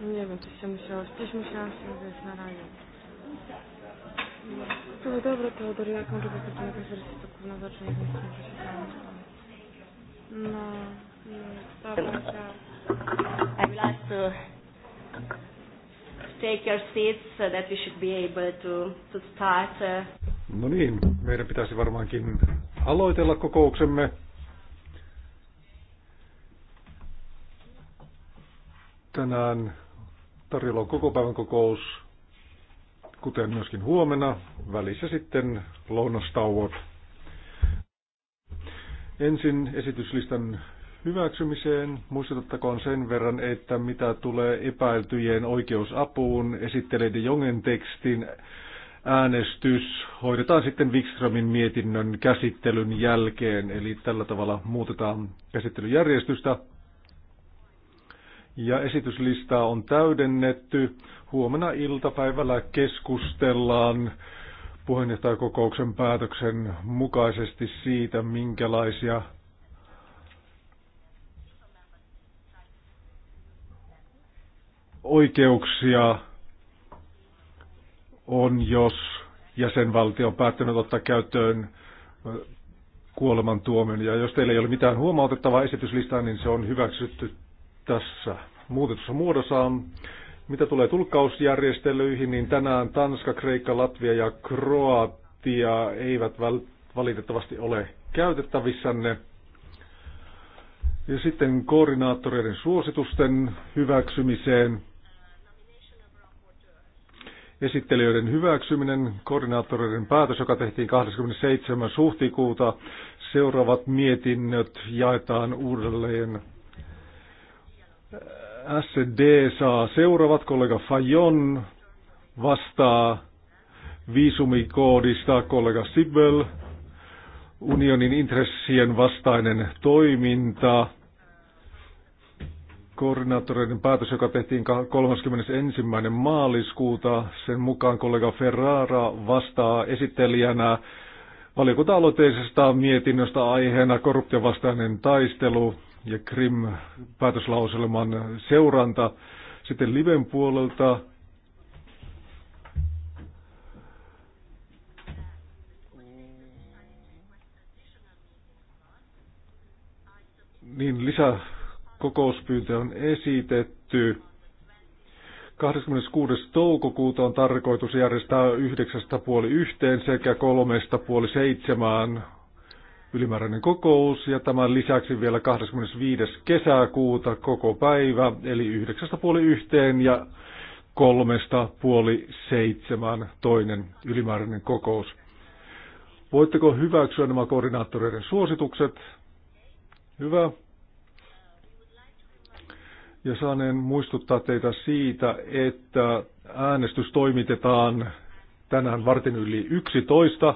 No Nie wiem, coś się musiało, coś musiała się wiesz, na razie. No dobra, Teodor, jak może być taka jakaś wersja, to kurna zacznie, jak nie że się tam. No, no, dobra, ciao. I would like to take your seats so that we should be able to, to start. Uh... No niin, meidän pitäisi varmaankin aloitella kokouksemme. Tänään tarjolla on koko päivän kokous, kuten myöskin huomenna. Välissä sitten lounastauot. Ensin esityslistan hyväksymiseen. Muistutettakoon sen verran, että mitä tulee epäiltyjen oikeusapuun, esitteleiden jongen tekstin äänestys hoidetaan sitten Wikströmin mietinnön käsittelyn jälkeen, eli tällä tavalla muutetaan käsittelyjärjestystä ja esityslistaa on täydennetty. Huomenna iltapäivällä keskustellaan puheenjohtajakokouksen päätöksen mukaisesti siitä, minkälaisia oikeuksia on, jos jäsenvaltio on päättänyt ottaa käyttöön äh, kuolemantuomion. Ja jos teillä ei ole mitään huomautettavaa esityslistaa, niin se on hyväksytty tässä muutetussa muodossaan. Mitä tulee tulkkausjärjestelyihin, niin tänään Tanska, Kreikka, Latvia ja Kroatia eivät valitettavasti ole käytettävissänne. Ja sitten koordinaattoreiden suositusten hyväksymiseen. Esittelijöiden hyväksyminen, koordinaattoreiden päätös, joka tehtiin 27. huhtikuuta. Seuraavat mietinnöt jaetaan uudelleen SD saa seuraavat. Kollega Fajon vastaa viisumikoodista. Kollega Sibel, unionin intressien vastainen toiminta. Koordinaattoreiden päätös, joka tehtiin 31. maaliskuuta. Sen mukaan kollega Ferrara vastaa esittelijänä valiokunta-aloitteisesta mietinnöstä aiheena korruptiovastainen taistelu ja Krim-päätöslauselman seuranta. Sitten Liven puolelta niin lisäkokouspyyntö on esitetty. 26. toukokuuta on tarkoitus järjestää yhdeksästä puoli yhteen sekä kolmesta puoli seitsemään ylimääräinen kokous ja tämän lisäksi vielä 25. kesäkuuta koko päivä eli yhdeksästä puoli yhteen ja kolmesta puoli seitsemän toinen ylimääräinen kokous. Voitteko hyväksyä nämä koordinaattoreiden suositukset? Hyvä. Ja saaneen muistuttaa teitä siitä, että äänestys toimitetaan tänään vartin yli 11.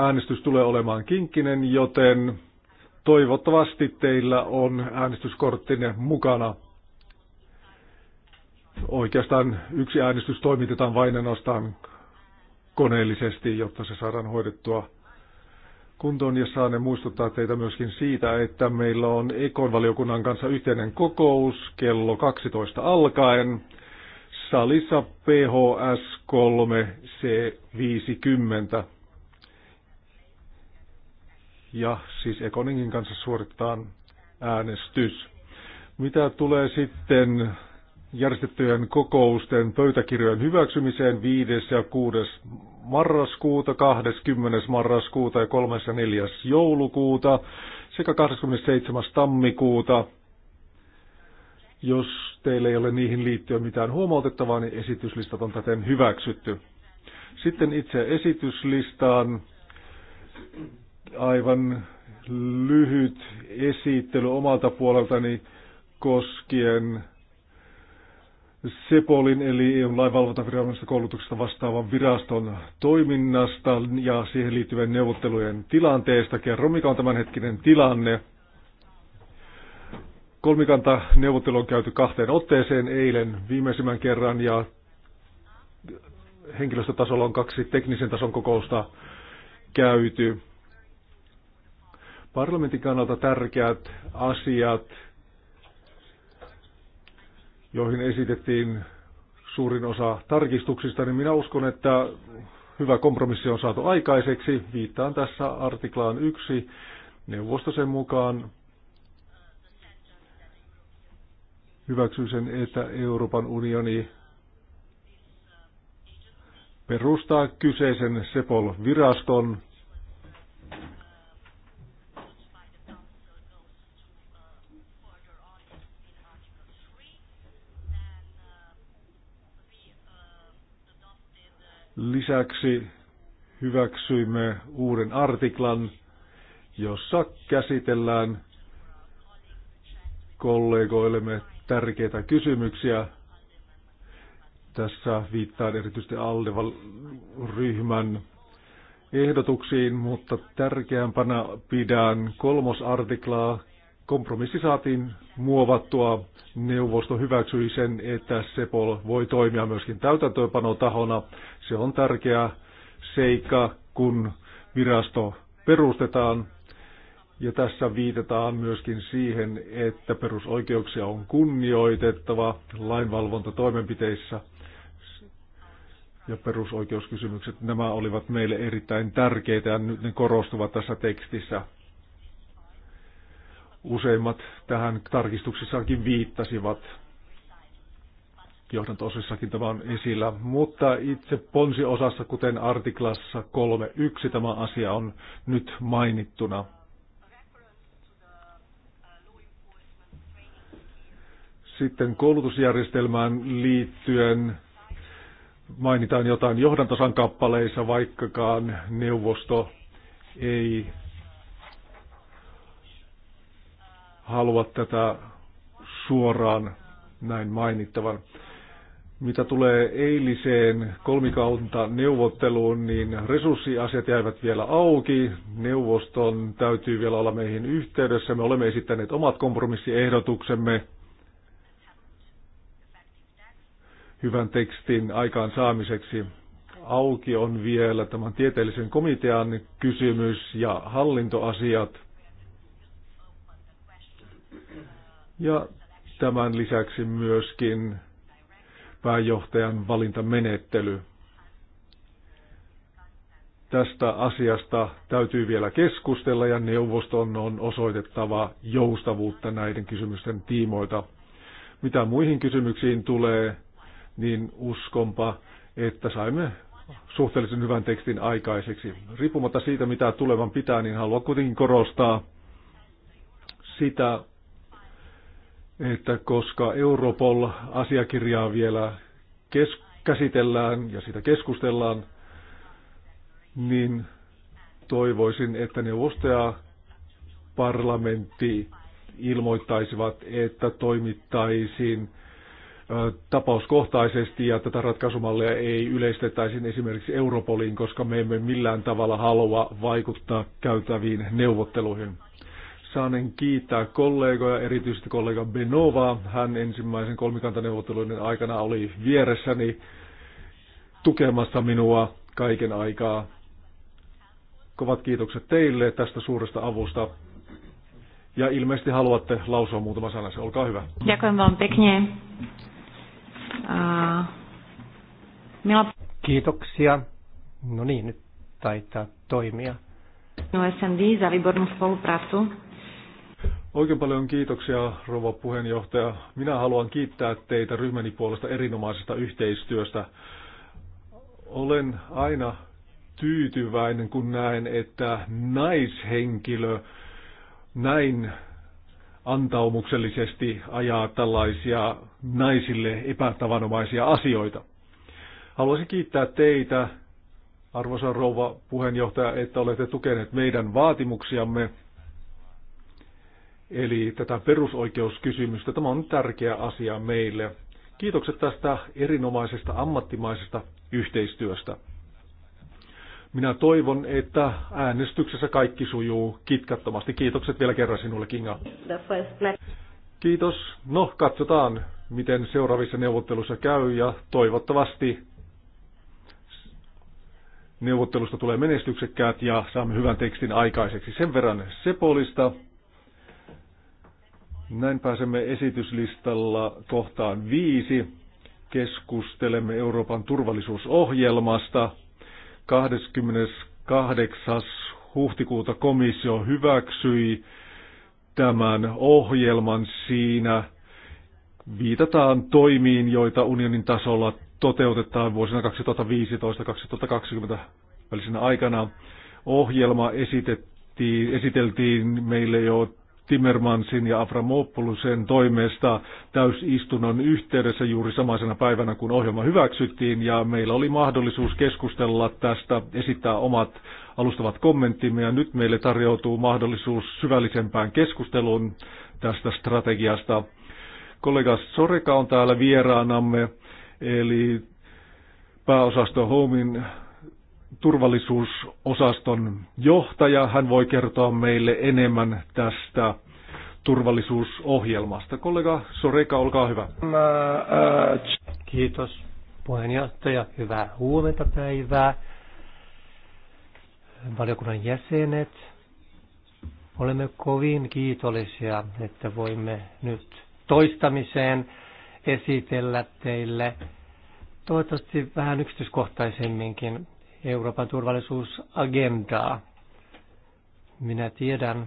Äänestys tulee olemaan kinkkinen, joten toivottavasti teillä on äänestyskorttinne mukana. Oikeastaan yksi äänestys toimitetaan vain ainoastaan koneellisesti, jotta se saadaan hoidettua kuntoon ja saan muistuttaa teitä myöskin siitä, että meillä on Ekon valiokunnan kanssa yhteinen kokous kello 12 alkaen salissa PHS 3C50 ja siis Ekoningin kanssa suoritetaan äänestys. Mitä tulee sitten järjestettyjen kokousten pöytäkirjojen hyväksymiseen 5. ja 6. marraskuuta, 20. marraskuuta ja 3. ja 4. joulukuuta sekä 27. tammikuuta. Jos teillä ei ole niihin liittyen mitään huomautettavaa, niin esityslistat on täten hyväksytty. Sitten itse esityslistaan. Aivan lyhyt esittely omalta puoleltani koskien Sepolin eli EUn lainvalvontaviranomaisesta koulutuksesta vastaavan viraston toiminnasta ja siihen liittyvien neuvottelujen tilanteesta. Kerro, mikä on tämänhetkinen tilanne. Kolmikanta neuvottelu on käyty kahteen otteeseen eilen viimeisimmän kerran ja henkilöstötasolla on kaksi teknisen tason kokousta käyty. Parlamentin kannalta tärkeät asiat, joihin esitettiin suurin osa tarkistuksista, niin minä uskon, että hyvä kompromissi on saatu aikaiseksi. Viittaan tässä artiklaan yksi neuvostosen mukaan hyväksyy sen, että Euroopan unioni perustaa kyseisen Sepol-viraston, Lisäksi hyväksyimme uuden artiklan, jossa käsitellään kollegoillemme tärkeitä kysymyksiä. Tässä viittaan erityisesti Aldeval-ryhmän ehdotuksiin, mutta tärkeämpänä pidän kolmosartiklaa kompromissi saatiin muovattua. Neuvosto hyväksyi sen, että Sepol voi toimia myöskin täytäntöönpanotahona. Se on tärkeä seikka, kun virasto perustetaan. Ja tässä viitataan myöskin siihen, että perusoikeuksia on kunnioitettava lainvalvontatoimenpiteissä ja perusoikeuskysymykset. Nämä olivat meille erittäin tärkeitä ja nyt ne korostuvat tässä tekstissä. Useimmat tähän tarkistuksissakin viittasivat. tosissakin tämä on esillä, mutta itse ponsiosassa, kuten artiklassa 3.1, tämä asia on nyt mainittuna. Sitten koulutusjärjestelmään liittyen mainitaan jotain johdantosan kappaleissa, vaikkakaan neuvosto ei halua tätä suoraan näin mainittavan. Mitä tulee eiliseen kolmikaunta neuvotteluun, niin resurssiasiat jäivät vielä auki. Neuvoston täytyy vielä olla meihin yhteydessä. Me olemme esittäneet omat kompromissiehdotuksemme hyvän tekstin aikaan saamiseksi. Auki on vielä tämän tieteellisen komitean kysymys ja hallintoasiat – Ja tämän lisäksi myöskin pääjohtajan valintamenettely. Tästä asiasta täytyy vielä keskustella ja neuvoston on osoitettava joustavuutta näiden kysymysten tiimoilta. Mitä muihin kysymyksiin tulee, niin uskonpa, että saimme suhteellisen hyvän tekstin aikaiseksi. Riippumatta siitä, mitä tulevan pitää, niin haluan kuitenkin korostaa sitä että koska Europol-asiakirjaa vielä kes- käsitellään ja sitä keskustellaan, niin toivoisin, että neuvosto ja parlamentti ilmoittaisivat, että toimittaisiin tapauskohtaisesti ja tätä ratkaisumallia ei yleistettäisiin esimerkiksi Europoliin, koska me emme millään tavalla halua vaikuttaa käytäviin neuvotteluihin saanen kiittää kollegoja, erityisesti kollega Benova. Hän ensimmäisen kolmikantaneuvotteluiden aikana oli vieressäni tukemassa minua kaiken aikaa. Kovat kiitokset teille tästä suuresta avusta. Ja ilmeisesti haluatte lausua muutama sana, se olkaa hyvä. pekne. Kiitoksia. No niin, nyt taitaa toimia. No SMD za výbornú spoluprácu. Oikein paljon kiitoksia, rouva puheenjohtaja. Minä haluan kiittää teitä ryhmäni puolesta erinomaisesta yhteistyöstä. Olen aina tyytyväinen, kun näen, että naishenkilö näin antaumuksellisesti ajaa tällaisia naisille epätavanomaisia asioita. Haluaisin kiittää teitä, arvoisa rouva puheenjohtaja, että olette tukeneet meidän vaatimuksiamme eli tätä perusoikeuskysymystä. Tämä on tärkeä asia meille. Kiitokset tästä erinomaisesta ammattimaisesta yhteistyöstä. Minä toivon, että äänestyksessä kaikki sujuu kitkattomasti. Kiitokset vielä kerran sinulle, Kinga. Kiitos. No, katsotaan, miten seuraavissa neuvotteluissa käy ja toivottavasti neuvottelusta tulee menestyksekkäät ja saamme hyvän tekstin aikaiseksi. Sen verran Sepolista. Näin pääsemme esityslistalla kohtaan viisi. Keskustelemme Euroopan turvallisuusohjelmasta. 28. huhtikuuta komissio hyväksyi tämän ohjelman siinä. Viitataan toimiin, joita unionin tasolla toteutetaan vuosina 2015-2020 välisenä aikana. Ohjelma esitettiin, esiteltiin meille jo Timmermansin ja Avramopoulosen toimesta täysistunnon yhteydessä juuri samaisena päivänä, kun ohjelma hyväksyttiin, ja meillä oli mahdollisuus keskustella tästä, esittää omat alustavat kommenttimme, ja nyt meille tarjoutuu mahdollisuus syvällisempään keskusteluun tästä strategiasta. Kollega Soreka on täällä vieraanamme, eli pääosasto Homin turvallisuusosaston johtaja. Hän voi kertoa meille enemmän tästä turvallisuusohjelmasta. Kollega Soreka, olkaa hyvä. Kiitos puheenjohtaja. Hyvää huomenta päivää. Valiokunnan jäsenet, olemme kovin kiitollisia, että voimme nyt toistamiseen esitellä teille toivottavasti vähän yksityiskohtaisemminkin Euroopan turvallisuusagendaa. Minä tiedän,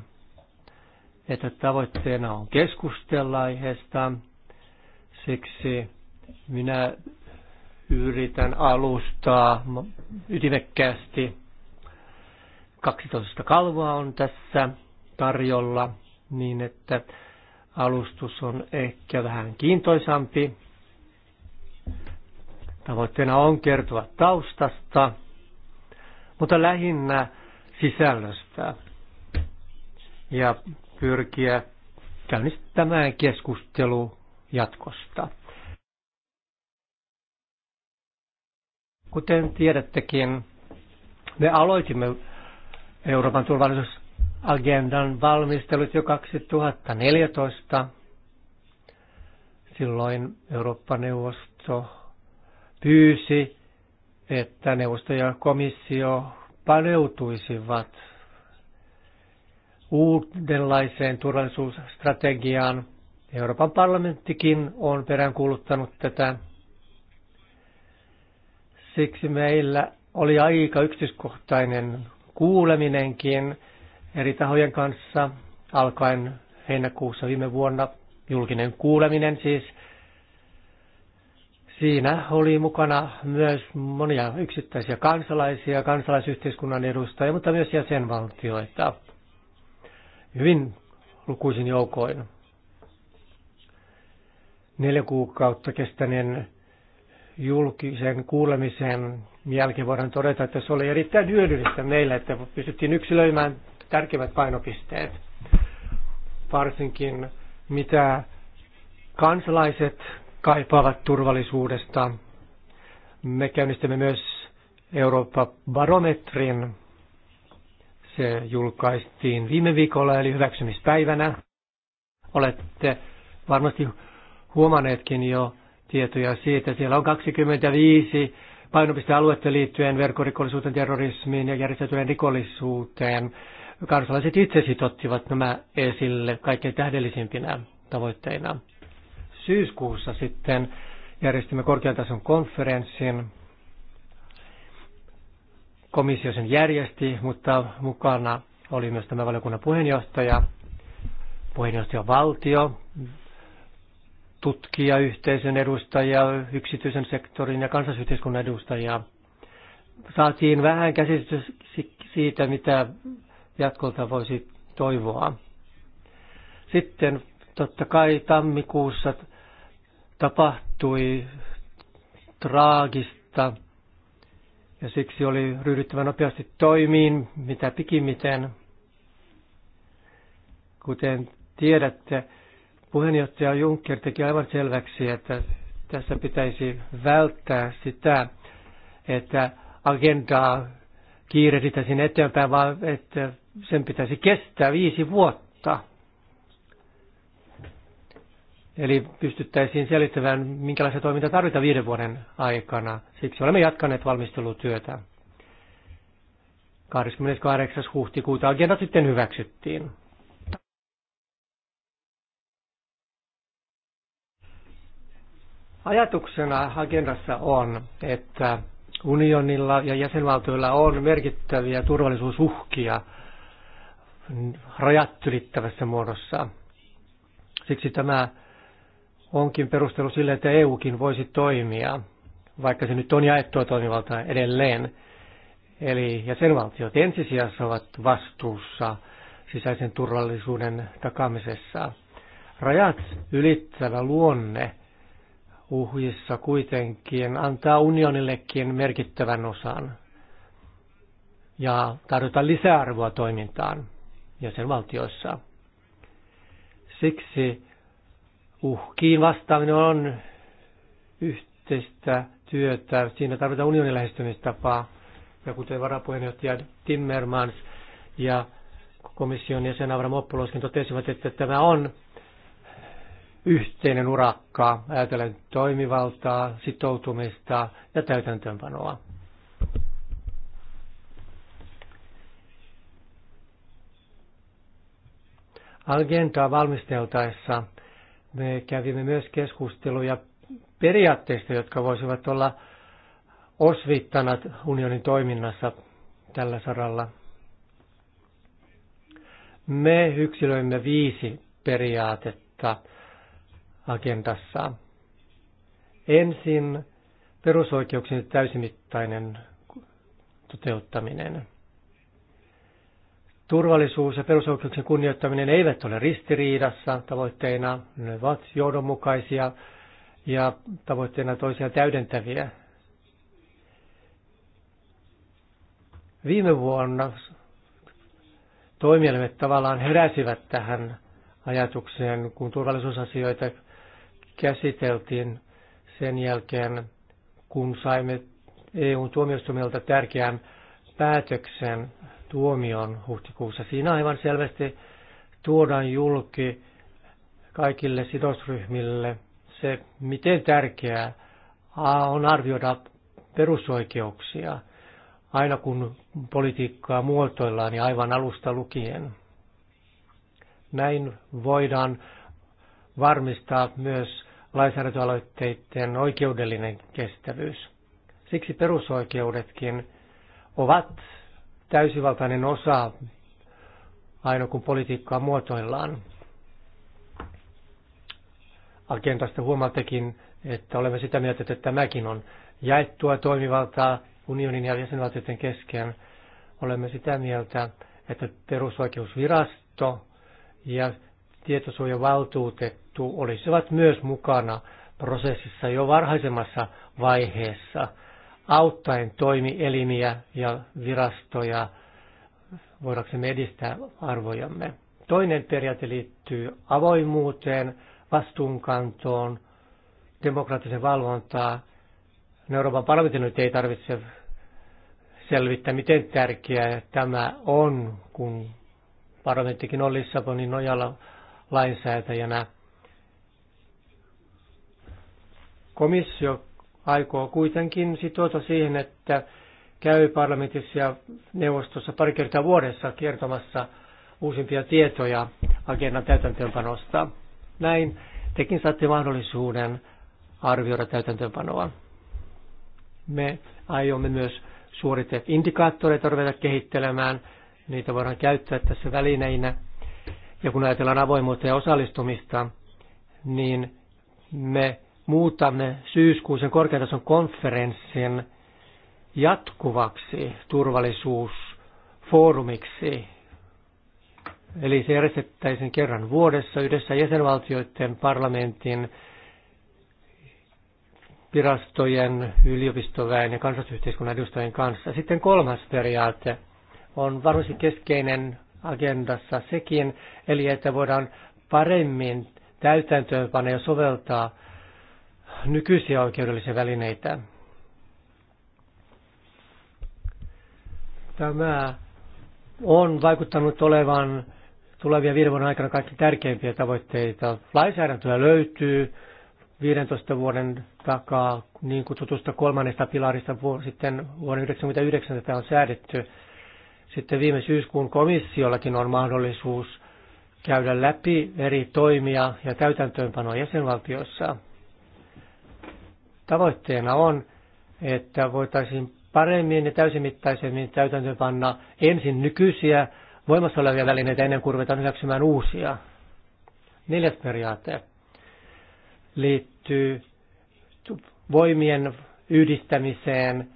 että tavoitteena on keskustella aiheesta. Siksi minä yritän alustaa ytimekkäästi. 12 kalvoa on tässä tarjolla niin, että alustus on ehkä vähän kiintoisampi. Tavoitteena on kertoa taustasta, mutta lähinnä sisällöstä ja pyrkiä käynnistämään keskustelu jatkosta. Kuten tiedättekin, me aloitimme Euroopan turvallisuusagendan valmistelut jo 2014. Silloin Eurooppa-neuvosto pyysi että neuvosto ja komissio paneutuisivat uudenlaiseen turvallisuusstrategiaan. Euroopan parlamenttikin on peräänkuuluttanut tätä. Siksi meillä oli aika yksityiskohtainen kuuleminenkin eri tahojen kanssa alkaen heinäkuussa viime vuonna. Julkinen kuuleminen siis Siinä oli mukana myös monia yksittäisiä kansalaisia, kansalaisyhteiskunnan edustajia, mutta myös jäsenvaltioita hyvin lukuisin joukoin. Neljä kuukautta kestäneen julkisen kuulemisen jälkeen voidaan todeta, että se oli erittäin hyödyllistä meille, että pystyttiin yksilöimään tärkeimmät painopisteet. Varsinkin mitä kansalaiset kaipaavat turvallisuudesta. Me käynnistämme myös Eurooppa-barometrin. Se julkaistiin viime viikolla eli hyväksymispäivänä. Olette varmasti huomanneetkin jo tietoja siitä. Siellä on 25 painopistealuetta liittyen verkkorikollisuuteen, terrorismiin ja järjestäytyneen rikollisuuteen. Kansalaiset itse sitottivat nämä esille kaikkein tähdellisimpinä tavoitteina syyskuussa sitten järjestimme korkean tason konferenssin. Komissio sen järjesti, mutta mukana oli myös tämä valiokunnan puheenjohtaja, puheenjohtaja valtio, tutkija, yhteisön edustajia, yksityisen sektorin ja kansallisyhteiskunnan edustajia. Saatiin vähän käsitys siitä, mitä jatkolta voisi toivoa. Sitten totta kai tammikuussa tapahtui traagista ja siksi oli ryhdyttävä nopeasti toimiin, mitä pikimmiten. Kuten tiedätte, puheenjohtaja Juncker teki aivan selväksi, että tässä pitäisi välttää sitä, että agendaa kiirehditäisiin eteenpäin, vaan että sen pitäisi kestää viisi vuotta. Eli pystyttäisiin selittämään, minkälaista toimintaa tarvitaan viiden vuoden aikana. Siksi olemme jatkaneet valmistelutyötä. 28. huhtikuuta agenda sitten hyväksyttiin. Ajatuksena agendassa on, että unionilla ja jäsenvaltioilla on merkittäviä turvallisuusuhkia rajat ylittävässä muodossa. Siksi tämä onkin perustelu sille, että EUkin voisi toimia, vaikka se nyt on jaettua toimivaltaa edelleen. Eli jäsenvaltiot ensisijassa ovat vastuussa sisäisen turvallisuuden takaamisessa. Rajat ylittävä luonne uhjissa kuitenkin antaa unionillekin merkittävän osan ja tarjota lisäarvoa toimintaan jäsenvaltioissa. Siksi Uhkiin vastaaminen on yhteistä työtä. Siinä tarvitaan unionin lähestymistapaa. Ja kuten varapuheenjohtaja Timmermans ja komission jäsen Avramopouloskin totesivat, että tämä on yhteinen urakka, ajatellen toimivaltaa, sitoutumista ja täytäntöönpanoa. Agendaa valmisteltaessa me kävimme myös keskusteluja periaatteista, jotka voisivat olla osvittanat unionin toiminnassa tällä saralla. Me yksilöimme viisi periaatetta agendassa. Ensin perusoikeuksien täysimittainen toteuttaminen. Turvallisuus ja perusoikeuksien kunnioittaminen eivät ole ristiriidassa tavoitteina, ne ovat johdonmukaisia ja tavoitteena toisia täydentäviä. Viime vuonna toimielimet tavallaan heräsivät tähän ajatukseen, kun turvallisuusasioita käsiteltiin sen jälkeen, kun saimme EU-tuomioistumilta tärkeän päätöksen tuomion huhtikuussa. Siinä aivan selvästi tuodaan julki kaikille sidosryhmille se, miten tärkeää on arvioida perusoikeuksia aina kun politiikkaa muotoillaan niin aivan alusta lukien. Näin voidaan varmistaa myös lainsäädäntöaloitteiden oikeudellinen kestävyys. Siksi perusoikeudetkin ovat täysivaltainen osa aina kun politiikkaa muotoillaan. Agendasta huomaltakin, että olemme sitä mieltä, että tämäkin on jaettua toimivaltaa unionin ja jäsenvaltioiden kesken. Olemme sitä mieltä, että perusoikeusvirasto ja tietosuojavaltuutettu olisivat myös mukana prosessissa jo varhaisemmassa vaiheessa – auttaen toimielimiä ja virastoja voidaksemme edistää arvojamme. Toinen periaate liittyy avoimuuteen, vastuunkantoon, demokraattisen valvontaan. No, Euroopan parlamentti nyt ei tarvitse selvittää, miten tärkeää tämä on, kun parlamenttikin on Lissabonin nojalla lainsäätäjänä. Komissio aikoo kuitenkin sitoutua siihen, että käy parlamentissa ja neuvostossa pari kertaa vuodessa kertomassa uusimpia tietoja agendan täytäntöönpanosta. Näin tekin saatte mahdollisuuden arvioida täytäntöönpanoa. Me aiomme myös indikaattoreita, ruveta kehittelemään. Niitä voidaan käyttää tässä välineinä. Ja kun ajatellaan avoimuutta ja osallistumista, niin me muutamme syyskuisen korkeatason konferenssin jatkuvaksi turvallisuusfoorumiksi. Eli se järjestettäisiin kerran vuodessa yhdessä jäsenvaltioiden parlamentin virastojen, yliopistoväen ja kansallisyhteiskunnan edustajien kanssa. Sitten kolmas periaate on varmasti keskeinen agendassa sekin, eli että voidaan paremmin täytäntöönpana ja soveltaa nykyisiä oikeudellisia välineitä. Tämä on vaikuttanut olevan tulevia viiden vuoden aikana kaikki tärkeimpiä tavoitteita. Lainsäädäntöä löytyy 15 vuoden takaa niin kutsutusta kolmannesta pilarista sitten vuonna 1999 tätä on säädetty. Sitten viime syyskuun komissiollakin on mahdollisuus käydä läpi eri toimia ja täytäntöönpanoa jäsenvaltioissa. Tavoitteena on, että voitaisiin paremmin ja täysimittaisemmin täytäntöönpanna ensin nykyisiä voimassa olevia välineitä ennen kuin ruvetaan hyväksymään uusia. Neljäs periaate liittyy voimien yhdistämiseen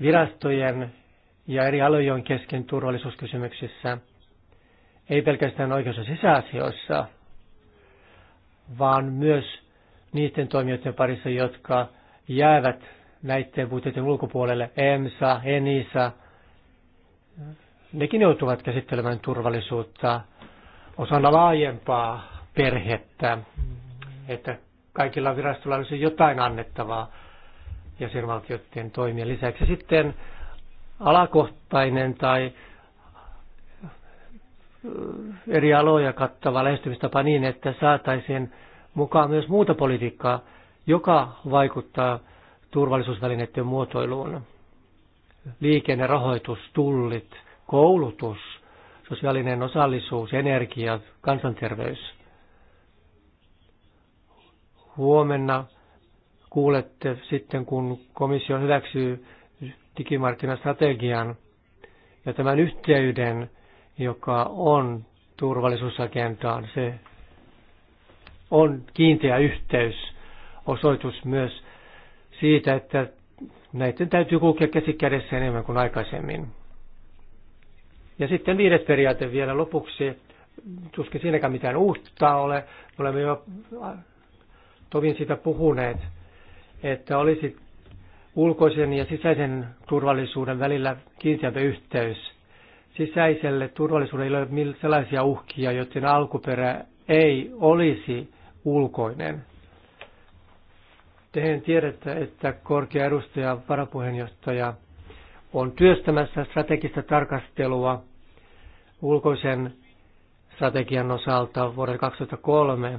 virastojen ja eri alojen kesken turvallisuuskysymyksissä, ei pelkästään oikeus- ja sisäasioissa, vaan myös niiden toimijoiden parissa, jotka jäävät näiden puitteiden ulkopuolelle, EMSA, ENISA, nekin joutuvat käsittelemään turvallisuutta osana laajempaa perhettä, että kaikilla virastolla olisi jotain annettavaa jäsenvaltioiden toimien lisäksi. Sitten alakohtainen tai eri aloja kattava lähestymistapa niin, että saataisiin mukaan myös muuta politiikkaa, joka vaikuttaa turvallisuusvälineiden muotoiluun. Liikennerahoitus, tullit, koulutus, sosiaalinen osallisuus, energia, kansanterveys. Huomenna kuulette sitten, kun komissio hyväksyy digimarkkinastrategian ja tämän yhteyden, joka on turvallisuusagendaan. Se on kiinteä yhteys osoitus myös siitä, että näiden täytyy kulkea käsi kädessä enemmän kuin aikaisemmin. Ja sitten viides periaate vielä lopuksi. Tuskin siinäkään mitään uutta ole. Me olemme jo tovin sitä puhuneet, että olisi ulkoisen ja sisäisen turvallisuuden välillä kiinteämpi yhteys. Sisäiselle turvallisuudelle ei ole sellaisia uhkia, joiden alkuperä ei olisi ulkoinen tehen tiedettä, että korkea edustaja varapuheenjohtaja on työstämässä strategista tarkastelua ulkoisen strategian osalta vuodelta 2003.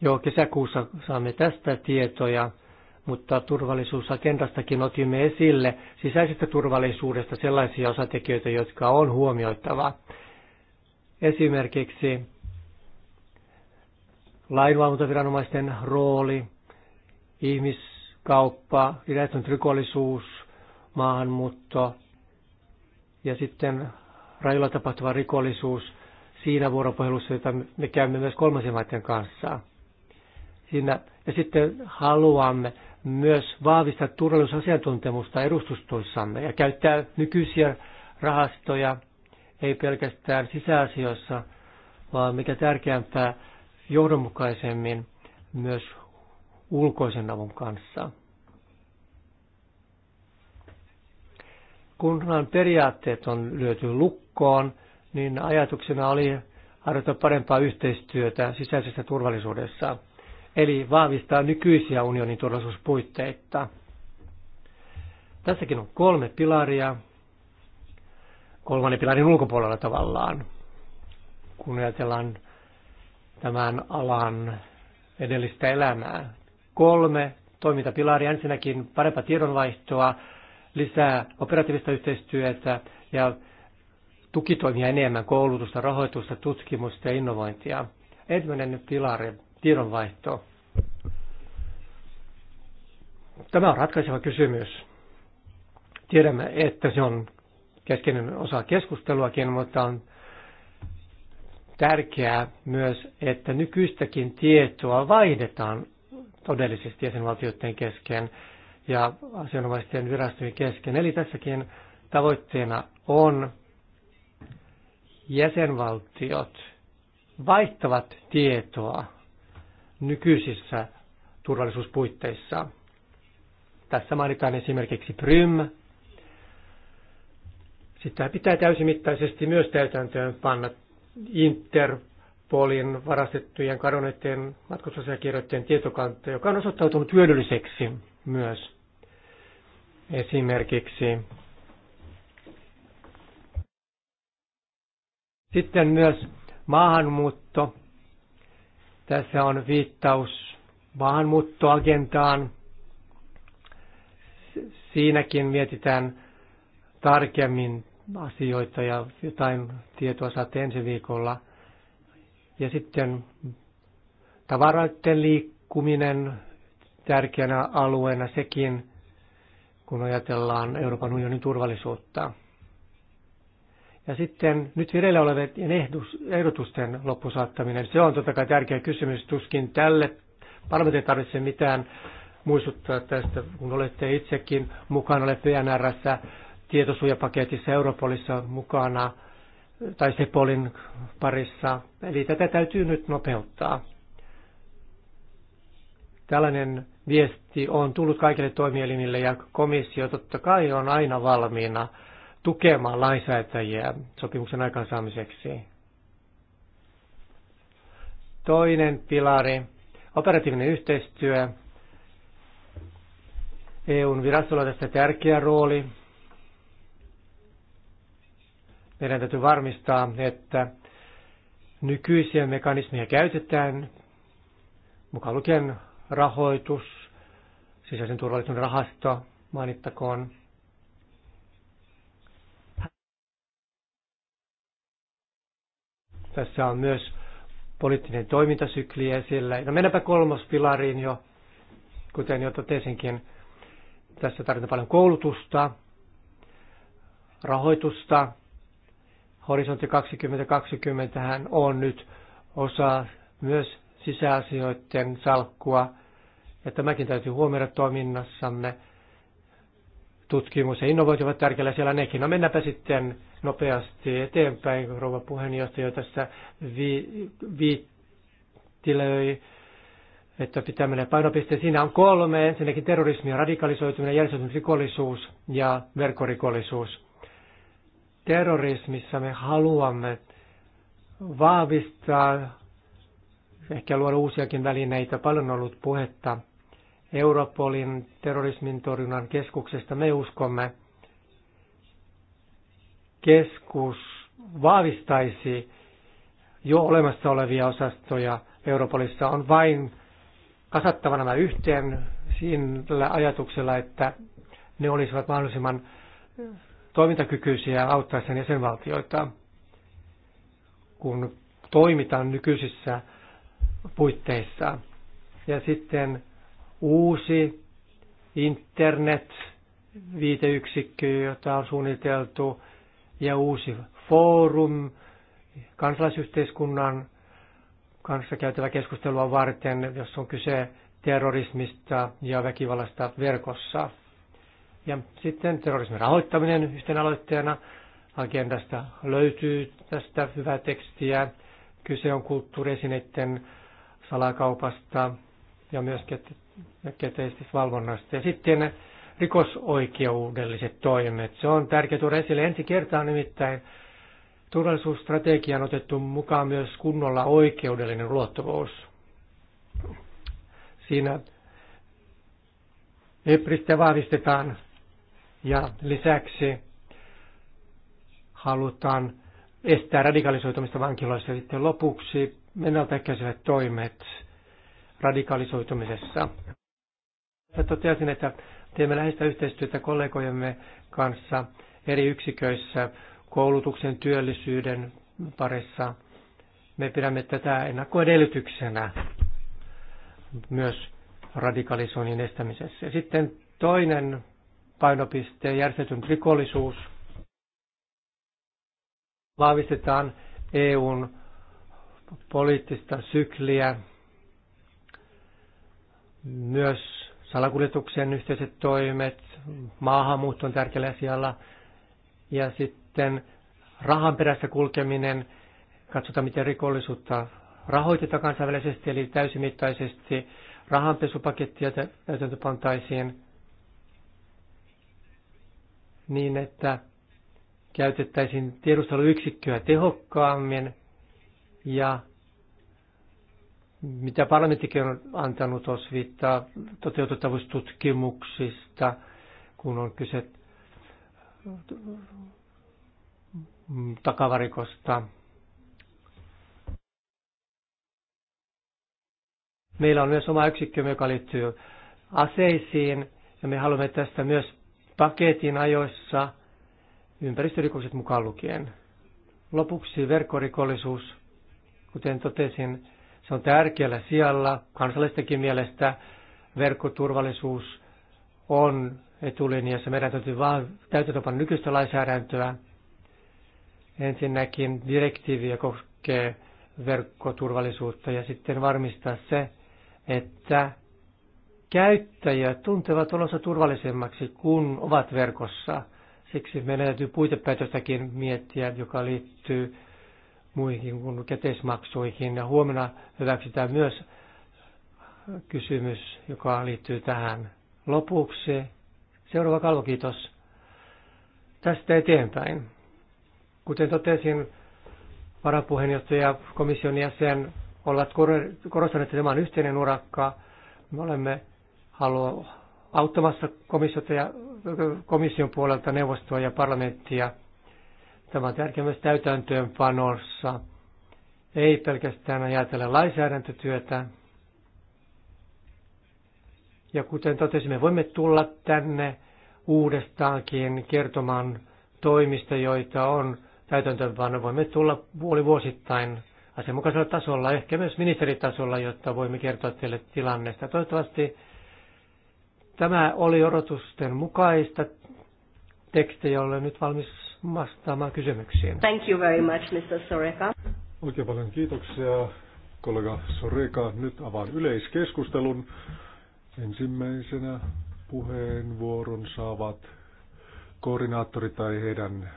Jo kesäkuussa saamme tästä tietoja, mutta turvallisuusagendastakin otimme esille sisäisestä turvallisuudesta sellaisia osatekijöitä, jotka on huomioitava. Esimerkiksi lainvalvontaviranomaisten rooli, ihmiskauppa, järjestön rikollisuus, maahanmuutto ja sitten rajoilla tapahtuva rikollisuus siinä vuoropuhelussa, jota me käymme myös kolmansien maiden kanssa. Siinä, ja sitten haluamme myös vahvistaa turvallisuusasiantuntemusta edustustoissamme ja käyttää nykyisiä rahastoja, ei pelkästään sisäasioissa, vaan mikä tärkeämpää, johdonmukaisemmin myös ulkoisen avun kanssa. Kunhan periaatteet on lyöty lukkoon, niin ajatuksena oli harjoittaa parempaa yhteistyötä sisäisessä turvallisuudessa, eli vahvistaa nykyisiä unionin turvallisuuspuitteita. Tässäkin on kolme pilaria, kolmannen pilarin ulkopuolella tavallaan, kun ajatellaan tämän alan edellistä elämää. Kolme toimintapilaria. Ensinnäkin parempaa tiedonvaihtoa, lisää operatiivista yhteistyötä ja tukitoimia enemmän, koulutusta, rahoitusta, tutkimusta ja innovointia. Ensimmäinen pilari, tiedonvaihto. Tämä on ratkaiseva kysymys. Tiedämme, että se on keskeinen osa keskusteluakin, mutta on tärkeää myös, että nykyistäkin tietoa vaihdetaan todellisesti jäsenvaltioiden kesken ja asianomaisten virastojen kesken. Eli tässäkin tavoitteena on jäsenvaltiot vaihtavat tietoa nykyisissä turvallisuuspuitteissa. Tässä mainitaan esimerkiksi Prym. Sitä pitää täysimittaisesti myös täytäntöön panna Interpolin varastettujen kadonneiden matkustusasiakirjoitteen tietokanta, joka on osoittautunut hyödylliseksi myös esimerkiksi. Sitten myös maahanmuutto. Tässä on viittaus maahanmuuttoagentaan. Siinäkin mietitään tarkemmin asioita ja jotain tietoa saatte ensi viikolla. Ja sitten tavaroiden liikkuminen tärkeänä alueena sekin, kun ajatellaan Euroopan unionin turvallisuutta. Ja sitten nyt vireillä olevien ehdotusten loppusaattaminen, se on totta kai tärkeä kysymys. Tuskin tälle parlamentin tarvitse mitään muistuttaa tästä, kun olette itsekin mukana olette PNRssä tietosuojapaketissa Europolissa mukana tai Sepolin parissa. Eli tätä täytyy nyt nopeuttaa. Tällainen viesti on tullut kaikille toimielimille ja komissio totta kai on aina valmiina tukemaan lainsäätäjiä sopimuksen aikaansaamiseksi. Toinen pilari, operatiivinen yhteistyö. EUn virastolla on tässä tärkeä rooli meidän täytyy varmistaa, että nykyisiä mekanismeja käytetään, mukaan lukien rahoitus, sisäisen turvallisuuden rahasto, mainittakoon. Tässä on myös poliittinen toimintasykli esillä. No mennäänpä pilariin jo, kuten jo totesinkin. Tässä tarvitaan paljon koulutusta, rahoitusta, Horisontti 2020 hän on nyt osa myös sisäasioiden salkkua, ja tämäkin täytyy huomioida toiminnassamme. Tutkimus ja innovointi ovat tärkeillä siellä nekin. No mennäpä sitten nopeasti eteenpäin, rouva puheenjohtaja, tässä vi- viittilöi että mennä painopisteen. Siinä on kolme. Ensinnäkin terrorismi ja radikalisoituminen, järjestäytynyt rikollisuus ja verkkorikollisuus terrorismissa me haluamme vahvistaa, ehkä luoda uusiakin välineitä. Paljon on ollut puhetta Europolin terrorismin torjunnan keskuksesta. Me uskomme, keskus vahvistaisi jo olemassa olevia osastoja Europolissa. On vain kasattava nämä yhteen sillä ajatuksella, että ne olisivat mahdollisimman toimintakykyisiä auttaessaan jäsenvaltioita, kun toimitaan nykyisissä puitteissa. Ja sitten uusi internet-viiteyksikkö, jota on suunniteltu, ja uusi foorum kansalaisyhteiskunnan kanssa käytävä keskustelua varten, jos on kyse terrorismista ja väkivallasta verkossa. Ja sitten terrorismin rahoittaminen yhtenä aloitteena agendasta löytyy tästä hyvää tekstiä. Kyse on kulttuuriesineiden salakaupasta ja myös valvonnasta Ja sitten rikosoikeudelliset toimet. Se on tärkeää tuoda esille ensi kertaa nimittäin. Turvallisuusstrategiaan otettu mukaan myös kunnolla oikeudellinen luottavuus. Siinä EPRistä vahvistetaan ja lisäksi halutaan estää radikalisoitumista vankiloissa. Sitten lopuksi ennaltaehkäisevät toimet radikalisoitumisessa. Ja toteasin, että teemme läheistä yhteistyötä kollegojemme kanssa eri yksiköissä koulutuksen, työllisyyden parissa. Me pidämme tätä ennakkoedellytyksenä myös radikalisoinnin estämisessä. Ja sitten toinen painopiste järjestetyn rikollisuus. Vahvistetaan EUn poliittista sykliä, myös salakuljetuksen yhteiset toimet, maahanmuutto on tärkeällä sijalla ja sitten rahan perässä kulkeminen, katsotaan miten rikollisuutta rahoitetaan kansainvälisesti, eli täysimittaisesti rahanpesupakettia täytäntö pantaisiin niin, että käytettäisiin tiedusteluyksikköä tehokkaammin ja mitä parlamenttikin on antanut osviittaa toteutettavuustutkimuksista, kun on kyse takavarikosta. Meillä on myös oma yksikkö, joka liittyy aseisiin, ja me haluamme tästä myös paketin ajoissa, ympäristörikokset mukaan lukien. Lopuksi verkkorikollisuus, kuten totesin, se on tärkeällä sijalla. Kansallistakin mielestä verkkoturvallisuus on etulinjassa. Meidän täytyy vain täytetä nykyistä lainsäädäntöä. Ensinnäkin direktiiviä koskee verkkoturvallisuutta ja sitten varmistaa se, että käyttäjät tuntevat olonsa turvallisemmaksi, kun ovat verkossa. Siksi meidän täytyy puitepäätöstäkin miettiä, joka liittyy muihin kuin käteismaksuihin. Ja huomenna hyväksytään myös kysymys, joka liittyy tähän. Lopuksi seuraava kalvo, kiitos. Tästä eteenpäin. Kuten totesin, varapuheenjohtaja ja komission jäsen ovat korostaneet, että tämä on yhteinen urakka. Me olemme halua auttamassa komissiota ja, komission puolelta neuvostoa ja parlamenttia. Tämä on tärkeä myös täytäntöönpanossa. Ei pelkästään ajatella lainsäädäntötyötä. Ja kuten totesimme, voimme tulla tänne uudestaankin kertomaan toimista, joita on täytäntöönpano. Voimme tulla puoli vuosittain asianmukaisella tasolla, ehkä myös ministeritasolla, jotta voimme kertoa teille tilanneesta. Toivottavasti Tämä oli odotusten mukaista. Tekstejä olen nyt valmis vastaamaan kysymyksiin. Thank you very much, Mr. Soreka. Oikein paljon kiitoksia, kollega Soreka. Nyt avaan yleiskeskustelun. Ensimmäisenä puheenvuoron saavat koordinaattori tai heidän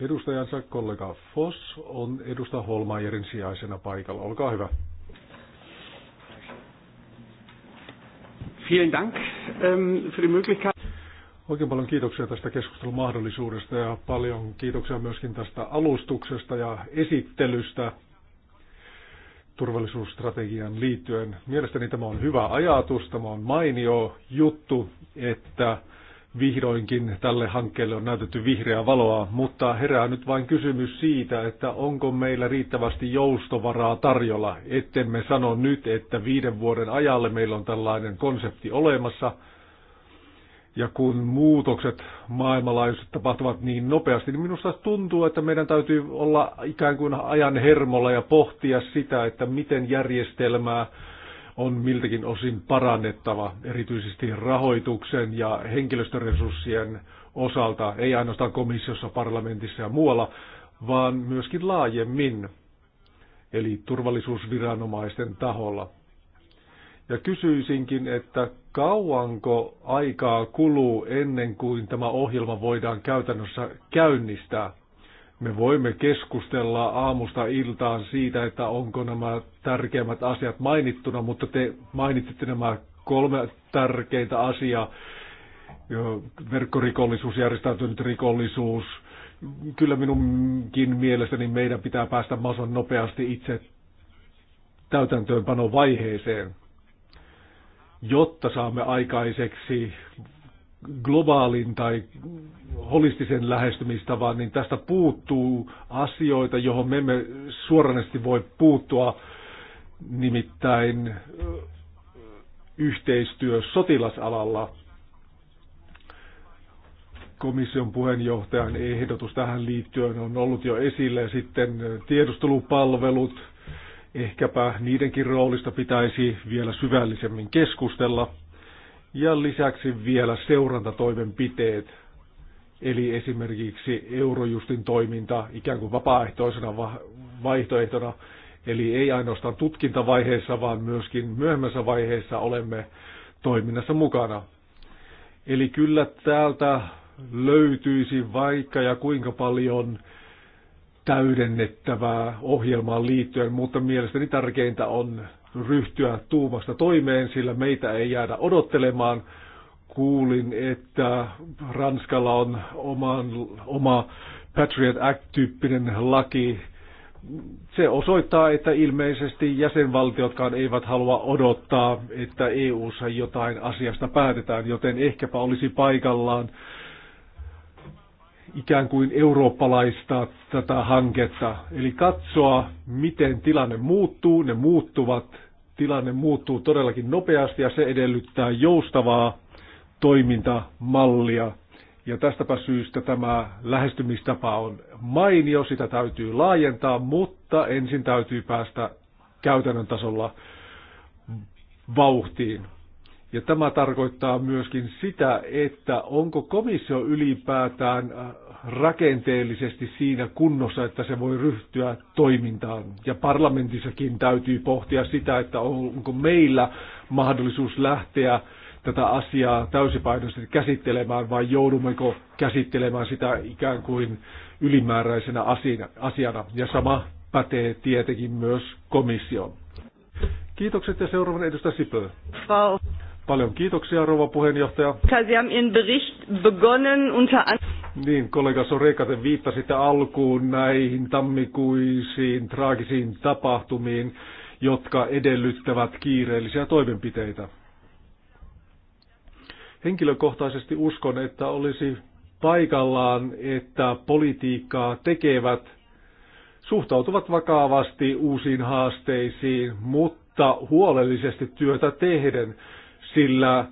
edustajansa kollega Foss on edustaja Holmajerin sijaisena paikalla. Olkaa hyvä. Vielen Dank ähm, für die Möglichkeit. Oikein paljon kiitoksia tästä keskustelun mahdollisuudesta ja paljon kiitoksia myöskin tästä alustuksesta ja esittelystä turvallisuusstrategian liittyen. Mielestäni tämä on hyvä ajatus, tämä on mainio juttu, että vihdoinkin tälle hankkeelle on näytetty vihreää valoa, mutta herää nyt vain kysymys siitä, että onko meillä riittävästi joustovaraa tarjolla, ettemme sano nyt, että viiden vuoden ajalle meillä on tällainen konsepti olemassa, ja kun muutokset maailmanlaajuisesti tapahtuvat niin nopeasti, niin minusta tuntuu, että meidän täytyy olla ikään kuin ajan hermolla ja pohtia sitä, että miten järjestelmää on miltäkin osin parannettava, erityisesti rahoituksen ja henkilöstöresurssien osalta, ei ainoastaan komissiossa, parlamentissa ja muualla, vaan myöskin laajemmin, eli turvallisuusviranomaisten taholla. Ja kysyisinkin, että kauanko aikaa kuluu ennen kuin tämä ohjelma voidaan käytännössä käynnistää? Me voimme keskustella aamusta iltaan siitä, että onko nämä tärkeimmät asiat mainittuna, mutta te mainitsitte nämä kolme tärkeintä asiaa, verkkorikollisuus, järjestäytynyt rikollisuus. Kyllä minunkin mielestäni meidän pitää päästä mahdollisimman nopeasti itse täytäntöönpanovaiheeseen, jotta saamme aikaiseksi globaalin tai holistisen lähestymistavan, niin tästä puuttuu asioita, johon me emme suoranesti voi puuttua, nimittäin yhteistyö sotilasalalla. Komission puheenjohtajan ehdotus tähän liittyen on ollut jo esillä ja sitten tiedustelupalvelut, ehkäpä niidenkin roolista pitäisi vielä syvällisemmin keskustella – ja lisäksi vielä seurantatoimenpiteet, eli esimerkiksi Eurojustin toiminta ikään kuin vapaaehtoisena vaihtoehtona, eli ei ainoastaan tutkintavaiheessa, vaan myöskin myöhemmässä vaiheessa olemme toiminnassa mukana. Eli kyllä täältä löytyisi vaikka ja kuinka paljon täydennettävää ohjelmaan liittyen, mutta mielestäni tärkeintä on ryhtyä tuumasta toimeen, sillä meitä ei jäädä odottelemaan. Kuulin, että Ranskalla on oman, oma Patriot Act-tyyppinen laki. Se osoittaa, että ilmeisesti jäsenvaltiotkaan eivät halua odottaa, että EU-ssa jotain asiasta päätetään, joten ehkäpä olisi paikallaan ikään kuin eurooppalaista tätä hanketta. Eli katsoa, miten tilanne muuttuu, ne muuttuvat tilanne muuttuu todellakin nopeasti ja se edellyttää joustavaa toimintamallia. Ja tästäpä syystä tämä lähestymistapa on mainio, sitä täytyy laajentaa, mutta ensin täytyy päästä käytännön tasolla vauhtiin. Ja tämä tarkoittaa myöskin sitä, että onko komissio ylipäätään äh, rakenteellisesti siinä kunnossa, että se voi ryhtyä toimintaan. Ja parlamentissakin täytyy pohtia sitä, että onko meillä mahdollisuus lähteä tätä asiaa täysipainoisesti käsittelemään vai joudummeko käsittelemään sitä ikään kuin ylimääräisenä asiana. Ja sama pätee tietenkin myös komissioon. Kiitokset ja seuraavan edustaja Sipö. Paljon kiitoksia, rouva puheenjohtaja. niin, kollega Soreka, te viittasitte alkuun näihin tammikuisiin traagisiin tapahtumiin, jotka edellyttävät kiireellisiä toimenpiteitä. Henkilökohtaisesti uskon, että olisi paikallaan, että politiikkaa tekevät suhtautuvat vakavasti uusiin haasteisiin, mutta huolellisesti työtä tehden – sillä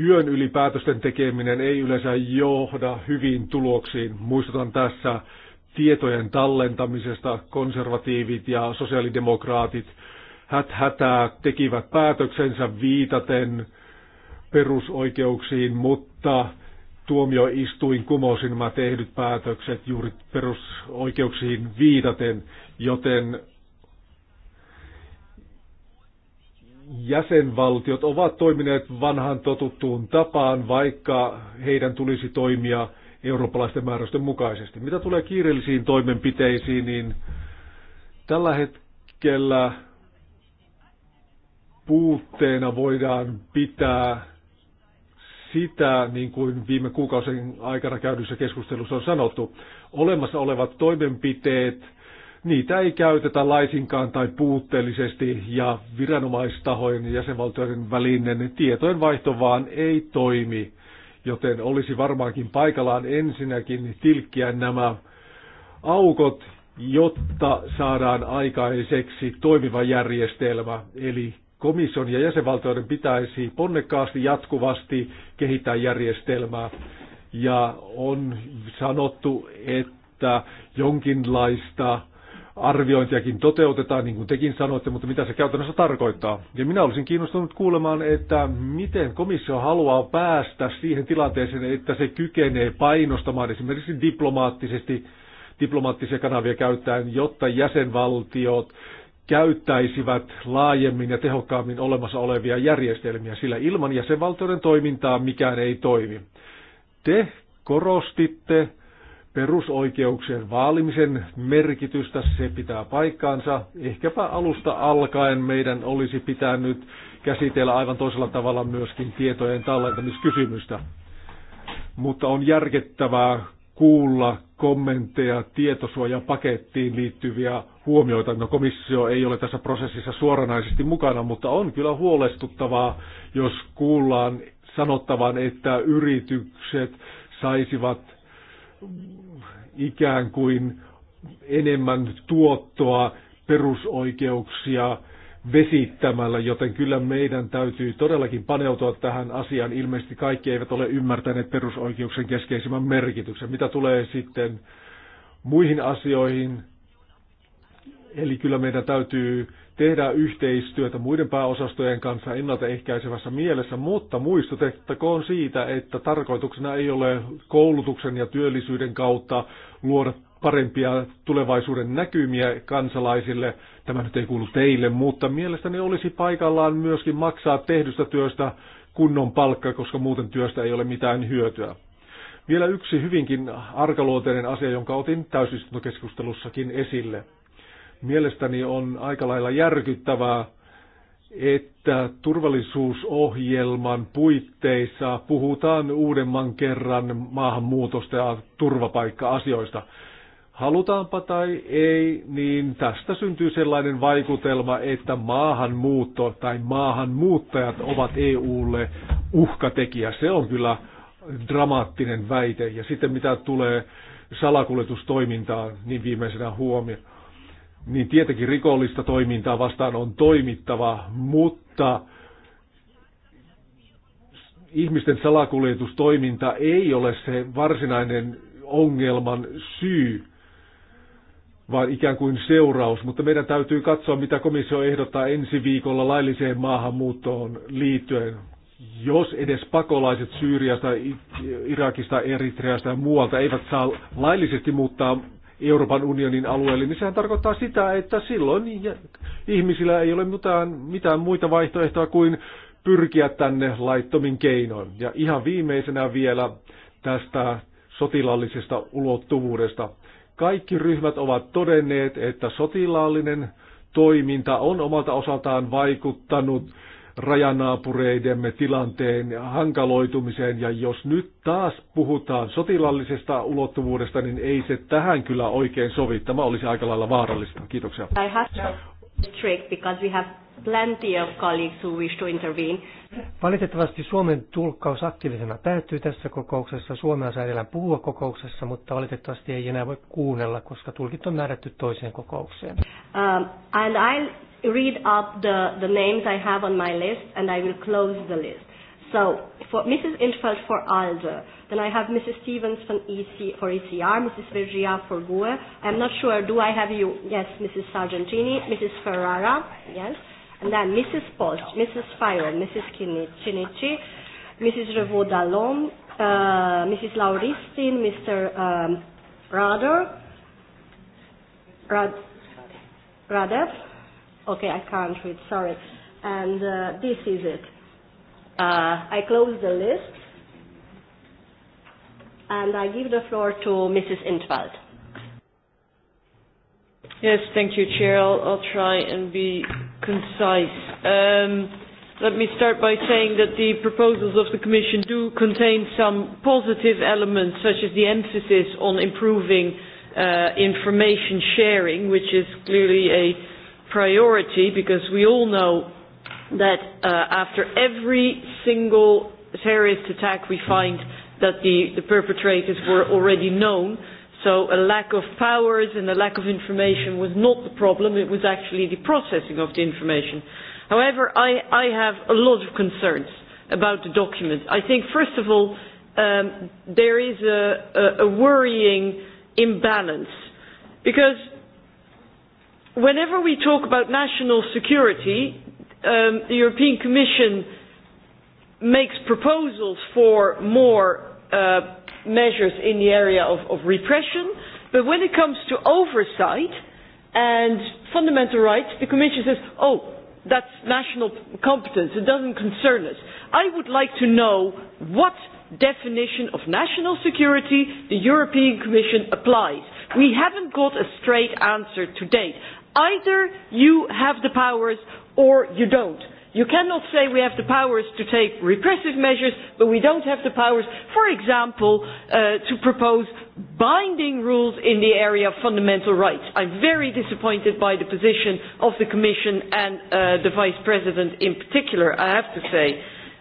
yön yli päätösten tekeminen ei yleensä johda hyviin tuloksiin. Muistutan tässä tietojen tallentamisesta konservatiivit ja sosiaalidemokraatit hätää tekivät päätöksensä viitaten perusoikeuksiin, mutta tuomioistuin kumosin nämä tehdyt päätökset juuri perusoikeuksiin viitaten, joten jäsenvaltiot ovat toimineet vanhan totuttuun tapaan, vaikka heidän tulisi toimia eurooppalaisten määräysten mukaisesti. Mitä tulee kiireellisiin toimenpiteisiin, niin tällä hetkellä puutteena voidaan pitää sitä, niin kuin viime kuukausien aikana käydyssä keskustelussa on sanottu, olemassa olevat toimenpiteet – niitä ei käytetä laisinkaan tai puutteellisesti ja viranomaistahojen ja jäsenvaltioiden välinen tietojenvaihto vaan ei toimi. Joten olisi varmaankin paikallaan ensinnäkin tilkkiä nämä aukot, jotta saadaan aikaiseksi toimiva järjestelmä. Eli komission ja jäsenvaltioiden pitäisi ponnekkaasti jatkuvasti kehittää järjestelmää. Ja on sanottu, että jonkinlaista arviointiakin toteutetaan, niin kuin tekin sanoitte, mutta mitä se käytännössä tarkoittaa. Ja minä olisin kiinnostunut kuulemaan, että miten komissio haluaa päästä siihen tilanteeseen, että se kykenee painostamaan esimerkiksi diplomaattisesti, diplomaattisia kanavia käyttäen, jotta jäsenvaltiot käyttäisivät laajemmin ja tehokkaammin olemassa olevia järjestelmiä, sillä ilman jäsenvaltioiden toimintaa mikään ei toimi. Te korostitte, perusoikeuksien vaalimisen merkitystä, se pitää paikkaansa. Ehkäpä alusta alkaen meidän olisi pitänyt käsitellä aivan toisella tavalla myöskin tietojen tallentamiskysymystä. Mutta on järkettävää kuulla kommentteja tietosuojapakettiin liittyviä huomioita. No komissio ei ole tässä prosessissa suoranaisesti mukana, mutta on kyllä huolestuttavaa, jos kuullaan sanottavan, että yritykset saisivat ikään kuin enemmän tuottoa perusoikeuksia vesittämällä, joten kyllä meidän täytyy todellakin paneutua tähän asiaan. Ilmeisesti kaikki eivät ole ymmärtäneet perusoikeuksien keskeisimmän merkityksen. Mitä tulee sitten muihin asioihin, eli kyllä meidän täytyy tehdään yhteistyötä muiden pääosastojen kanssa ennaltaehkäisevässä mielessä, mutta muistutettakoon siitä, että tarkoituksena ei ole koulutuksen ja työllisyyden kautta luoda parempia tulevaisuuden näkymiä kansalaisille. Tämä nyt ei kuulu teille, mutta mielestäni olisi paikallaan myöskin maksaa tehdystä työstä kunnon palkka, koska muuten työstä ei ole mitään hyötyä. Vielä yksi hyvinkin arkaluonteinen asia, jonka otin täysistuntokeskustelussakin esille. Mielestäni on aika lailla järkyttävää, että turvallisuusohjelman puitteissa puhutaan uudemman kerran maahanmuutosta ja turvapaikka-asioista. Halutaanpa tai ei, niin tästä syntyy sellainen vaikutelma, että maahanmuutto tai maahanmuuttajat ovat EUlle uhkatekijä. Se on kyllä dramaattinen väite. Ja sitten mitä tulee salakuljetustoimintaan, niin viimeisenä huomio niin tietenkin rikollista toimintaa vastaan on toimittava, mutta ihmisten salakuljetustoiminta ei ole se varsinainen ongelman syy, vaan ikään kuin seuraus. Mutta meidän täytyy katsoa, mitä komissio ehdottaa ensi viikolla lailliseen maahanmuuttoon liittyen. Jos edes pakolaiset Syyriasta, Irakista, Eritreasta ja muualta eivät saa laillisesti muuttaa Euroopan unionin alueelle, niin sehän tarkoittaa sitä, että silloin ihmisillä ei ole mitään, mitään muita vaihtoehtoja kuin pyrkiä tänne laittomin keinoin. Ja ihan viimeisenä vielä tästä sotilaallisesta ulottuvuudesta. Kaikki ryhmät ovat todenneet, että sotilaallinen toiminta on omalta osaltaan vaikuttanut rajanaapureidemme tilanteen hankaloitumiseen. Ja jos nyt taas puhutaan sotilallisesta ulottuvuudesta, niin ei se tähän kyllä oikein sovi. Tämä olisi aika lailla vaarallista. Kiitoksia. I have to because we have plenty of colleagues who wish to intervene. Valitettavasti Suomen tulkkaus aktiivisena päättyy tässä kokouksessa. Suomea edellä puhua kokouksessa, mutta valitettavasti ei enää voi kuunnella, koska tulkit on määrätty toiseen kokoukseen. Uh, and I'll read up the, the names I have on my list and I will close the list. So for Mrs. Intfeld for ALDE, then I have Mrs. Stevens from EC, for ECR, e Mrs. Vergia for GUE. I'm not sure, do I have you? Yes, Mrs. Sargentini, Mrs. Ferrara, yes. And then Mrs. Post, Mrs. Fayol, Mrs. Cinici, Mrs. Revaud Dallon, uh, Mrs. Lauristin, Mr. Um, Rader, Rad, Radev, Okay, I can't read, sorry. And uh, this is it. Uh, I close the list and I give the floor to Mrs. Intwald. Yes, thank you, Chair. I'll, I'll try and be concise. Um, let me start by saying that the proposals of the Commission do contain some positive elements, such as the emphasis on improving uh, information sharing, which is clearly a uh, priority because we all know that uh, after every single terrorist attack we find that the, the perpetrators were already known. So a lack of powers and a lack of information was not the problem, it was actually the processing of the information. However, I, I have a lot of concerns about the document. I think, first of all, um, there is a, a, a worrying imbalance because whenever we talk about national security, um, the European Commission makes proposals for more uh, measures in the area of, of repression, but when it comes to oversight and fundamental rights, the Commission says, oh, that's national competence, it doesn't concern us. I would like to know what definition of national security the European Commission applies. We haven't got a straight answer to date. Either you have the powers or you don't. You cannot say we have the powers to take repressive measures, but we don't have the powers, for example, uh, to propose binding rules in the area of fundamental rights. I'm very disappointed by the position of the Commission and uh, the Vice President in particular, I have to say.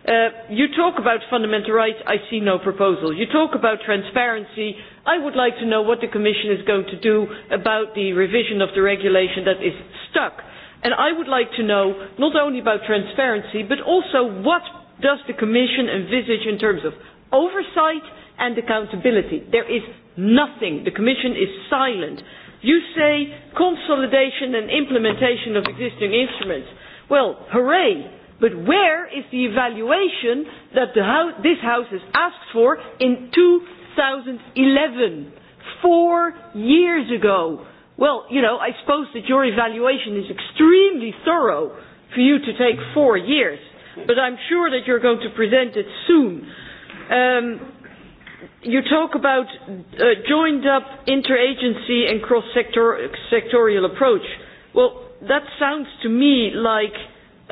Uh, you talk about fundamental rights, I see no proposal. You talk about transparency, I would like to know what the Commission is going to do about the revision of the regulation that is stuck. And I would like to know not only about transparency, but also what does the Commission envisage in terms of oversight and accountability. There is nothing. The Commission is silent. You say consolidation and implementation of existing instruments. Well, hooray! But where is the evaluation that the house, this House has asked for in two 2011, four years ago. Well, you know, I suppose that your evaluation is extremely thorough for you to take four years, but I'm sure that you're going to present it soon. Um, you talk about uh, joined up interagency and cross -sector sectorial approach. Well, that sounds to me like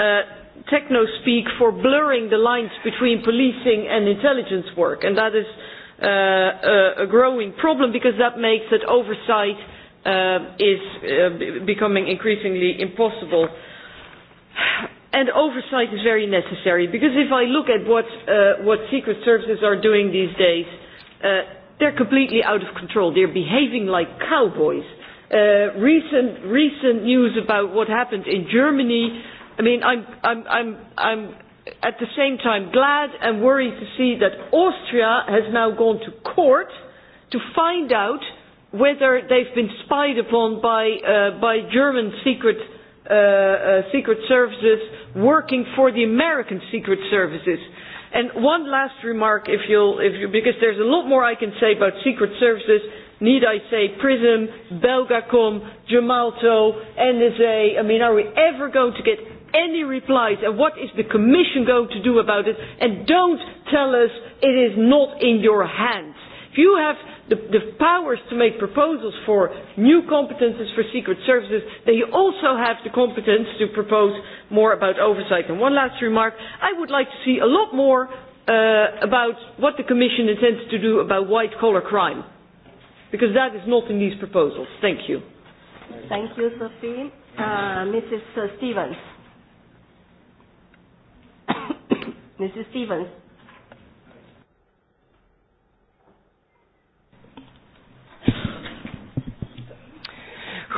uh, techno speak for blurring the lines between policing and intelligence work, and that is Uh, uh, a growing problem because that makes that oversight uh, is uh, becoming increasingly impossible. And oversight is very necessary because if I look at what, uh, what secret services are doing these days, uh, they're completely out of control. They're behaving like cowboys. Uh, recent, recent news about what happened in Germany, I mean, I'm, I'm, I'm, I'm at the same time glad and worried to see that Austria has now gone to court to find out whether they've been spied upon by, uh, by German secret, uh, uh, secret services working for the American secret services. And one last remark, if you'll, if you, because there's a lot more I can say about secret services. Need I say PRISM, Belgacom, Gemalto, NSA? I mean, are we ever going to get any replies and what is the Commission going to do about it? And don't tell us it is not in your hands. If you have the, the powers to make proposals for new competences for secret services, then you also have the competence to propose more about oversight. And one last remark, I would like to see a lot more uh, about what the Commission intends to do about white-collar crime, because that is not in these proposals. Thank you. Thank you, Sophie. Uh, Mrs. Uh, Stevens. Mrs. Stevens.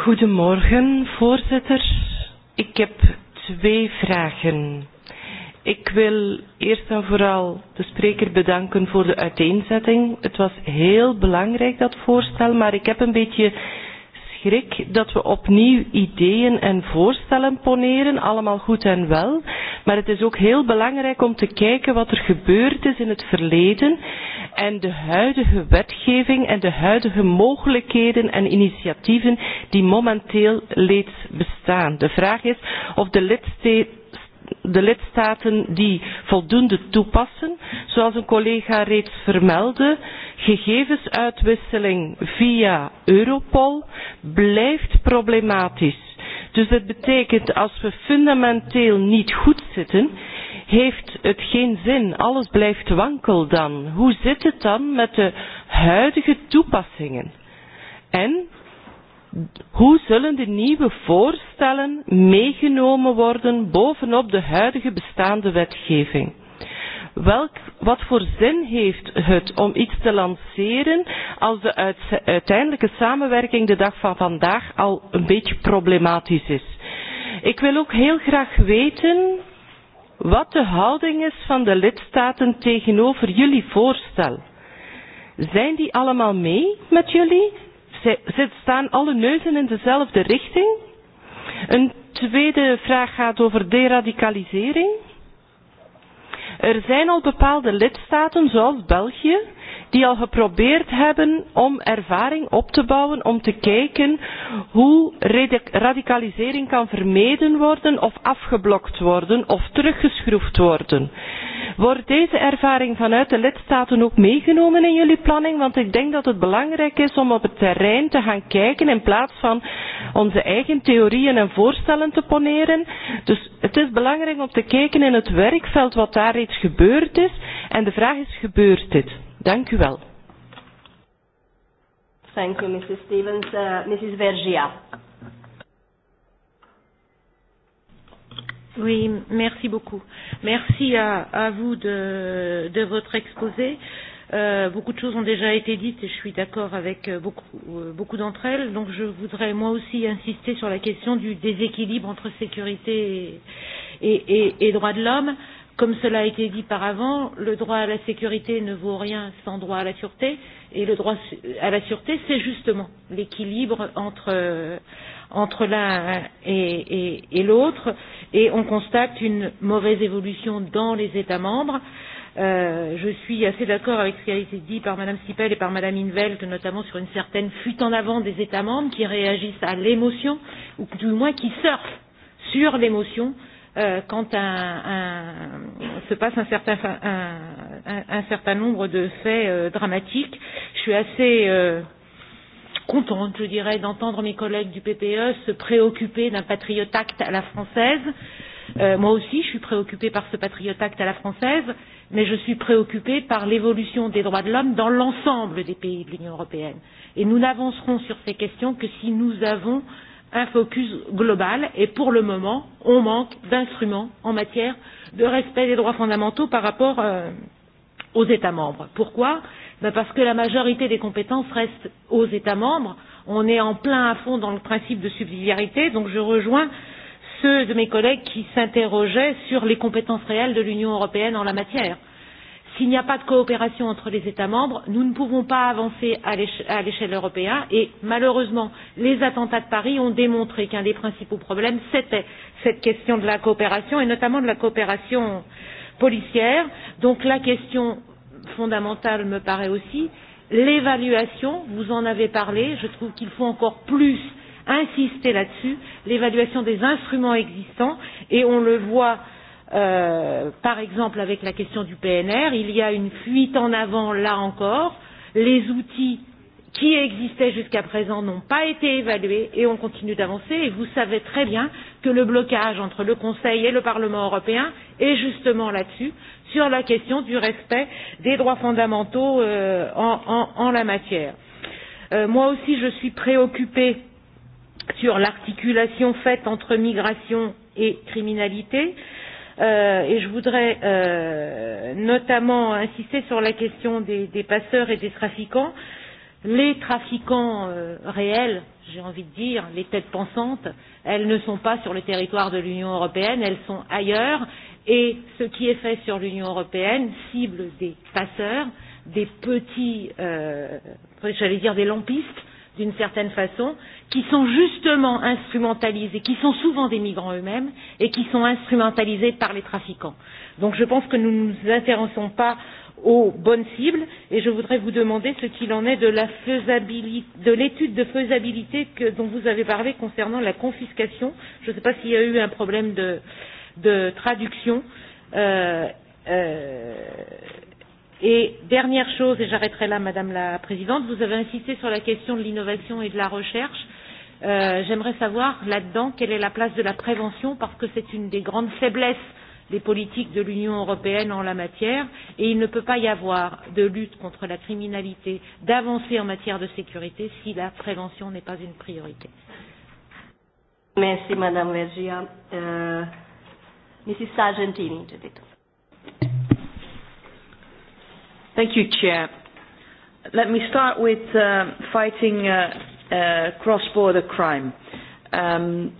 Goedemorgen, voorzitter. Ik heb twee vragen. Ik wil eerst en vooral de spreker bedanken voor de uiteenzetting. Het was heel belangrijk, dat voorstel, maar ik heb een beetje schrik dat we opnieuw ideeën en voorstellen poneren, allemaal goed en wel. Maar het is ook heel belangrijk om te kijken wat er gebeurd is in het verleden en de huidige wetgeving en de huidige mogelijkheden en initiatieven die momenteel leeds bestaan. De vraag is of de lidsteden de lidstaten die voldoende toepassen. Zoals een collega reeds vermeldde, gegevensuitwisseling via Europol blijft problematisch. Dus dat betekent als we fundamenteel niet goed zitten, heeft het geen zin. Alles blijft wankel dan. Hoe zit het dan met de huidige toepassingen? En Hoe zullen de nieuwe voorstellen meegenomen worden bovenop de huidige bestaande wetgeving? Welk, wat voor zin heeft het om iets te lanceren als de uiteindelijke samenwerking de dag van vandaag al een beetje problematisch is? Ik wil ook heel graag weten wat de houding is van de lidstaten tegenover jullie voorstel. Zijn die allemaal mee met jullie? Zit, staan alle neuzen in dezelfde richting? Een tweede vraag gaat over deradicalisering. Er zijn al bepaalde lidstaten, zoals België, die al geprobeerd hebben om ervaring op te bouwen om te kijken hoe radicalisering kan vermeden worden of afgeblokt worden of teruggeschroefd worden. Wordt deze ervaring vanuit de lidstaten ook meegenomen in jullie planning? Want ik denk dat het belangrijk is om op het terrein te gaan kijken in plaats van onze eigen theorieën en voorstellen te poneren. Dus het is belangrijk om te kijken in het werkveld wat daar iets gebeurd is. En de vraag is, gebeurt dit? Dank u wel. Thank you, Mrs. Stevens. Uh, Mrs. Vergia. Oui, merci beaucoup. Merci à, à vous de, de votre exposé. Euh, beaucoup de choses ont déjà été dites et je suis d'accord avec euh, beaucoup, euh, beaucoup d'entre elles. Donc je voudrais moi aussi insister sur la question du déséquilibre entre sécurité et, et, et, et droits de l'homme. Euh, Comme cela a été dit par avant, le droit à la sécurité ne vaut rien sans droit à la sûreté, et le droit à la sûreté, c'est justement l'équilibre entre, euh, entre l'un et, et, et l'autre, et on constate une mauvaise évolution dans les États membres. Euh, je suis assez d'accord avec ce qui a été dit par Mme Sipel et par Mme Invelt, notamment sur une certaine fuite en avant des États membres qui réagissent à l'émotion, ou du moins qui surfent sur l'émotion euh, euh, quand un, un, se passe un certain, un, un, un certain nombre de faits euh, dramatiques. Je suis assez euh, contente, je dirais, d'entendre mes collègues du PPE se préoccuper d'un patriote acte à la française. Euh, moi aussi, je suis préoccupée par ce patriote acte à la française, mais je suis préoccupée par l'évolution des droits de l'homme dans l'ensemble des pays de l'Union européenne. Et nous n'avancerons sur ces questions que si nous avons euh, un focus global et pour le moment, on manque d'instruments en matière de respect des droits fondamentaux par rapport euh, aux États membres. Pourquoi ben Parce que la majorité des compétences restent aux États membres. On est en plein à fond dans le principe de subsidiarité, donc je rejoins ceux de mes collègues qui s'interrogeaient sur les compétences réelles de l'Union européenne en la matière. S'il n'y a pas de coopération entre les États membres, nous ne pouvons pas avancer à l'échelle européenne et malheureusement, les attentats de Paris ont démontré qu'un des principaux problèmes, c'était cette question de la coopération et notamment de la coopération policière. Donc la question fondamentale me paraît aussi l'évaluation, vous en avez parlé, je trouve qu'il faut encore plus insister là-dessus, l'évaluation des instruments existants et on le voit euh, Euh, par exemple, avec la question du PNR, il y a une fuite en avant là encore. Les outils qui existaient jusqu'à présent n'ont pas été évalués et on continue d'avancer. Et vous savez très bien que le blocage entre le Conseil et le Parlement européen est justement là-dessus, sur la question du respect des droits fondamentaux euh, en, en, en la matière. Euh, moi aussi, je suis préoccupée sur l'articulation faite entre migration et criminalité. Euh, euh, et je voudrais euh, notamment insister sur la question des, des passeurs et des trafiquants. Les trafiquants euh, réels, j'ai envie de dire, les têtes pensantes, elles ne sont pas sur le territoire de l'Union européenne, elles sont ailleurs, et ce qui est fait sur l'Union européenne cible des passeurs, des petits, euh, j'allais dire des lampistes, d'une certaine façon, qui sont justement instrumentalisés, qui sont souvent des migrants eux-mêmes et qui sont instrumentalisés par les trafiquants. Donc je pense que nous ne nous intéressons pas aux bonnes cibles et je voudrais vous demander ce qu'il en est de la faisabilité, de l'étude de faisabilité que, dont vous avez parlé concernant la confiscation. Je ne sais pas s'il y a eu un problème de, de traduction. Euh, euh, et dernière chose, et j'arrêterai là, Madame la Présidente, vous avez insisté sur la question de l'innovation et de la recherche. Euh, J'aimerais savoir là-dedans quelle est la place de la prévention, parce que c'est une des grandes faiblesses des politiques de l'Union européenne en la matière, et il ne peut pas y avoir de lutte contre la criminalité, d'avancée en matière de sécurité, si la prévention n'est pas une priorité. Merci, Madame Vergia. Euh, Mrs. Sargentini, Thank you, Chair. Let me start with uh, fighting uh, uh, cross-border crime. Um,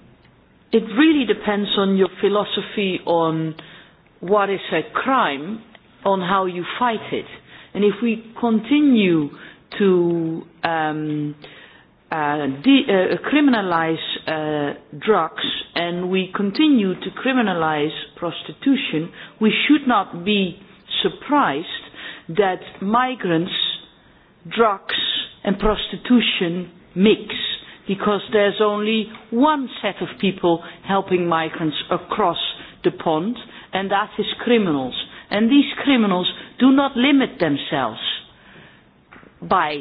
it really depends on your philosophy on what is a crime, on how you fight it. And if we continue to um, uh, de- uh, criminalize uh, drugs and we continue to criminalize prostitution, we should not be surprised that migrants, drugs and prostitution mix because there's only one set of people helping migrants across the pond and that is criminals. And these criminals do not limit themselves by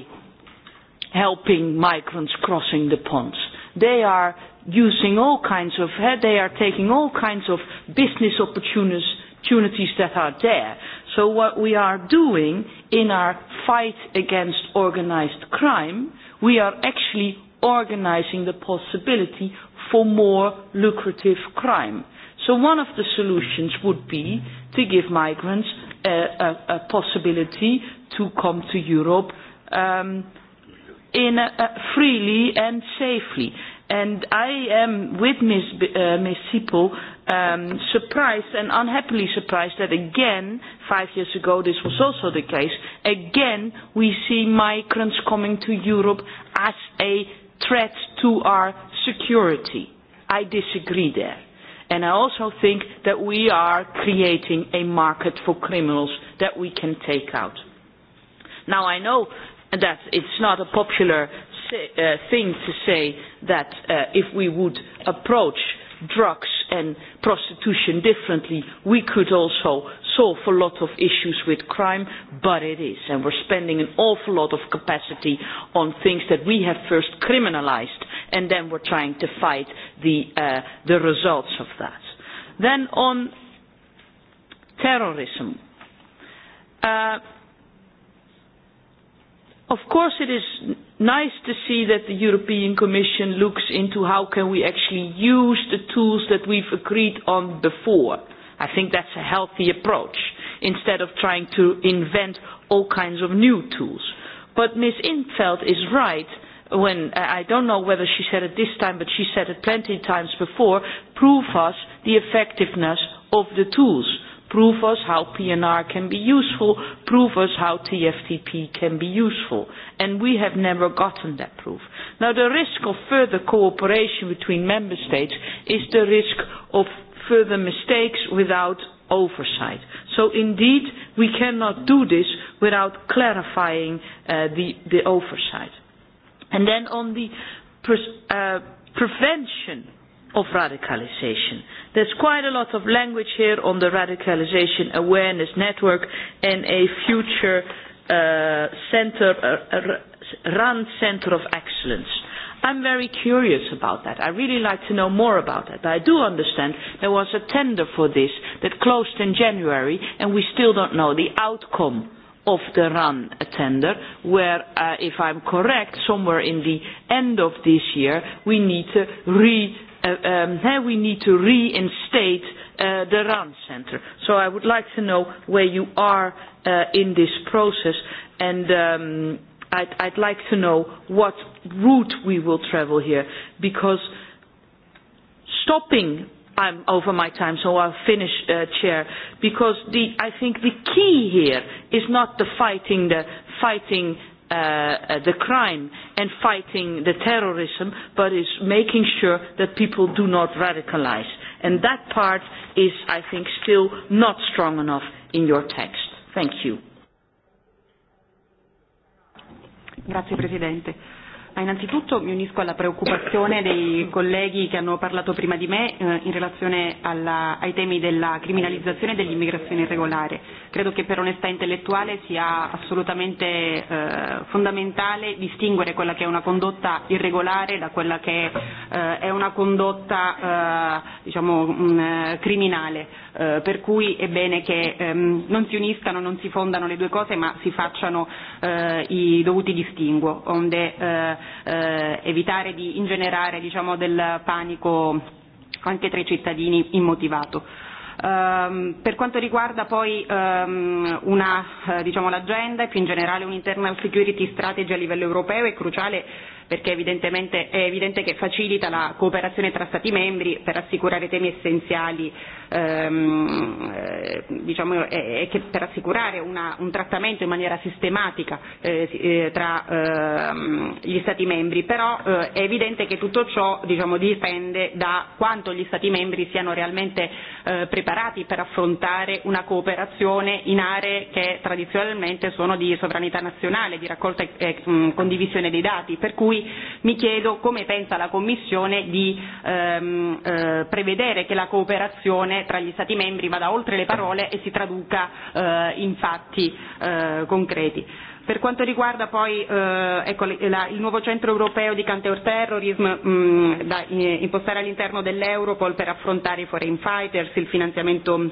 helping migrants crossing the ponds. They are using all kinds of, eh, they are taking all kinds of business opportunities opportunities that are there. So what we are doing in our fight against organized crime, we are actually organizing the possibility for more lucrative crime. So one of the solutions would be to give migrants a, a, a possibility to come to Europe um, in a, a freely and safely and I am with Ms. B, uh, Ms. Sipel um, surprised and unhappily surprised that again, five years ago this was also the case, again we see migrants coming to Europe as a threat to our security. I disagree there. And I also think that we are creating a market for criminals that we can take out. Now I know that it's not a popular Uh, thing to say that uh, if we would approach drugs and prostitution differently, we could also solve a lot of issues with crime, but it is. And we're spending an awful lot of capacity on things that we have first criminalized, and then we're trying to fight the, uh, the results of that. Then on terrorism. Uh, of course it is nice to see that the European Commission looks into how can we actually use the tools that we've agreed on before. I think that's a healthy approach instead of trying to invent all kinds of new tools. But Ms. Infeld is right when I don't know whether she said it this time, but she said it plenty of times before, prove us the effectiveness of the tools Prove us how PNR can be useful. Prove us how TFTP can be useful. And we have never gotten that proof. Now, the risk of further cooperation between member states is the risk of further mistakes without oversight. So indeed, we cannot do this without clarifying uh, the, the oversight. And then on the pres- uh, prevention of radicalization. There's quite a lot of language here on the radicalization awareness network and a future uh, center, uh, uh, run center of excellence. I'm very curious about that. I really like to know more about that. But I do understand there was a tender for this that closed in January and we still don't know the outcome of the run tender, where, uh, if I'm correct, somewhere in the end of this year, we need to re- uh, um, we need to reinstate uh, the RAN Center. So I would like to know where you are uh, in this process and um, I'd, I'd like to know what route we will travel here because stopping I'm over my time, so I'll finish, uh, Chair, because the, I think the key here is not the fighting the fighting uh, the crime and fighting the terrorism, but is making sure that people do not radicalize. And that part is, I think, still not strong enough in your text. Thank you. Grazie Presidente. Ma eh, innanzitutto mi unisco alla preoccupazione dei colleghi che hanno parlato prima di me eh, in relazione alla, ai temi della criminalizzazione e dell'immigrazione irregolare. Credo che per onestà intellettuale sia assolutamente eh, fondamentale distinguere quella che è una condotta irregolare da quella che eh, è una condotta eh, diciamo, mh, mm, eh, criminale eh, per cui è bene che ehm, non si uniscano, non si fondano le due cose ma si facciano eh, i dovuti distinguo, onde eh, eh, evitare di ingenerare diciamo, del panico anche tra i cittadini immotivato. Um, per quanto riguarda poi um, una, uh, diciamo, l'agenda e più in generale un'internal security strategy a livello europeo è cruciale perché evidentemente è evidente che facilita la cooperazione tra Stati membri per assicurare temi essenziali ehm, eh, diciamo, e, e che per assicurare una, un trattamento in maniera sistematica eh, eh, tra ehm, gli Stati membri, però eh, è evidente che tutto ciò diciamo, dipende da quanto gli Stati membri siano realmente eh, preparati per affrontare una cooperazione in aree che tradizionalmente sono di sovranità nazionale, di raccolta e eh, condivisione dei dati, per cui mi chiedo come pensa la Commissione di ehm, eh, prevedere che la cooperazione tra gli Stati membri vada oltre le parole e si traduca eh, in fatti eh, concreti. Per quanto riguarda poi eh, ecco, la, il nuovo centro europeo di counterterrorism mh, mm, da eh, impostare all'interno dell'Europol per affrontare i foreign fighters, il finanziamento mh,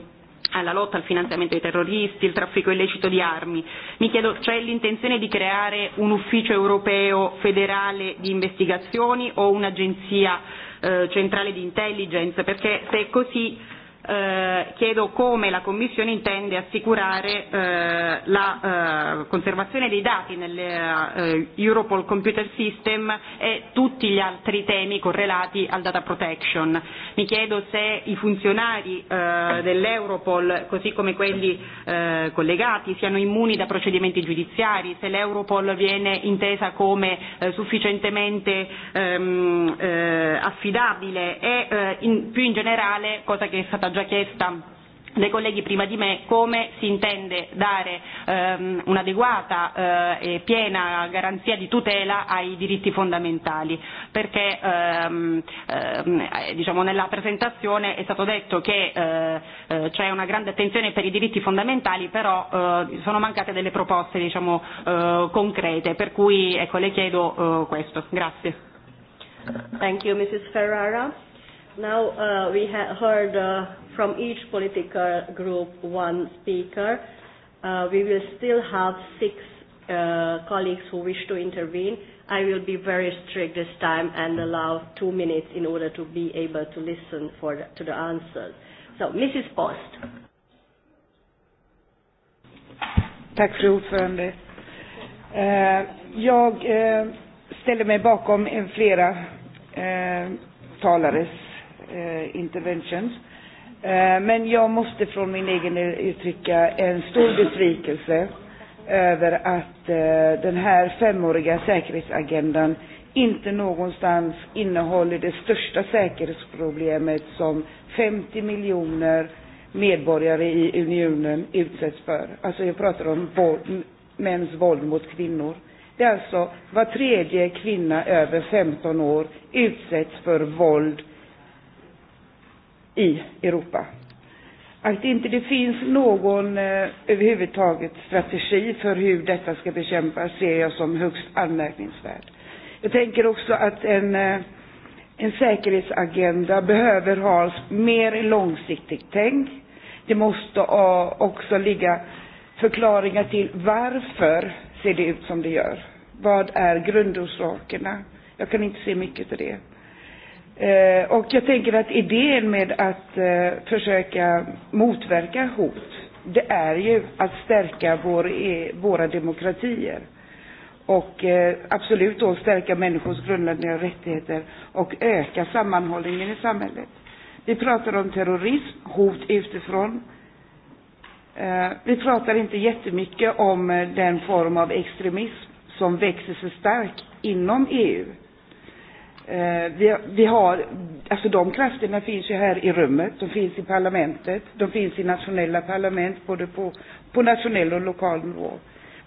alla lotta al finanziamento ai terroristi, il traffico illecito di armi. Mi chiedo, c'è l'intenzione di creare un ufficio europeo federale di investigazioni o un'agenzia eh, centrale di intelligence? Perché se è così Eh, chiedo come la Commissione intende assicurare eh, la eh, conservazione dei dati nel eh, Europol Computer System e tutti gli altri temi correlati al data protection. Mi chiedo se i funzionari eh, dell'Europol, così come quelli eh, collegati, siano immuni da procedimenti giudiziari, se l'Europol viene intesa come eh, sufficientemente ehm, eh, affidabile e eh, in, più in generale, cosa che è stata già chiesta dei colleghi prima di me come si intende dare ehm, un'adeguata eh, e piena garanzia di tutela ai diritti fondamentali perché ehm, ehm, diciamo nella presentazione è stato detto che eh, eh, c'è una grande attenzione per i diritti fondamentali però eh, sono mancate delle proposte diciamo eh, concrete per cui ecco le chiedo eh, questo grazie Thank you Mrs Ferrara Now uh, we ha- heard uh, from each political group one speaker. Uh, we will still have six uh, colleagues who wish to intervene. I will be very strict this time and allow two minutes in order to be able to listen for the, to the answers. So, Mrs. Post. Tack fru ordförande. Eh, jag eh, ställer mig bakom flera eh, talares Eh, interventions. Eh, men jag måste från min egen uttrycka en stor besvikelse över att eh, den här femåriga säkerhetsagendan inte någonstans innehåller det största säkerhetsproblemet som 50 miljoner medborgare i unionen utsätts för. Alltså jag pratar om våld, mäns våld mot kvinnor. Det är alltså var tredje kvinna över 15 år utsätts för våld eh, i Europa. Att inte det finns någon eh, överhuvudtaget strategi för hur detta ska bekämpas ser jag som högst anmärkningsvärt. Jag tänker också att en, eh, en säkerhetsagenda behöver ha mer långsiktigt tänk. Det måste ah, också ligga förklaringar till varför ser det ut som det gör. Vad är grundorsakerna? Jag kan inte se mycket av det. Eh, och jag tänker att idén med att eh, försöka motverka hot, det är ju att stärka vår, eh, våra demokratier. Och eh, absolut då stärka människors grundläggande rättigheter och öka sammanhållningen i samhället. Vi pratar om terrorism, hot utifrån. Eh, vi pratar inte jättemycket om eh, den form av extremism som växer sig stark inom EU Eh, vi, vi har, alltså de krafterna finns ju här i rummet, de finns i parlamentet, de finns i nationella parlament, både på, på nationell och lokal nivå.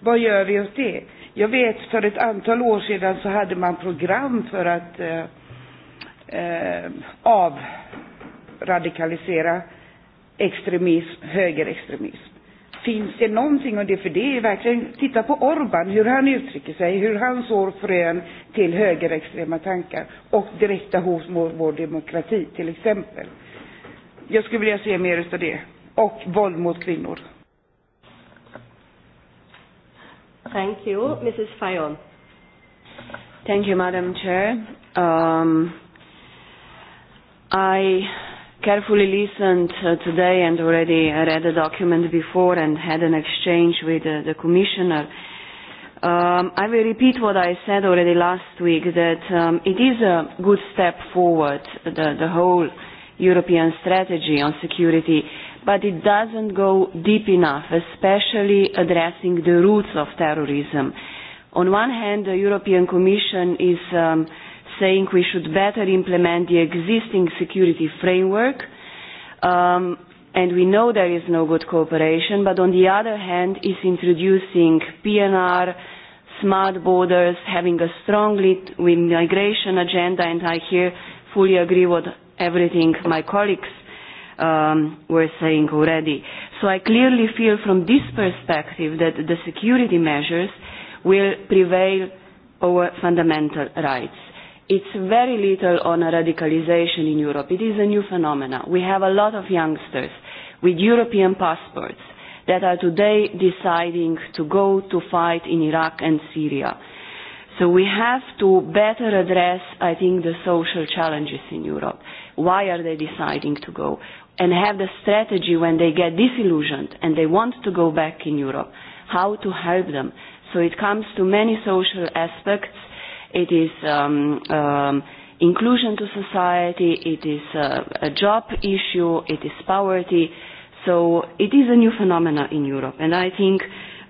Vad gör vi åt det? Jag vet för ett antal år sedan så hade man program för att eh, eh, avradikalisera extremism, högerextremism. Finns det någonting, och det för det är verkligen, titta på Orban, hur han uttrycker sig, hur han sår frön till högerextrema tankar och direkta hot mot vår demokrati till exempel. Jag skulle vilja se mer av det. Och våld mot kvinnor. Thank you. Mrs. Fayon. Thank you, Madam Chair. Um, I carefully listened uh, today and already read the document before and had an exchange with uh, the commissioner. Um, I will repeat what I said already last week that um, it is a good step forward, the, the whole European strategy on security, but it doesn't go deep enough, especially addressing the roots of terrorism. On one hand, the European Commission is um, saying we should better implement the existing security framework. Um, and we know there is no good cooperation, but on the other hand is introducing PNR, smart borders, having a strongly with migration agenda, and I here fully agree with everything my colleagues um, were saying already. So I clearly feel from this perspective that the security measures will prevail over fundamental rights it's very little on radicalization in Europe. It is a new phenomenon. We have a lot of youngsters with European passports that are today deciding to go to fight in Iraq and Syria. So we have to better address, I think, the social challenges in Europe. Why are they deciding to go? And have the strategy when they get disillusioned and they want to go back in Europe, how to help them. So it comes to many social aspects it is um, um, inclusion to society, it is uh, a job issue, it is poverty. So it is a new phenomenon in Europe, and I think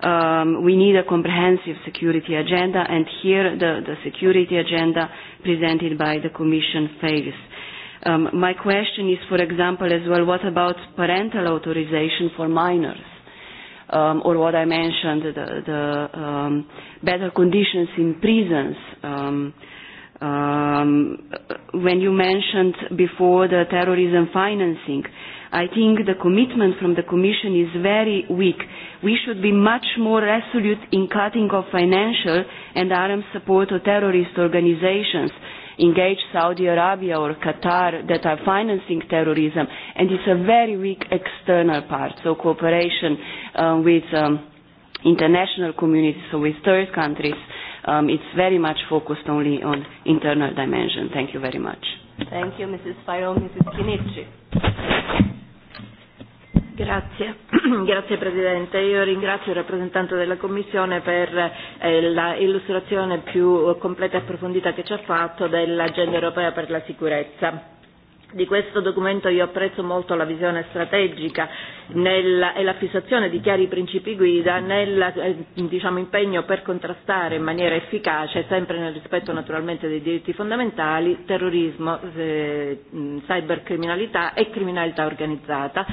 um, we need a comprehensive security agenda, and here the, the security agenda presented by the Commission fails. Um, my question is, for example, as well, what about parental authorization for minors? um, or what I mentioned, the, the um, better conditions in prisons. Um, um, when you mentioned before the terrorism financing, I think the commitment from the Commission is very weak. We should be much more resolute in cutting off financial and arms support to terrorist organizations engage Saudi Arabia or Qatar that are financing terrorism, and it's a very weak external part. So cooperation um, with um, international communities, so with third countries, um, it's very much focused only on internal dimension. Thank you very much. Thank you, Mrs. Fayol. Mrs. Kinichi. Grazie, grazie Presidente. Io ringrazio il rappresentante della Commissione per eh, l'illustrazione più completa e approfondita che ci ha fatto dell'agenda europea per la sicurezza. Di questo documento io apprezzo molto la visione strategica nel, e la fissazione di chiari principi guida nel eh, diciamo, impegno per contrastare in maniera efficace, sempre nel rispetto naturalmente dei diritti fondamentali, terrorismo, eh, cybercriminalità e criminalità organizzata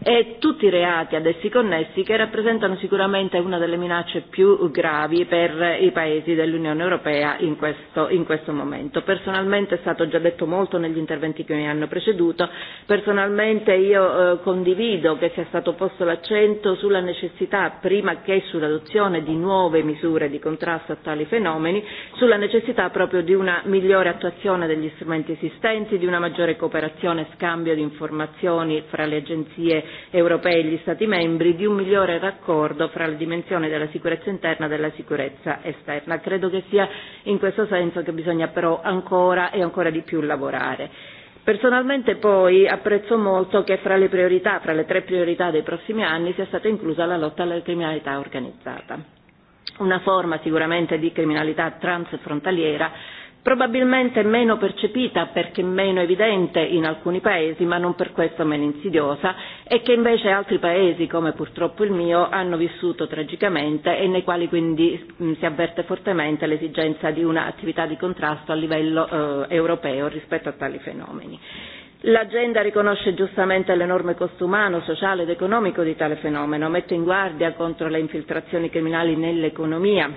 e tutti i reati ad essi connessi che rappresentano sicuramente una delle minacce più gravi per i paesi dell'Unione Europea in questo, in questo momento. Personalmente è stato già detto molto negli interventi che mi hanno preceduto, personalmente io eh, condivido che sia stato posto l'accento sulla necessità, prima che sull'adozione di nuove misure di contrasto a tali fenomeni, sulla necessità proprio di una migliore attuazione degli strumenti esistenti, di una maggiore cooperazione e scambio di informazioni fra le agenzie europee e gli Stati membri di un migliore raccordo fra la dimensione della sicurezza interna e della sicurezza esterna. Credo che sia in questo senso che bisogna però ancora e ancora di più lavorare. Personalmente poi apprezzo molto che fra le priorità, fra le tre priorità dei prossimi anni sia stata inclusa la lotta alla criminalità organizzata, una forma sicuramente di criminalità transfrontaliera probabilmente meno percepita perché meno evidente in alcuni paesi, ma non per questo meno insidiosa, e che invece altri paesi, come purtroppo il mio, hanno vissuto tragicamente e nei quali quindi si avverte fortemente l'esigenza di un'attività di contrasto a livello eh, europeo rispetto a tali fenomeni. L'agenda riconosce giustamente l'enorme costo umano, sociale ed economico di tale fenomeno, mette in guardia contro le infiltrazioni criminali nell'economia,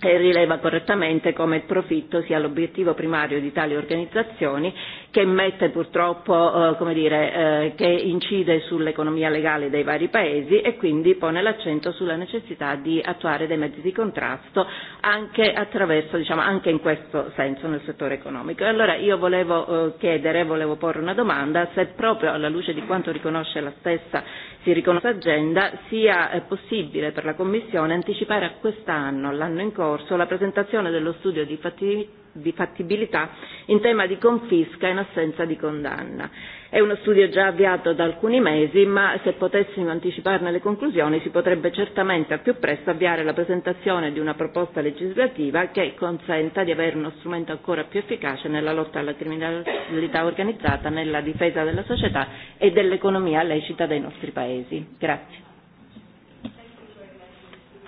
e rileva correttamente come il profitto sia l'obiettivo primario di tali organizzazioni che mette purtroppo eh, come dire, eh, che incide sull'economia legale dei vari paesi e quindi pone l'accento sulla necessità di attuare dei mezzi di contrasto anche attraverso diciamo anche in questo senso nel settore economico. E allora io volevo eh, chiedere, volevo porre una domanda se proprio alla luce di quanto riconosce la stessa si riconosce agenda sia eh, possibile per la Commissione anticipare a quest'anno l'anno in corso corso la presentazione dello studio di, fatti, di fattibilità in tema di confisca in assenza di condanna. È uno studio già avviato da alcuni mesi, ma se potessimo anticiparne le conclusioni si potrebbe certamente al più presto avviare la presentazione di una proposta legislativa che consenta di avere uno strumento ancora più efficace nella lotta alla criminalità organizzata, nella difesa della società e dell'economia lecita dei nostri paesi. Grazie.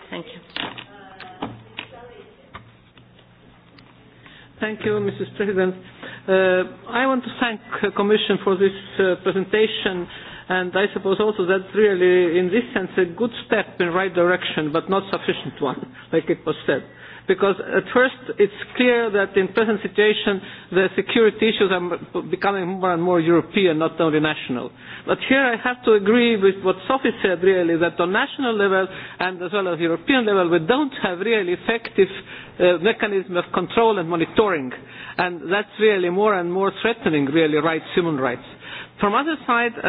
Thank you. Thank you, Mrs. President. Uh, I want to thank the Commission for this uh, presentation, and I suppose also that's really, in this sense, a good step in the right direction, but not sufficient one, like it was said. Uh, because at first it's clear that in present situation the security issues are becoming more and more European, not only national. But here I have to agree with what Sophie said really, that on national level and as well as European level we don't have really effective uh, mechanism of control and monitoring and that's really more and more threatening really rights, human rights. From other side, uh,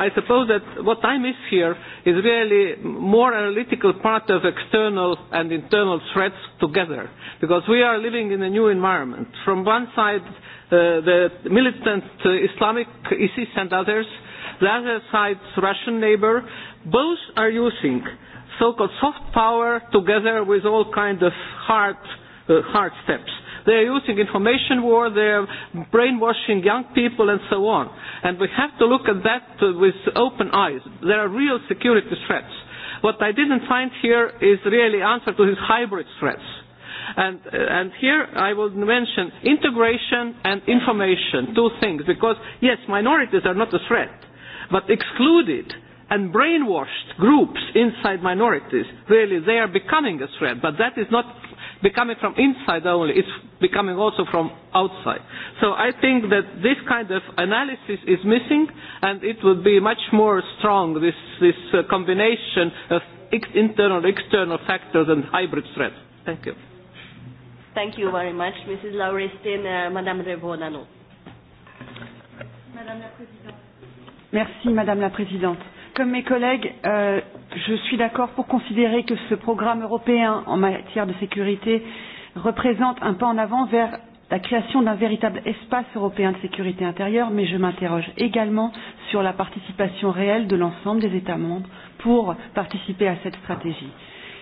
I suppose that what I miss here is really more analytical part of external and internal threats together, because we are living in a new environment. From one side, uh, the militant uh, Islamic ISIS and others, the other side, Russian neighbor, both are using so-called soft power together with all kind of hard, uh, hard steps. They are using information war, they are brainwashing young people and so on. And we have to look at that uh, with open eyes. There are real security threats. What I didn't find here is really answer to these hybrid threats. And, uh, and here I will mention integration and information, two things, because yes, minorities are not a threat, but excluded and brainwashed groups inside minorities, really they are becoming a threat, but that is not becoming from inside only, it's becoming also from outside. So I think that this kind of analysis is missing and it would be much more strong, this, this uh, combination of ex internal external factors and hybrid threats. Thank you. Thank you very much, Mrs. Lauristin. Uh, Madame Revonano. Madame la Présidente. Merci, Madame la Présidente. Comme mes collègues, euh, je suis d'accord pour considérer que ce programme européen en matière de sécurité représente un pas en avant vers la création d'un véritable espace européen de sécurité intérieure, mais je m'interroge également sur la participation réelle de l'ensemble des États membres pour participer à cette stratégie.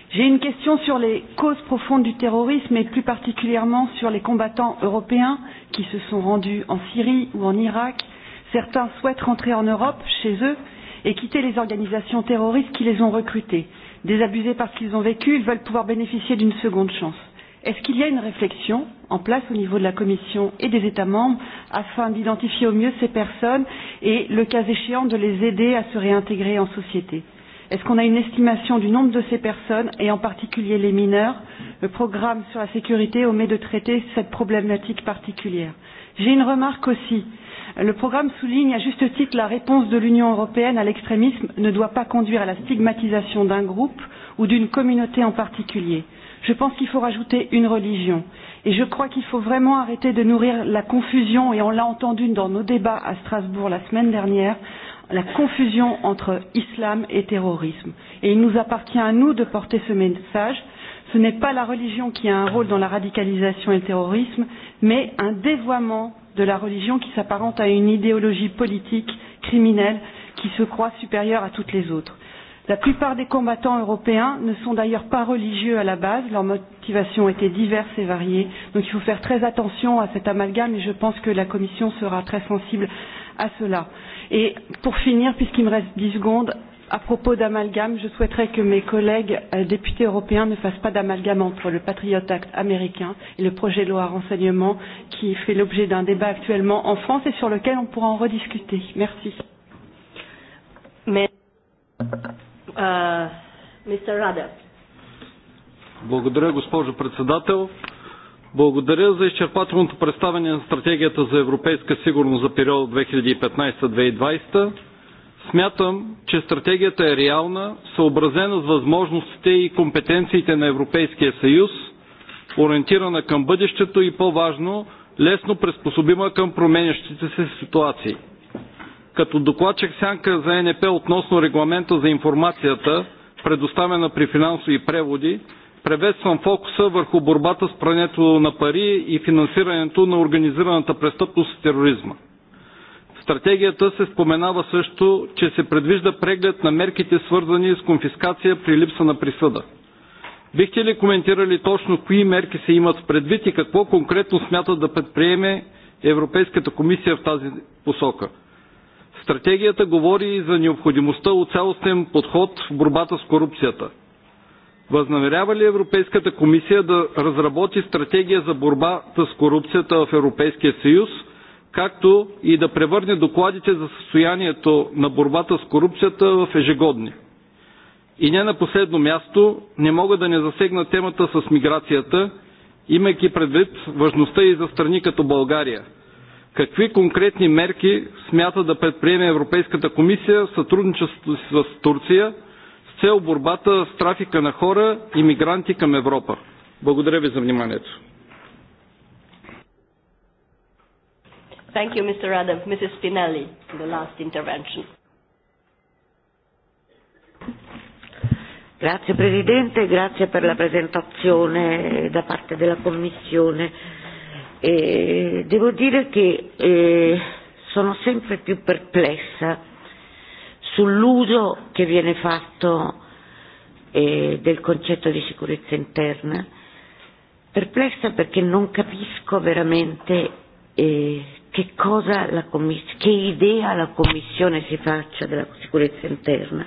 J'ai une question sur les causes profondes du terrorisme et plus particulièrement sur les combattants européens qui se sont rendus en Syrie ou en Irak. Certains souhaitent rentrer en Europe chez eux, et quitter les organisations terroristes qui les ont recrutés. Désabusés parce qu'ils ont vécu, ils veulent pouvoir bénéficier d'une seconde chance. Est-ce qu'il y a une réflexion en place au niveau de la Commission et des États membres afin d'identifier au mieux ces personnes et, le cas échéant, de les aider à se réintégrer en société Est-ce qu'on a une estimation du nombre de ces personnes et en particulier les mineurs Le programme sur la sécurité omet de traiter cette problématique particulière. J'ai une remarque aussi. Euh, Le programme souligne à juste titre la réponse de l'Union européenne à l'extrémisme ne doit pas conduire à la stigmatisation d'un groupe ou d'une communauté en particulier. Je pense qu'il faut rajouter une religion. Et je crois qu'il faut vraiment arrêter de nourrir la confusion, et on l'a entendu dans nos débats à Strasbourg la semaine dernière, la confusion entre islam et terrorisme. Et il nous appartient à nous de porter ce message. Ce n'est pas la religion qui a un rôle dans la radicalisation et le terrorisme, mais un dévoiement de la religion qui s'apparente à une idéologie politique criminelle qui se croit supérieure à toutes les autres. La plupart des combattants européens ne sont d'ailleurs pas religieux à la base, leurs motivations étaient diverses et variées, donc il faut faire très attention à cet amalgame et je pense que la Commission sera très sensible à cela. Et pour finir, puisqu'il me reste dix secondes, À propos d'amalgame, je souhaiterais que mes collègues euh, députés européens ne fassent pas d'amalgame entre le Patriot Act américain et le projet de loi renseignement qui fait l'objet d'un débat actuellement en France et sur lequel on pourra en rediscuter. Merci. Mais, euh, Mr. Radev. Благодаря, госпожо председател. Благодаря за изчерпателното представяне на стратегията за европейска сигурност за 2015-2020. Смятам, че стратегията е реална, съобразена с възможностите и компетенциите на Европейския съюз, ориентирана към бъдещето и по-важно, лесно приспособима към променящите се ситуации. Като докладчик сянка за НП относно регламента за информацията, предоставена при финансови преводи, приветствам фокуса върху борбата с прането на пари и финансирането на организираната престъпност и тероризма стратегията се споменава също, че се предвижда преглед на мерките свързани с конфискация при липса на присъда. Бихте ли коментирали точно кои мерки се имат в предвид и какво конкретно смята да предприеме Европейската комисия в тази посока? Стратегията говори и за необходимостта от цялостен подход в борбата с корупцията. Възнамерява ли Европейската комисия да разработи стратегия за борбата с корупцията в Европейския съюз – както и да превърне докладите за състоянието на борбата с корупцията в ежегодни. И не на последно място, не мога да не засегна темата с миграцията, имайки предвид важността и за страни като България. Какви конкретни мерки смята да предприеме Европейската комисия в сътрудничеството си с Турция с цел борбата с трафика на хора и мигранти към Европа? Благодаря ви за вниманието. Thank you, Mr. Radev. Mrs. Spinelli, for the last intervention. Grazie Presidente, grazie per la presentazione da parte della Commissione. E devo dire che eh, sono sempre più perplessa sull'uso che viene fatto eh, del concetto di sicurezza interna, perplessa perché non capisco veramente eh, che, cosa la commiss- che idea la Commissione si faccia della sicurezza interna.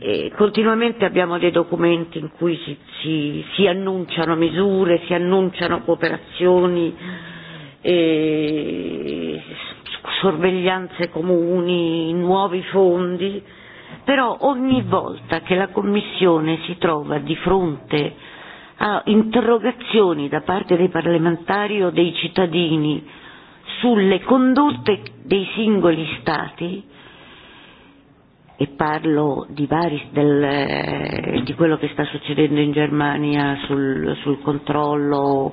E continuamente abbiamo dei documenti in cui si, si, si annunciano misure, si annunciano cooperazioni, e sorveglianze comuni, nuovi fondi, però ogni volta che la Commissione si trova di fronte a interrogazioni da parte dei parlamentari o dei cittadini sulle condotte dei singoli Stati, e parlo di, vari, del, eh, di quello che sta succedendo in Germania sul, sul controllo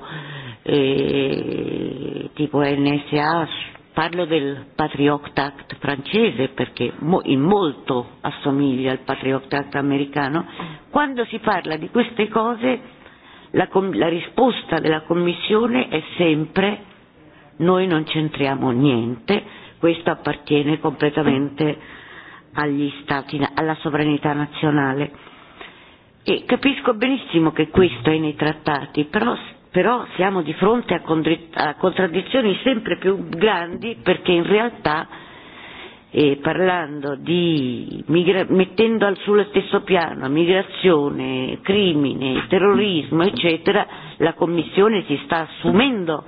eh, tipo NSA, parlo del Patriot Act francese perché mo, in molto assomiglia al Patriot Act americano, quando si parla di queste cose la, la risposta della Commissione è sempre Noi non c'entriamo niente, questo appartiene completamente agli stati, alla sovranità nazionale. E capisco benissimo che questo è nei trattati, però, però siamo di fronte a, a contraddizioni sempre più grandi perché in realtà eh, parlando di migra- mettendo al, sullo stesso piano migrazione, crimine, terrorismo, eccetera, la Commissione si sta assumendo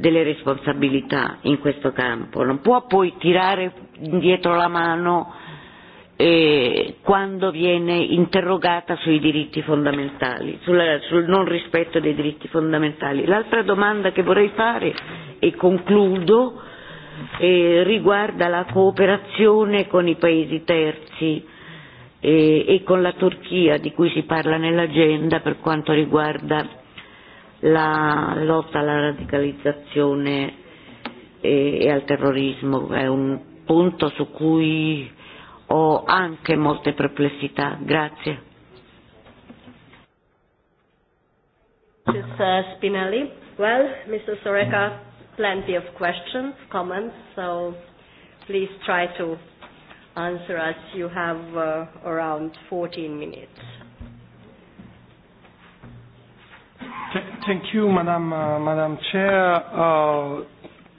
delle responsabilità in questo campo, non può poi tirare indietro la mano eh, quando viene interrogata sui diritti fondamentali, sulla, sul non rispetto dei diritti fondamentali. L'altra domanda che vorrei fare, e concludo, eh, riguarda la cooperazione con i paesi terzi eh, e con la Turchia, di cui si parla nell'agenda per quanto riguarda la lotta alla radicalizzazione e, e al terrorismo è un punto su cui ho anche molte perplessità. Grazie. Spinelli. Well, Mr. Soreka, plenty of questions, comments, so please try to answer us. You have uh, around 14 minutes. Thank you, Madam, uh, Madam Chair. Uh,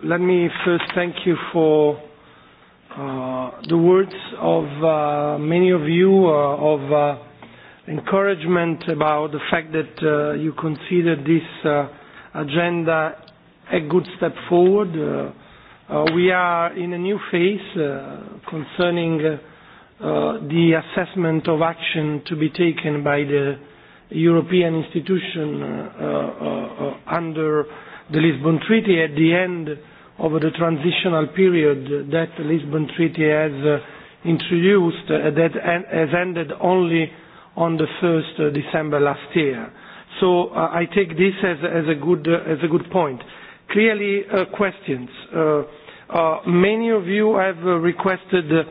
let me first thank you for uh, the words of uh, many of you uh, of uh, encouragement about the fact that uh, you consider this uh, agenda a good step forward. Uh, uh, we are in a new phase uh, concerning uh, uh, the assessment of action to be taken by the European institution uh, uh, uh, under the Lisbon Treaty at the end of the transitional period that the Lisbon Treaty has uh, introduced uh, that en- has ended only on the 1st uh, December last year. So uh, I take this as, as, a good, uh, as a good point. Clearly, uh, questions. Uh, uh, many of you have uh, requested uh,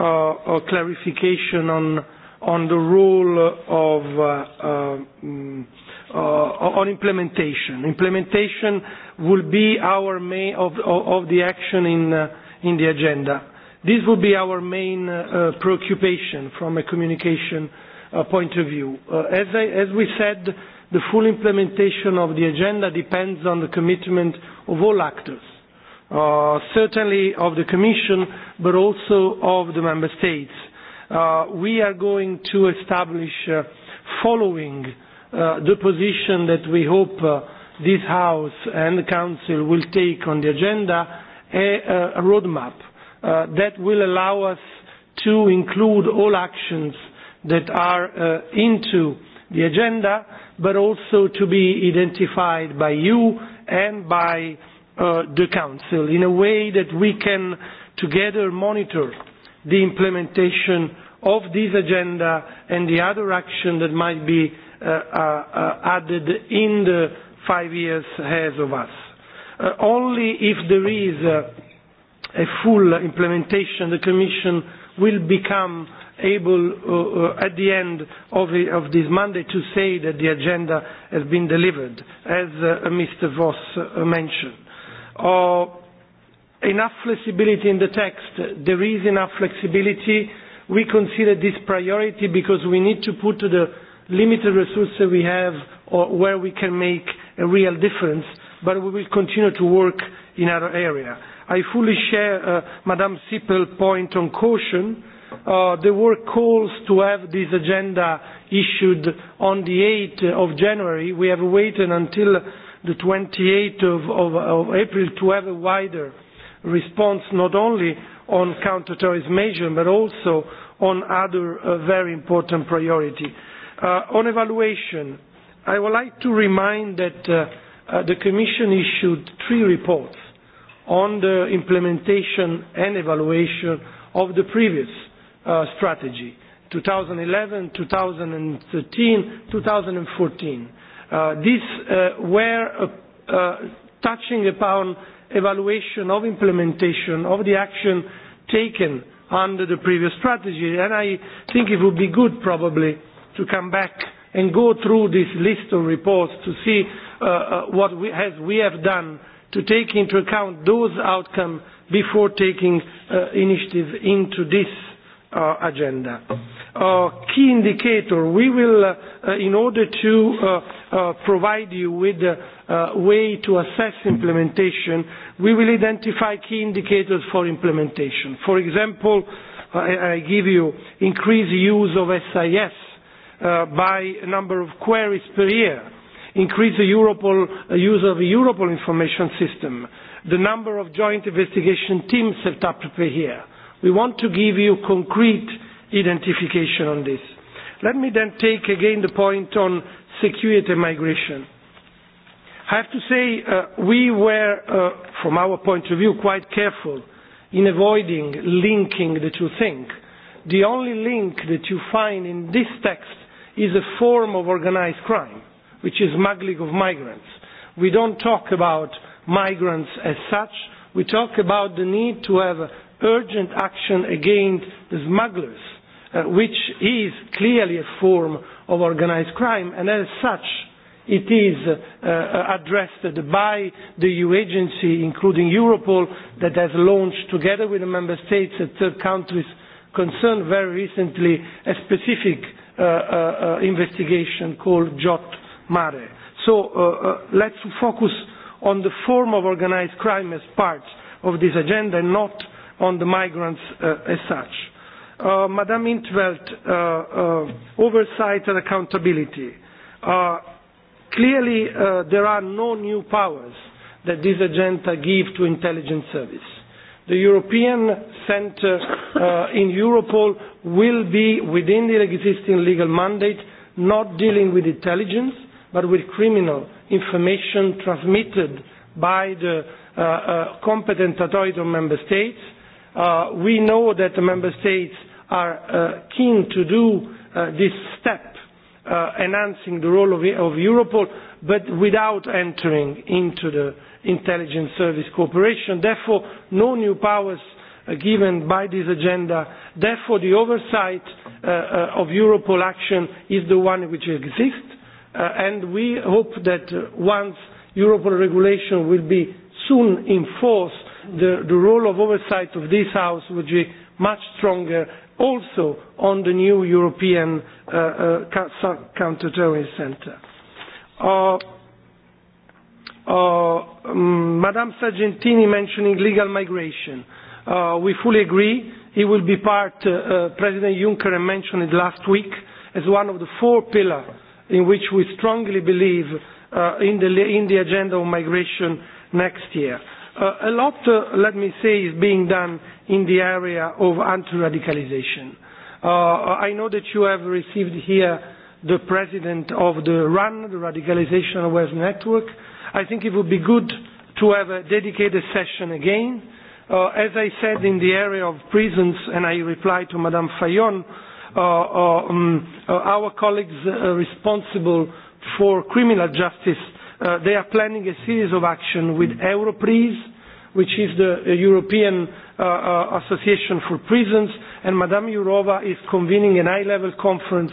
a uh, clarification on on the role of uh, uh, mm, uh, on implementation. Implementation will be our main of, of, of the action in, uh, in the agenda. This will be our main uh, uh, preoccupation from a communication uh, point of view. Uh, as, I, as we said, the full implementation of the agenda depends on the commitment of all actors, uh, certainly of the Commission, but also of the Member States Uh, we are going to establish, uh, following uh, the position that we hope uh, this House and the Council will take on the agenda, a, a roadmap uh, that will allow us to include all actions that are uh, into the agenda, but also to be identified by you and by uh, the Council in a way that we can together monitor the implementation of this agenda and the other action that might be uh, uh, uh, added in the five years ahead of us. Uh, only if there is uh, a full implementation, the Commission will become able uh, uh, at the end of, the, of this mandate to say that the agenda has been delivered, as uh, Mr. Voss uh, mentioned. Uh, enough flexibility in the text. There is enough flexibility. We consider this priority because we need to put the limited resources we have or where we can make a real difference, but we will continue to work in other area. I fully share uh, Madame Sippel's point on caution. Uh, there were calls to have this agenda issued on the 8th of January. We have waited until the 28th of, of, of April to have a wider response not only on counterterrorism measures but also on other uh, very important priorities. Uh, on evaluation, I would like to remind that uh, uh, the Commission issued three reports on the implementation and evaluation of the previous uh, strategy, 2011, 2013, 2014. Uh, these uh, were uh, uh, touching upon evaluation of implementation of the action taken under the previous strategy. And I think it would be good probably to come back and go through this list of reports to see uh, uh, what we, has, we have done to take into account those outcomes before taking uh, initiative into this uh, agenda. Uh, key indicator, we will, uh, uh, in order to uh, uh, provide you with uh, uh, way to assess implementation, we will identify key indicators for implementation. For example, I, I give you increased use of SIS uh, by number of queries per year, increased Europol, uh, use of the Europol information system, the number of joint investigation teams set up per year. We want to give you concrete identification on this. Let me then take again the point on security migration. I have to say uh, we were, uh, from our point of view, quite careful in avoiding linking the two things. The only link that you find in this text is a form of organized crime, which is smuggling of migrants. We don't talk about migrants as such. We talk about the need to have urgent action against the smugglers, uh, which is clearly a form of organized crime, and as such, It is uh, uh, addressed by the EU agency, including Europol, that has launched, together with the member states and third countries concerned, very recently a specific uh, uh, uh, investigation called Jot Mare. So uh, uh, let's focus on the form of organized crime as part of this agenda and not on the migrants uh, as such. Uh, Madame Intveld, uh, uh, oversight and accountability. Uh, Clearly, uh, there are no new powers that this agenda gives to intelligence service. The European Centre uh, in Europol will be within the existing legal mandate, not dealing with intelligence, but with criminal information transmitted by the uh, uh, competent authority of member states. Uh, we know that the member states are uh, keen to do uh, this step Uh, enhancing the role of, Europol, but without entering into the intelligence service cooperation. Therefore, no new powers are uh, given by this agenda. Therefore, the oversight uh, uh, of Europol action is the one which exists, uh, and we hope that uh, once Europol regulation will be soon enforced, the, the role of oversight of this House will be much stronger also on the new European uh, uh, counter-terrorism center. Uh, uh, um, Madame Sargentini mentioning legal migration. Uh, we fully agree. It will be part, uh, uh, President Juncker mentioned it last week, as one of the four pillars in which we strongly believe uh, in, the, in the agenda of migration next year. Uh, a lot, uh, let me say, is being done in the area of anti-radicalization. Uh, I know that you have received here the president of the RAN, the Radicalization Awareness Network. I think it would be good to have a dedicated session again. Uh, as I said in the area of prisons, and I reply to Madame Fayon, uh, uh um, uh, our colleagues uh, responsible for criminal justice Uh, they are planning a series of action with Europris, which is the uh, European uh, uh, Association for Prisons, and Madame Jourova is convening an high-level conference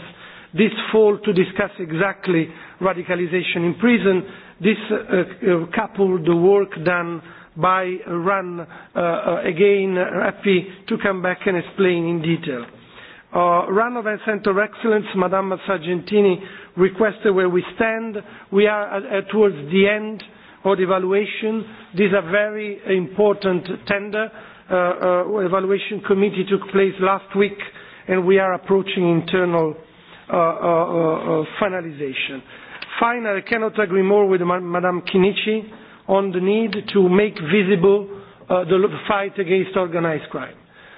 this fall to discuss exactly radicalization in prison. This uh, uh, coupled the work done by RAN uh, uh, again, uh, happy to come back and explain in detail. Uh, Ranovan Center of Excellence, Madame Sargentini requested where we stand. We are at, at towards the end of the evaluation. This is a very important tender. Uh, uh, evaluation committee took place last week and we are approaching internal uh, uh, uh, uh finalization. Finally, I cannot agree more with Madame Kinichi on the need to make visible uh, the fight against organized crime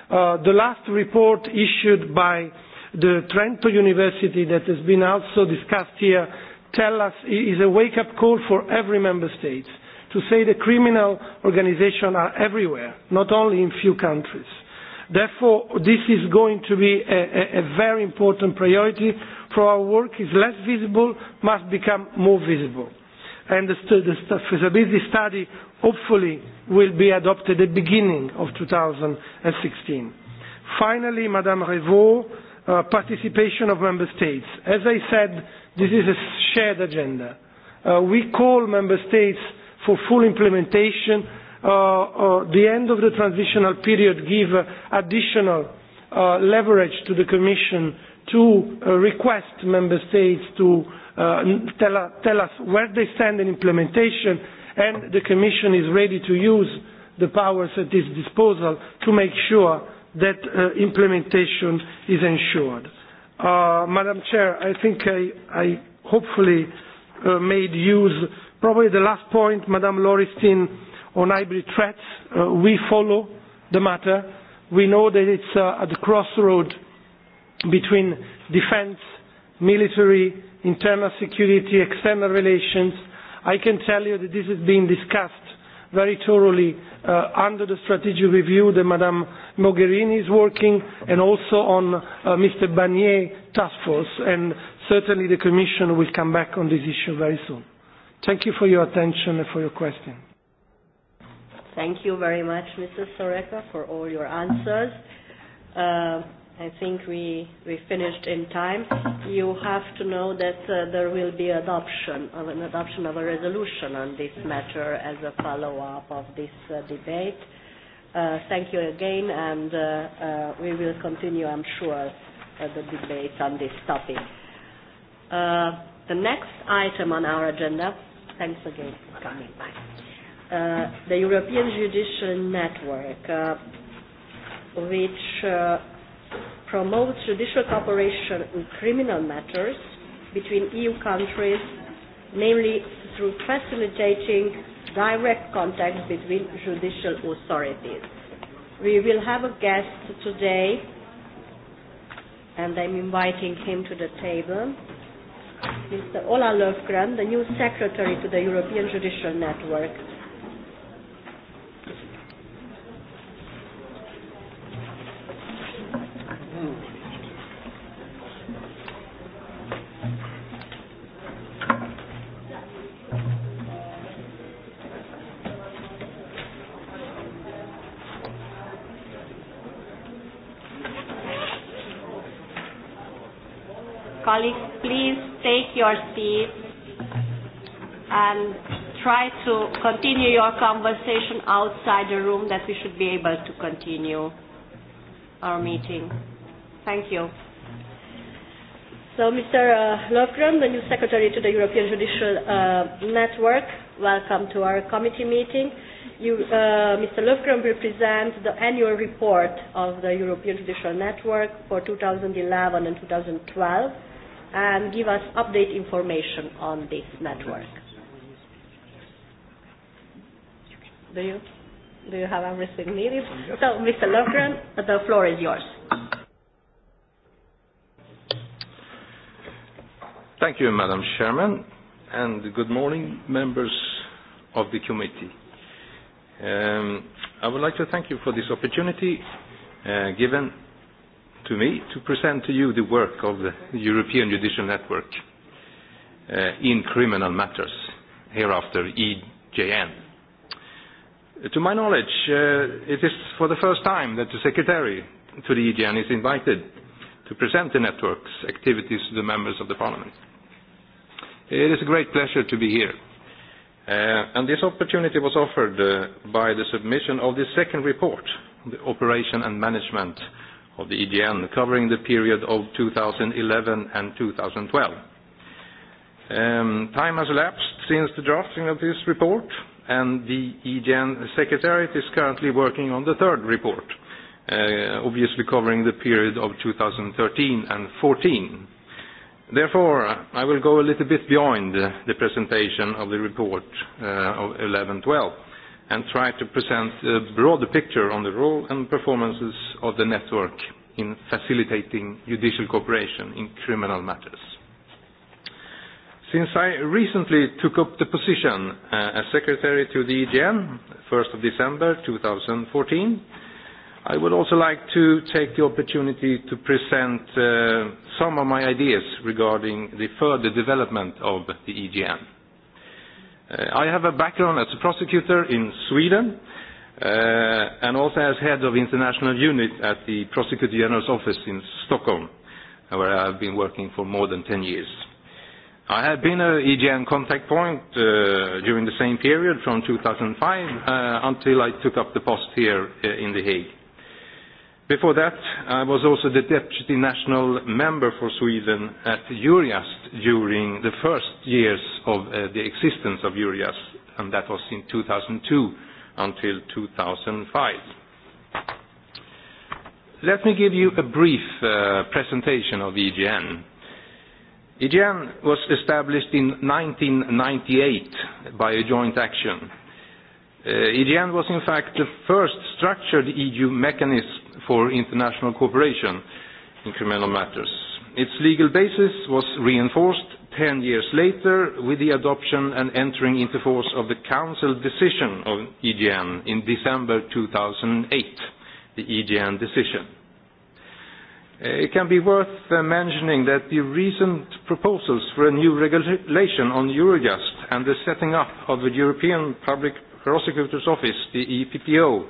Uh, the last report issued by the Trento University that has been also discussed here tell us is a wake-up call for every member state to say the criminal organizations are everywhere, not only in few countries. Therefore, this is going to be a, a, a very important priority for our work. is less visible, must become more visible. And the, the feasibility study hopefully will be adopted at the beginning of 2016. Finally, Madame Revaux, uh, participation of member states. As I said, this is a shared agenda. Uh, we call member states for full implementation. Uh, uh, the end of the transitional period give uh, additional uh, leverage to the Commission to uh, request member states to uh, tell, tell us where they stand in implementation and the Commission is ready to use the powers at its disposal to make sure that uh, implementation is ensured. Uh, Madam Chair, I think I, I hopefully uh, made use, probably the last point, Madam Lauristin, on hybrid threats. Uh, we follow the matter. We know that it's uh, at the crossroad between defense, military, internal security, external relations, I can tell you that this is being discussed very thoroughly uh, under the strategic review that Madame Mogherini is working and also on uh, Mr. Barnier task force and certainly the Commission will come back on this issue very soon. Thank you for your attention and for your question. Thank you very much, Mrs. Soreka, for all your answers. Uh, I think we, we finished in time. You have to know that uh, there will be adoption of an adoption of a resolution on this matter as a follow-up of this uh, debate. Uh, thank you again, and uh, uh, we will continue, I'm sure, uh, the debate on this topic. Uh, the next item on our agenda, thanks again for coming by, uh, the European Judicial Network, uh, which uh, promotes judicial cooperation in criminal matters between EU countries, namely through facilitating direct contact between judicial authorities. We will have a guest today, and I'm inviting him to the table. Mr. Ola Löfgren, the new secretary to the European Judicial Network, colleagues, please take your seats and try to continue your conversation outside the room that we should be able to continue our meeting. Thank you. So, Mr. Uh, Lofgren, the new Secretary to the European Judicial uh, Network, welcome to our committee meeting. You, uh, Mr. Lofgren will present the annual report of the European Judicial Network for 2011 and 2012 and give us update information on this network. Do you, do you have everything needed? So, Mr. Lofgren, the floor is yours. Thank you, Madam Chairman, and good morning, members of the committee. Um, I would like to thank you for this opportunity uh, given to me to present to you the work of the European Judicial Network uh, in criminal matters, hereafter EJN. Uh, to my knowledge, uh, it is for the first time that the Secretary to the EJN is invited to present the network's activities to the members of the Parliament. It is a great pleasure to be here. Uh, and this opportunity was offered uh, by the submission of the second report, the operation and management of the EGM, covering the period of 2011 and 2012. Um, time has elapsed since the drafting of this report, and the EGM Secretariat is currently working on the third report, uh, obviously covering the period of 2013 and 2014. Therefore, I will go a little bit beyond the presentation of the report uh, of 11/12 and try to present a broader picture on the role and performances of the network in facilitating judicial cooperation in criminal matters. Since I recently took up the position uh, as secretary to the EGM, 1st of December 2014, I would also like to take the opportunity to present uh, some of my ideas regarding the further development of the EGM. Uh, I have a background as a prosecutor in Sweden uh, and also as head of international unit at the Prosecutor General's office in Stockholm, where I have been working for more than 10 years. I have been an e EGN contact point uh, during the same period from 2005 uh, until I took up the post here uh, in The Hague. Before that, I was also the deputy national member for Sweden at Eurojust during the first years of uh, the existence of Eurojust, and that was in 2002 until 2005. Let me give you a brief uh, presentation of EGN. EGN was established in 1998 by a joint action. Uh, EGN was in fact the first structured EU mechanism for international cooperation in criminal matters. Its legal basis was reinforced 10 years later with the adoption and entering into force of the Council decision of EGN in December 2008, the EGN decision. Uh, it can be worth uh, mentioning that the recent proposals for a new regulation on Eurojust and the setting up of the European Public Prosecutor's Office, the EPPO,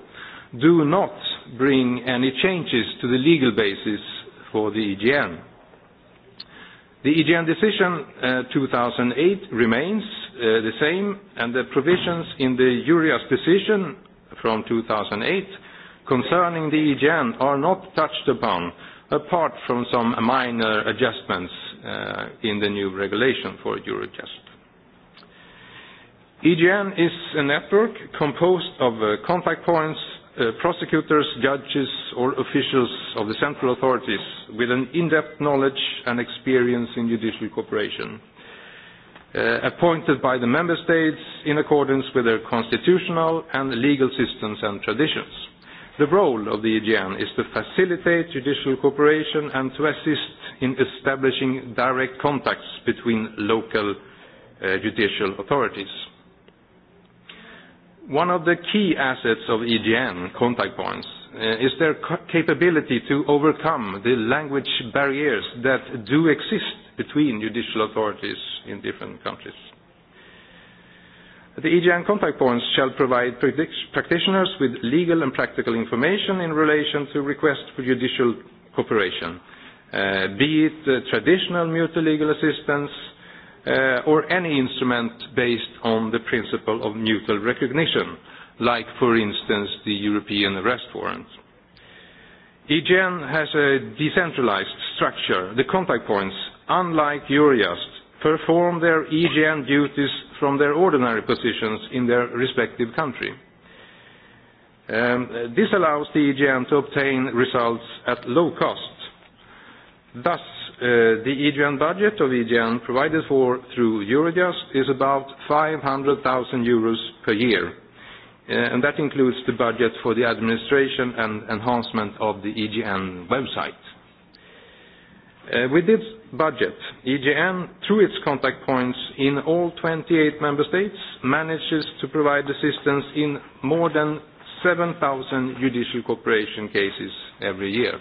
do not bring any changes to the legal basis for the EGN. The EGN decision uh, 2008 remains uh, the same, and the provisions in the Jurias decision from 2008 concerning the EGN are not touched upon, apart from some minor adjustments uh, in the new regulation for Eurojust. EGN is a network composed of uh, contact points Uh, prosecutors, judges, or officials of the central authorities with an in-depth knowledge and experience in judicial cooperation, uh, appointed by the member states in accordance with their constitutional and legal systems and traditions. The role of the EGN is to facilitate judicial cooperation and to assist in establishing direct contacts between local uh, judicial authorities. One of the key assets of EGN contact points eh, is their capability to overcome the language barriers that do exist between judicial authorities in different countries. The EGN contact points shall provide practitioners with legal and practical information in relation to requests for judicial cooperation, uh, be it eh, traditional mutual legal assistance, Uh, or any instrument based on the principle of mutual recognition, like, for instance, the European arrest warrant. EGN has a decentralized structure. The contact points, unlike Eurojust, perform their EGN duties from their ordinary positions in their respective country. Um, this allows the EGN to obtain results at low cost. Thus, Uh, the EGN budget of EGN provided for through Eurojust is about 500,000 euros per year, uh, and that includes the budget for the administration and enhancement of the EGN website. Uh, with its budget, EGN, through its contact points in all 28 member states, manages to provide assistance in more than 7,000 judicial cooperation cases every year.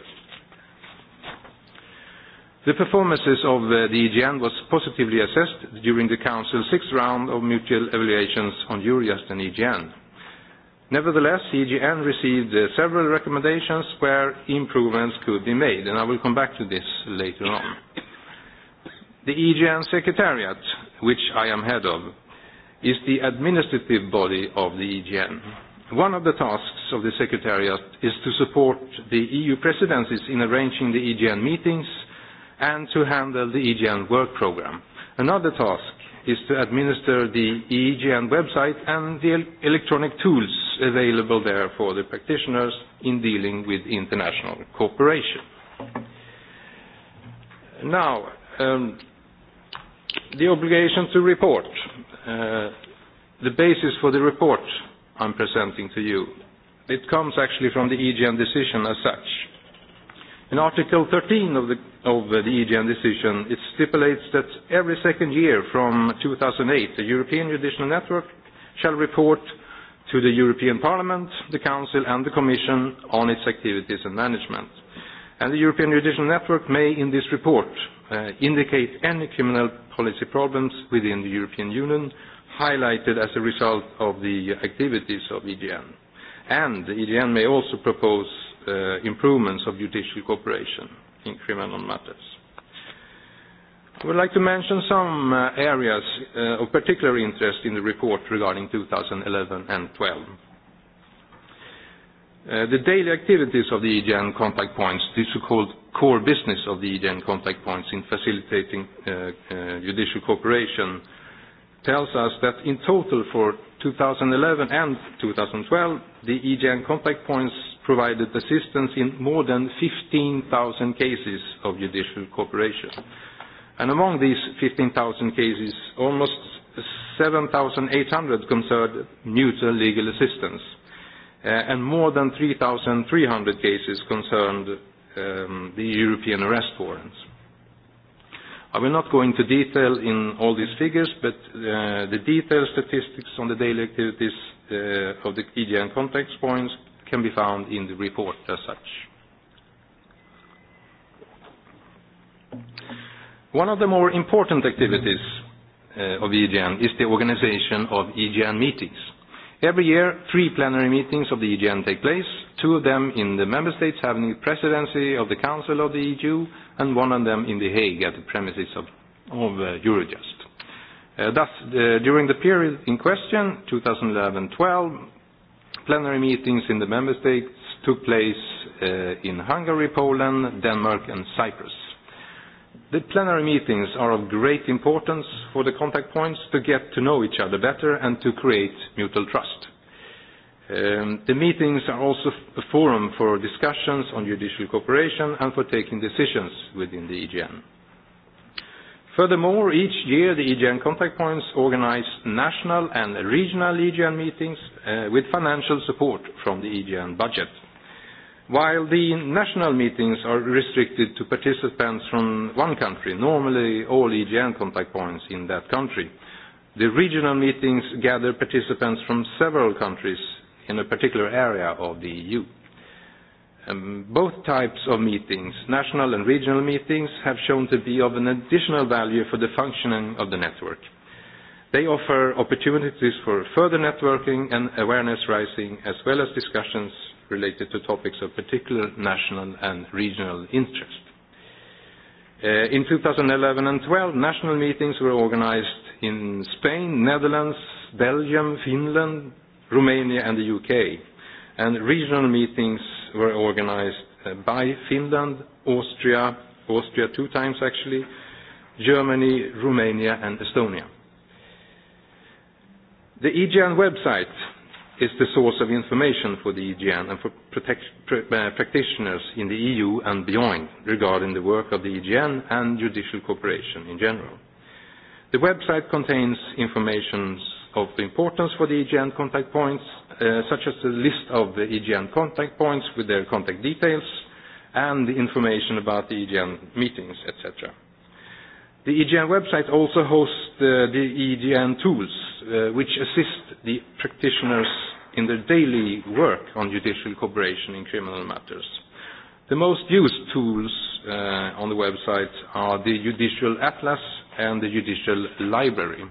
The performances of uh, the EGN was positively assessed during the Council's sixth round of mutual evaluations on Eurojust and EGN. Nevertheless, EGN received uh, several recommendations where improvements could be made, and I will come back to this later on. The EGN Secretariat, which I am head of, is the administrative body of the EGN. One of the tasks of the Secretariat is to support the EU presidencies in arranging the EGN meetings and to handle the EGN work program. Another task is to administer the EGN website and the electronic tools available there for the practitioners in dealing with international cooperation. Now, um, the obligation to report. Uh, the basis for the report I'm presenting to you, it comes actually from the EGN decision as such In Article 13 of the, of the EGN decision, it stipulates that every second year from 2008, the European Judicial Network shall report to the European Parliament, the Council and the Commission on its activities and management. And the European Judicial Network may, in this report, uh, indicate any criminal policy problems within the European Union highlighted as a result of the activities of EGN. And the EGN may also propose uh, improvements of judicial cooperation in criminal matters. I would like to mention some uh, areas uh, of particular interest in the report regarding 2011 and 12. Uh, the daily activities of the EGN contact points, the so-called core business of the EGN contact points in facilitating uh, uh, judicial cooperation, tells us that in total for 2011 and 2012, the EGN contact points provided assistance in more than 15,000 cases of judicial cooperation. And among these 15,000 cases, almost 7,800 concerned mutual legal assistance, uh, and more than 3,300 cases concerned um, the European arrest warrants. I will not go into detail in all these figures, but uh, the detailed statistics on the daily activities uh, of the EGN contact points can be found in the report as such. One of the more important activities uh, of EGN is the organization of EGN meetings. Every year, three plenary meetings of the EGN take place, two of them in the member states having the presidency of the Council of the EU, and one of them in The Hague at the premises of, of uh, Eurojust. Uh, thus, uh, during the period in question, 2011-12, Plenary meetings in the member states took place uh, in Hungary, Poland, Denmark, and Cyprus. The plenary meetings are of great importance for the contact points to get to know each other better and to create mutual trust. Um, the meetings are also a forum for discussions on judicial cooperation and for taking decisions within the EGN. Furthermore, each year the EGN contact points organize national and regional EGN meetings uh, with financial support from the EGN budget. While the national meetings are restricted to participants from one country, normally all EGN contact points in that country, the regional meetings gather participants from several countries in a particular area of the EU. Um, both types of meetings, national and regional meetings, have shown to be of an additional value for the functioning of the network. They offer opportunities for further networking and awareness raising, as well as discussions related to topics of particular national and regional interest. Uh, in 2011 and 12, national meetings were organized in Spain, Netherlands, Belgium, Finland, Romania, and the UK. And regional meetings were organized uh, by Finland, Austria, Austria two times actually, Germany, Romania, and Estonia. The EGN website is the source of information for the EGN and for uh, practitioners in the EU and beyond regarding the work of the EGN and judicial cooperation in general. The website contains information of importance for the EGN contact points, uh, such as the list of the EGN contact points with their contact details and the information about the EGN meetings, etc. The EGN website also hosts uh, the, the EGN tools, uh, which assist the practitioners in their daily work on judicial cooperation in criminal matters. The most used tools uh, on the website are the Judicial Atlas and the Judicial Library.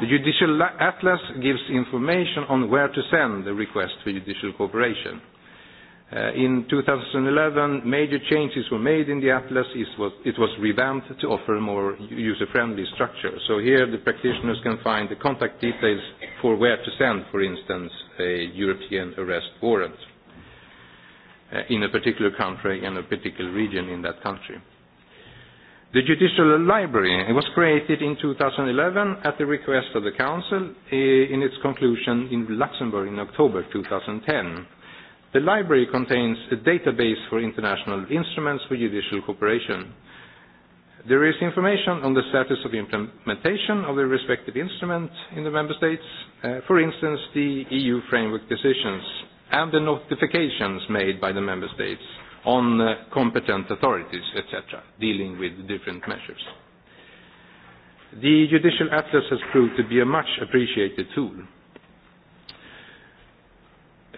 The Judicial Atlas gives information on where to send the request for judicial cooperation Uh, in 2011, major changes were made in the atlas. It was, it was revamped to offer a more user-friendly structure. So here the practitioners can find the contact details for where to send, for instance, a European arrest warrant uh, in a particular country and a particular region in that country. The Judicial Library was created in 2011 at the request of the Council uh, in its conclusion in Luxembourg in October 2010 The library contains a database for international instruments for judicial cooperation. There is information on the status of implementation of the respective instrument in the member states, uh, for instance, the EU framework decisions and the notifications made by the member states on uh, competent authorities, etc., dealing with different measures. The Judicial Atlas has proved to be a much appreciated tool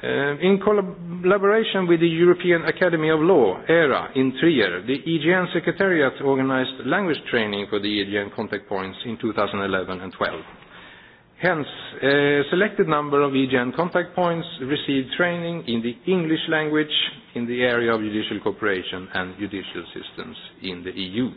Eh, in collaboration with the European Academy of Law, ERA, in Trier, the EGN Secretariat organized language training for the EGN contact points in 2011 and 12. Hence, a selected number of EGN contact points received training in the English language in the area of judicial cooperation and judicial systems in the EU.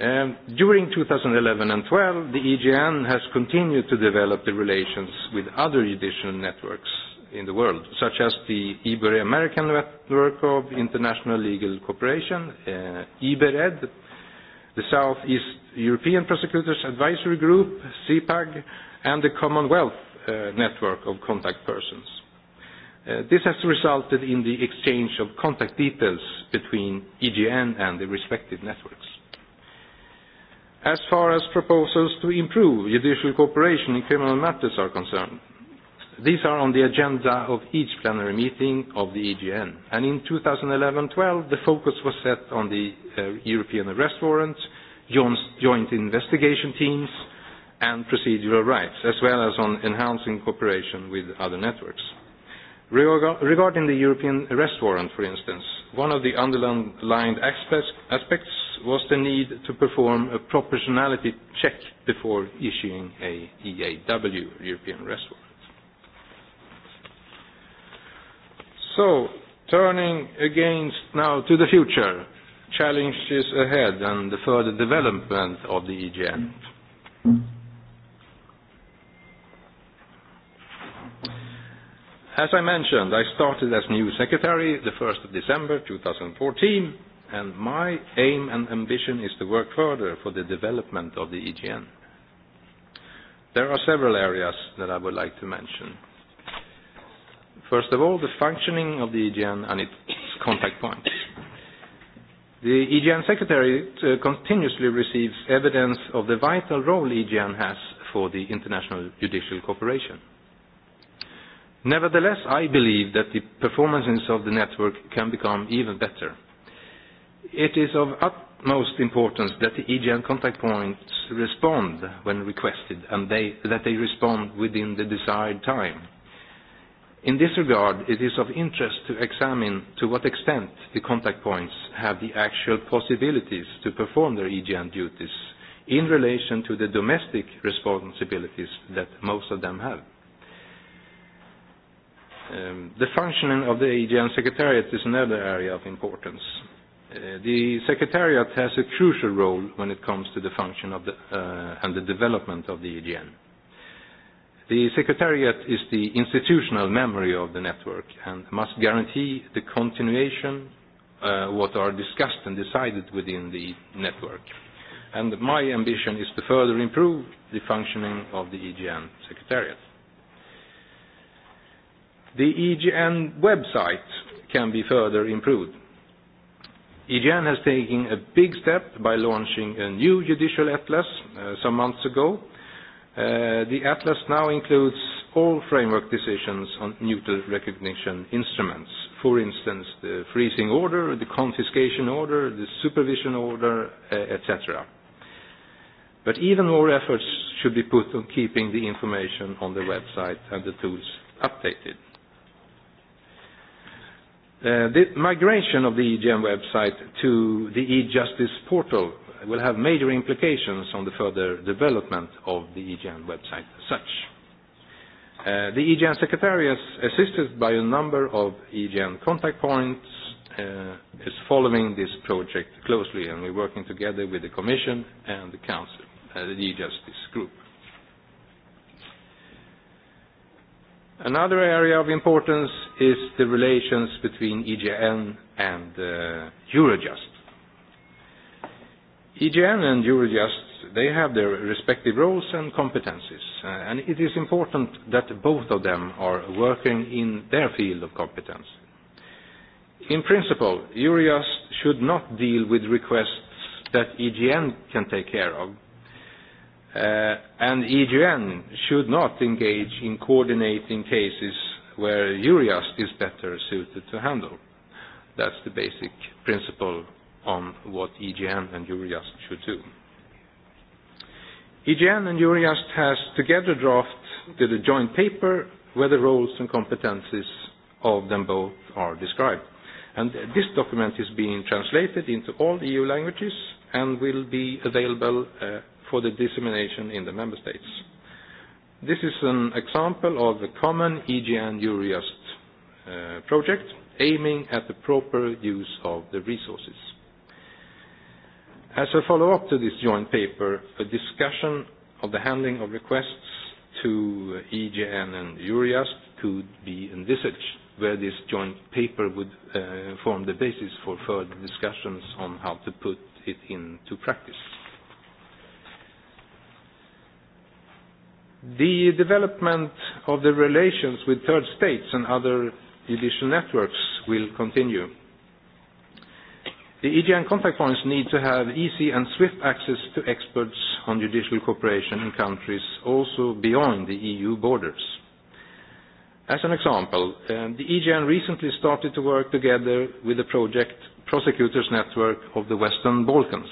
Um, during 2011 and 12, the EGN has continued to develop the relations with other judicial networks in the world, such as the Ibero-American Network of International Legal Cooperation, uh, IBERED, the Southeast European Prosecutors Advisory Group, CPAG, and the Commonwealth uh, Network of Contact Persons. Uh, this has resulted in the exchange of contact details between EGN and the respective networks as far as proposals to improve judicial cooperation in criminal matters are concerned. These are on the agenda of each plenary meeting of the EGN. And in 2011-12, the focus was set on the uh, European arrest warrant, joint investigation teams, and procedural rights, as well as on enhancing cooperation with other networks. Regarding the European arrest warrant, for instance, one of the underlined aspects was the need to perform a proportionality check before issuing a EAW, European Arrest Warrant. So, turning against now to the future, challenges ahead and the further development of the EGM. As I mentioned, I started as new secretary the 1st of December 2014, and my aim and ambition is to work further for the development of the EGN. There are several areas that I would like to mention. First of all, the functioning of the EGN and its contact points. The EGN secretary uh, continuously receives evidence of the vital role EGN has for the international judicial cooperation. Nevertheless, I believe that the performances of the network can become even better. It is of utmost importance that the EGM contact points respond when requested, and they, that they respond within the desired time. In this regard, it is of interest to examine to what extent the contact points have the actual possibilities to perform their EGM duties in relation to the domestic responsibilities that most of them have. Um, the functioning of the EGM Secretariat is another area of importance. Uh, the Secretariat has a crucial role when it comes to the function of the, uh, and the development of the EGN. The Secretariat is the institutional memory of the network and must guarantee the continuation uh, what are discussed and decided within the network. And my ambition is to further improve the functioning of the EGN Secretariat. The EGN website can be further improved EGN has taken a big step by launching a new judicial atlas uh, some months ago. Uh, the atlas now includes all framework decisions on mutual recognition instruments. For instance, the freezing order, the confiscation order, the supervision order, uh, et cetera. even more efforts should be put on keeping the information on the website and the tools updated. Uh, the migration of the EGM website to the e-justice portal will have major implications on the further development of the EGM website as such. Uh, the EGM Secretariat, assisted by a number of EGM contact points, uh, is following this project closely, and we're working together with the Commission and the Council, uh, the e-Justice Group. Another area of importance is the relations between EGN and uh, Eurojust. EGN and Eurojust, they have their respective roles and competencies, uh, and it is important that both of them are working in their field of competence. In principle, Eurojust should not deal with requests that EGN can take care of, uh, and EGN should not engage in coordinating cases where Eurojust is better suited to handle. That's the basic principle on what EGN and Eurojust should do. EGN and Eurojust has together drafted a joint paper where the roles and competencies of them both are described. And this document is being translated into all EU languages and will be available uh, for the dissemination in the member states. This is an example of the common EGN Eurojust uh, project aiming at the proper use of the resources. As a follow-up to this joint paper, a discussion of the handling of requests to EGN and Eurojust could be envisaged, where this joint paper would uh, form the basis for further discussions on how to put it into practice. The development of the relations with third states and other judicial networks will continue. The EGN contact points need to have easy and swift access to experts on judicial cooperation in countries also beyond the EU borders. As an example, um, the EGN recently started to work together with the project Prosecutors Network of the Western Balkans,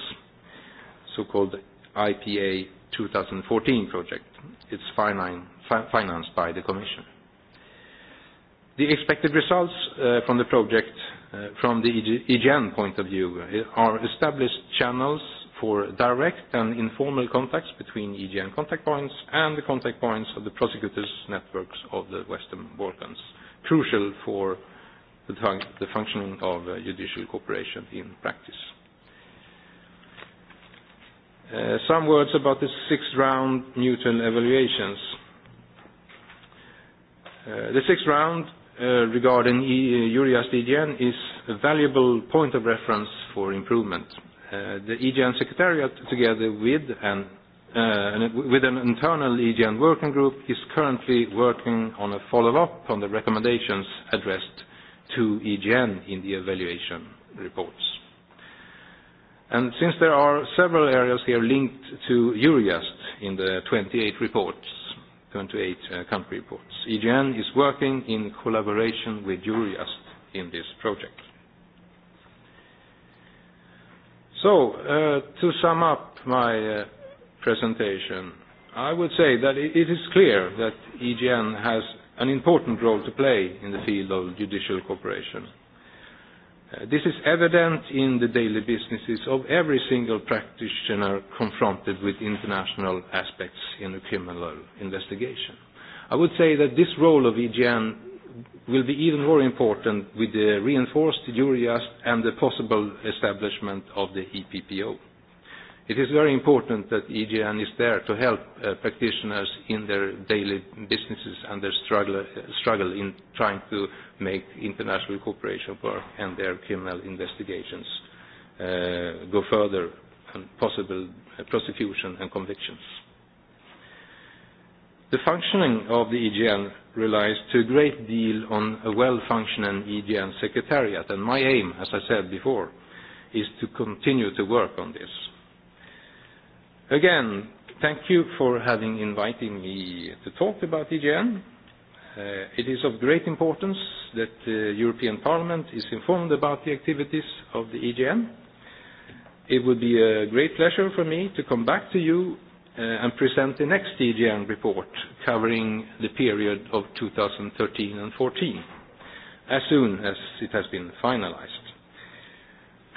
so-called IPA 2014 project. It's financed by the Commission. The expected results uh, from the project uh, from the EGN e point of view uh, are established channels for direct and informal contacts between EGN contact points and the contact points of the prosecutors' networks of the Western Balkans, crucial for the the functioning of uh, judicial cooperation in practice. Uh, some words about the sixth round Newton evaluations. Uh, the sixth round uh, regarding e, uh, urea DGN is a valuable point of reference for improvement. Uh, the EGN Secretariat, together with an, uh, with an internal EGN working group, is currently working on a follow-up on the recommendations addressed to EGN in the evaluation reports. And since there are several areas here linked to Eurojust in the 28 reports, 28 uh, country reports, EGN is working in collaboration with Eurojust in this project. So, uh, to sum up my uh, presentation, I would say that it is clear that EGN has an important role to play in the field of judicial cooperation Uh, this is evident in the daily businesses of every single practitioner confronted with international aspects in a criminal investigation. I would say that this role of EGN will be even more important with the reinforced Eurojust and the possible establishment of the EPPO. It is very important that EGN is there to help uh, practitioners in their daily businesses and their struggle, uh, struggle in trying to make international cooperation work and their criminal investigations uh, go further and possible uh, prosecution and convictions. The functioning of the EGN relies to a great deal on a well-functioning EGN secretariat, and my aim, as I said before, is to continue to work on this. Again, thank you for having invited me to talk about EGM. Uh, it is of great importance that the uh, European Parliament is informed about the activities of the EGM. It would be a great pleasure for me to come back to you uh, and present the next EGM report covering the period of 2013 and 14 as soon as it has been finalized.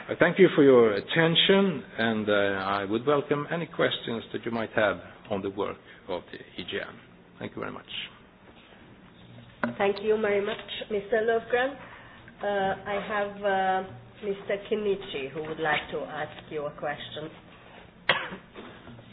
I thank you for your attention, and uh, I would welcome any questions that you might have on the work of the EGM. Thank you very much. Thank you very much, Mr. Löfgren. Uh, I have uh, Mr. Kinichi who would like to ask you a question.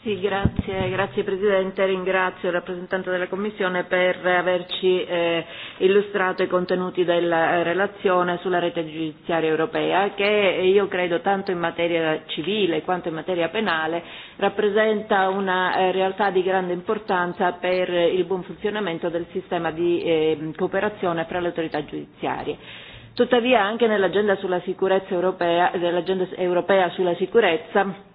Sì, grazie, grazie Presidente, ringrazio il rappresentante della Commissione per averci eh, illustrato i contenuti della eh, relazione sulla rete giudiziaria europea che io credo tanto in materia civile quanto in materia penale rappresenta una eh, realtà di grande importanza per il buon funzionamento del sistema di eh, cooperazione fra le autorità giudiziarie. Tuttavia anche nell'agenda sulla sicurezza europea, europea sulla sicurezza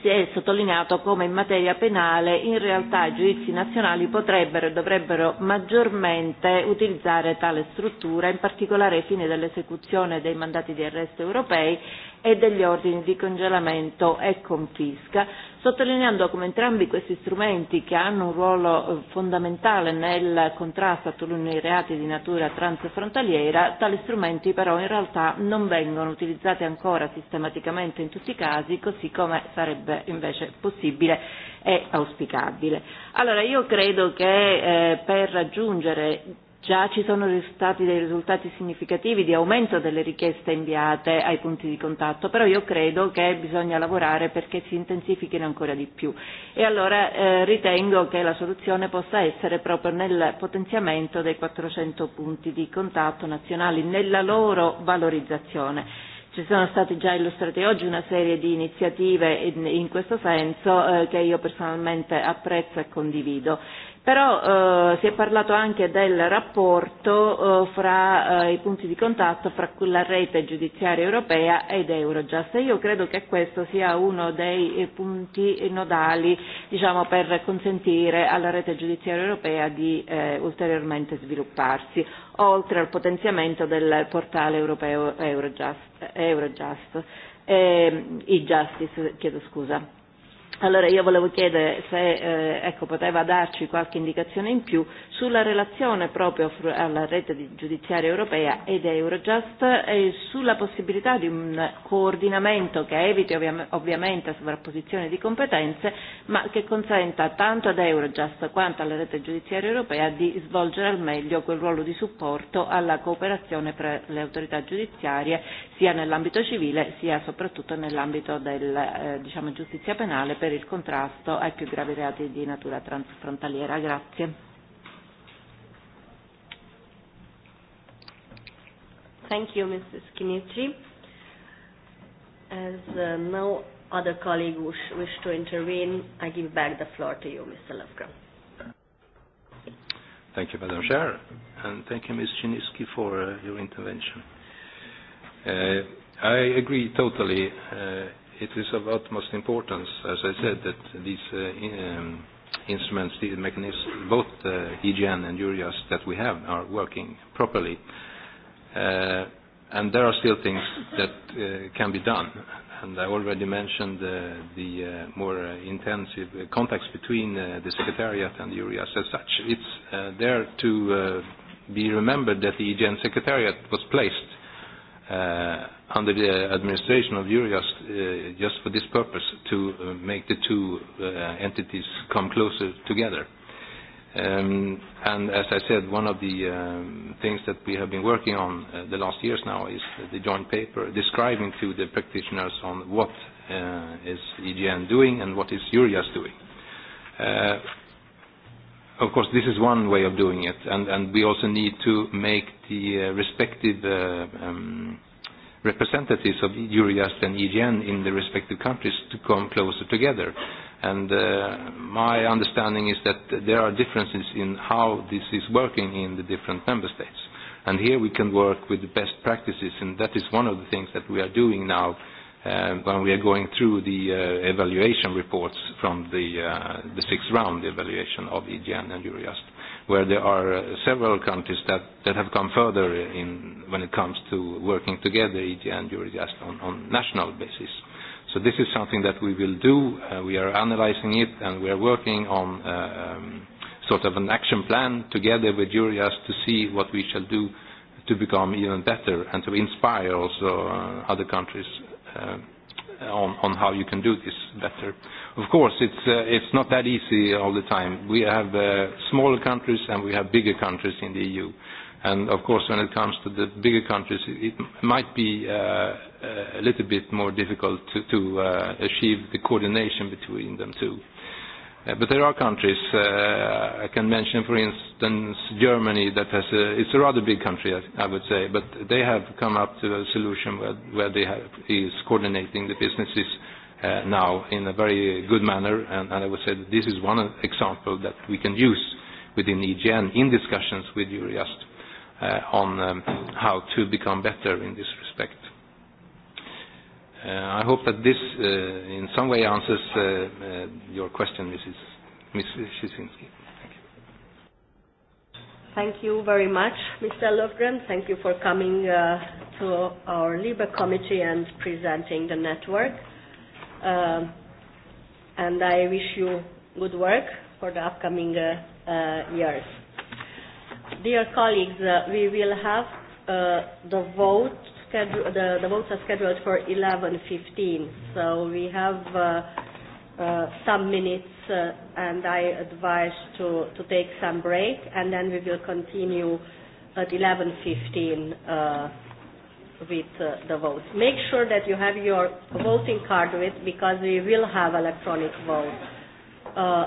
si è sottolineato come in materia penale in realtà i giudizi nazionali potrebbero e dovrebbero maggiormente utilizzare tale struttura, in particolare ai fini dell'esecuzione dei mandati di arresto europei e degli ordini di congelamento e confisca, sottolineando come entrambi questi strumenti che hanno un ruolo eh, fondamentale nel contrasto a tutti i reati di natura transfrontaliera, tali strumenti però in realtà non vengono utilizzati ancora sistematicamente in tutti i casi, così come sarebbe invece possibile e auspicabile. Allora io credo che eh, per raggiungere Già ci sono stati dei risultati significativi di aumento delle richieste inviate ai punti di contatto, però io credo che bisogna lavorare perché si intensifichino ancora di più e allora eh, ritengo che la soluzione possa essere proprio nel potenziamento dei 400 punti di contatto nazionali, nella loro valorizzazione. Ci sono state già illustrate oggi una serie di iniziative in, in questo senso eh, che io personalmente apprezzo e condivido. Però eh, si è parlato anche del rapporto eh, fra eh, i punti di contatto fra la rete giudiziaria europea ed Eurojust e io credo che questo sia uno dei eh, punti nodali diciamo, per consentire alla rete giudiziaria europea di eh, ulteriormente svilupparsi, oltre al potenziamento del portale europeo Eurojust, Eurojust eh, e-Justice, chiedo scusa. Allora io volevo chiedere se eh, ecco, poteva darci qualche indicazione in più sulla relazione proprio alla rete giudiziaria europea ed Eurojust e sulla possibilità di un coordinamento che eviti ovvia- ovviamente sovrapposizione di competenze ma che consenta tanto ad Eurojust quanto alla rete giudiziaria europea di svolgere al meglio quel ruolo di supporto alla cooperazione fra le autorità giudiziarie sia nell'ambito civile sia soprattutto nell'ambito della eh, diciamo, giustizia penale per il contrasto ai più gravi reati di natura transfrontaliera. Grazie. Thank you, Mrs. Kinichi. As uh, no other colleague wish, wish to intervene, I give back the floor to you, Mr. Lufgren. Thank you, Madam Chair, and thank you, Ms. Chiniski, for uh, your intervention. Uh, I agree totally uh, It is of utmost importance, as I said, that these uh, um, instruments, these mechanisms, both uh, EGN and Urias that we have are working properly. Uh, and there are still things that uh, can be done. And I already mentioned uh, the uh, more uh, intensive uh, contacts between uh, the Secretariat and the as such. It's uh, there to uh, be remembered that the EGN Secretariat was placed uh, under the administration of Eurojust uh, just for this purpose to uh, make the two uh, entities come closer together. Um, and as I said, one of the um, things that we have been working on uh, the last years now is the joint paper describing to the practitioners on what uh, is EGN doing and what is Eurojust doing. Uh, of course, this is one way of doing it, and, and we also need to make the uh, respective uh, um, representatives of Eurojust and EGN in the respective countries to come closer together. And uh, my understanding is that there are differences in how this is working in the different member states. And here we can work with the best practices, and that is one of the things that we are doing now uh, when we are going through the uh, evaluation reports from the, uh, the sixth round evaluation of EGN and Eurojust where there are uh, several countries that, that have come further in, when it comes to working together, EG and Eurojust, on, on national basis. So this is something that we will do. Uh, we are analyzing it and we are working on uh, um, sort of an action plan together with Eurojust to see what we shall do to become even better and to inspire also uh, other countries uh, on, on how you can do this better. Of course, it's, uh, it's not that easy all the time. We have uh, smaller countries and we have bigger countries in the EU. And of course, when it comes to the bigger countries, it, it might be uh, uh, a little bit more difficult to, to uh, achieve the coordination between them too. Uh, but there are countries, uh, I can mention for instance Germany that has a, it's a rather big country I, I would say, but they have come up to a solution where, where they have, is coordinating the businesses uh, now in a very good manner, and, and I would say that this is one example that we can use within EGN in discussions with Eurojust uh, on um, how to become better in this respect. Uh, I hope that this uh, in some way answers uh, uh, your question, Mrs. Mrs. Shisinski. Thank you. Thank you very much, Mr. Lovgren. Thank you for coming uh, to our LIBE committee and presenting the network uh, and I wish you good work for the upcoming uh, uh, years. Dear colleagues, uh, we will have uh, the vote schedule, the, the votes are scheduled for 11.15, so we have uh, uh, some minutes uh, and I advise to, to take some break and then we will continue at 11.15 uh, with uh, the votes. Make sure that you have your voting card with because we will have electronic vote. Uh,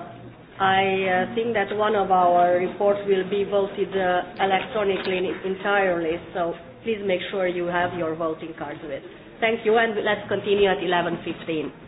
I uh, think that one of our reports will be voted uh, electronically entirely, so please make sure you have your voting cards with. Thank you, and let's continue at 11.15.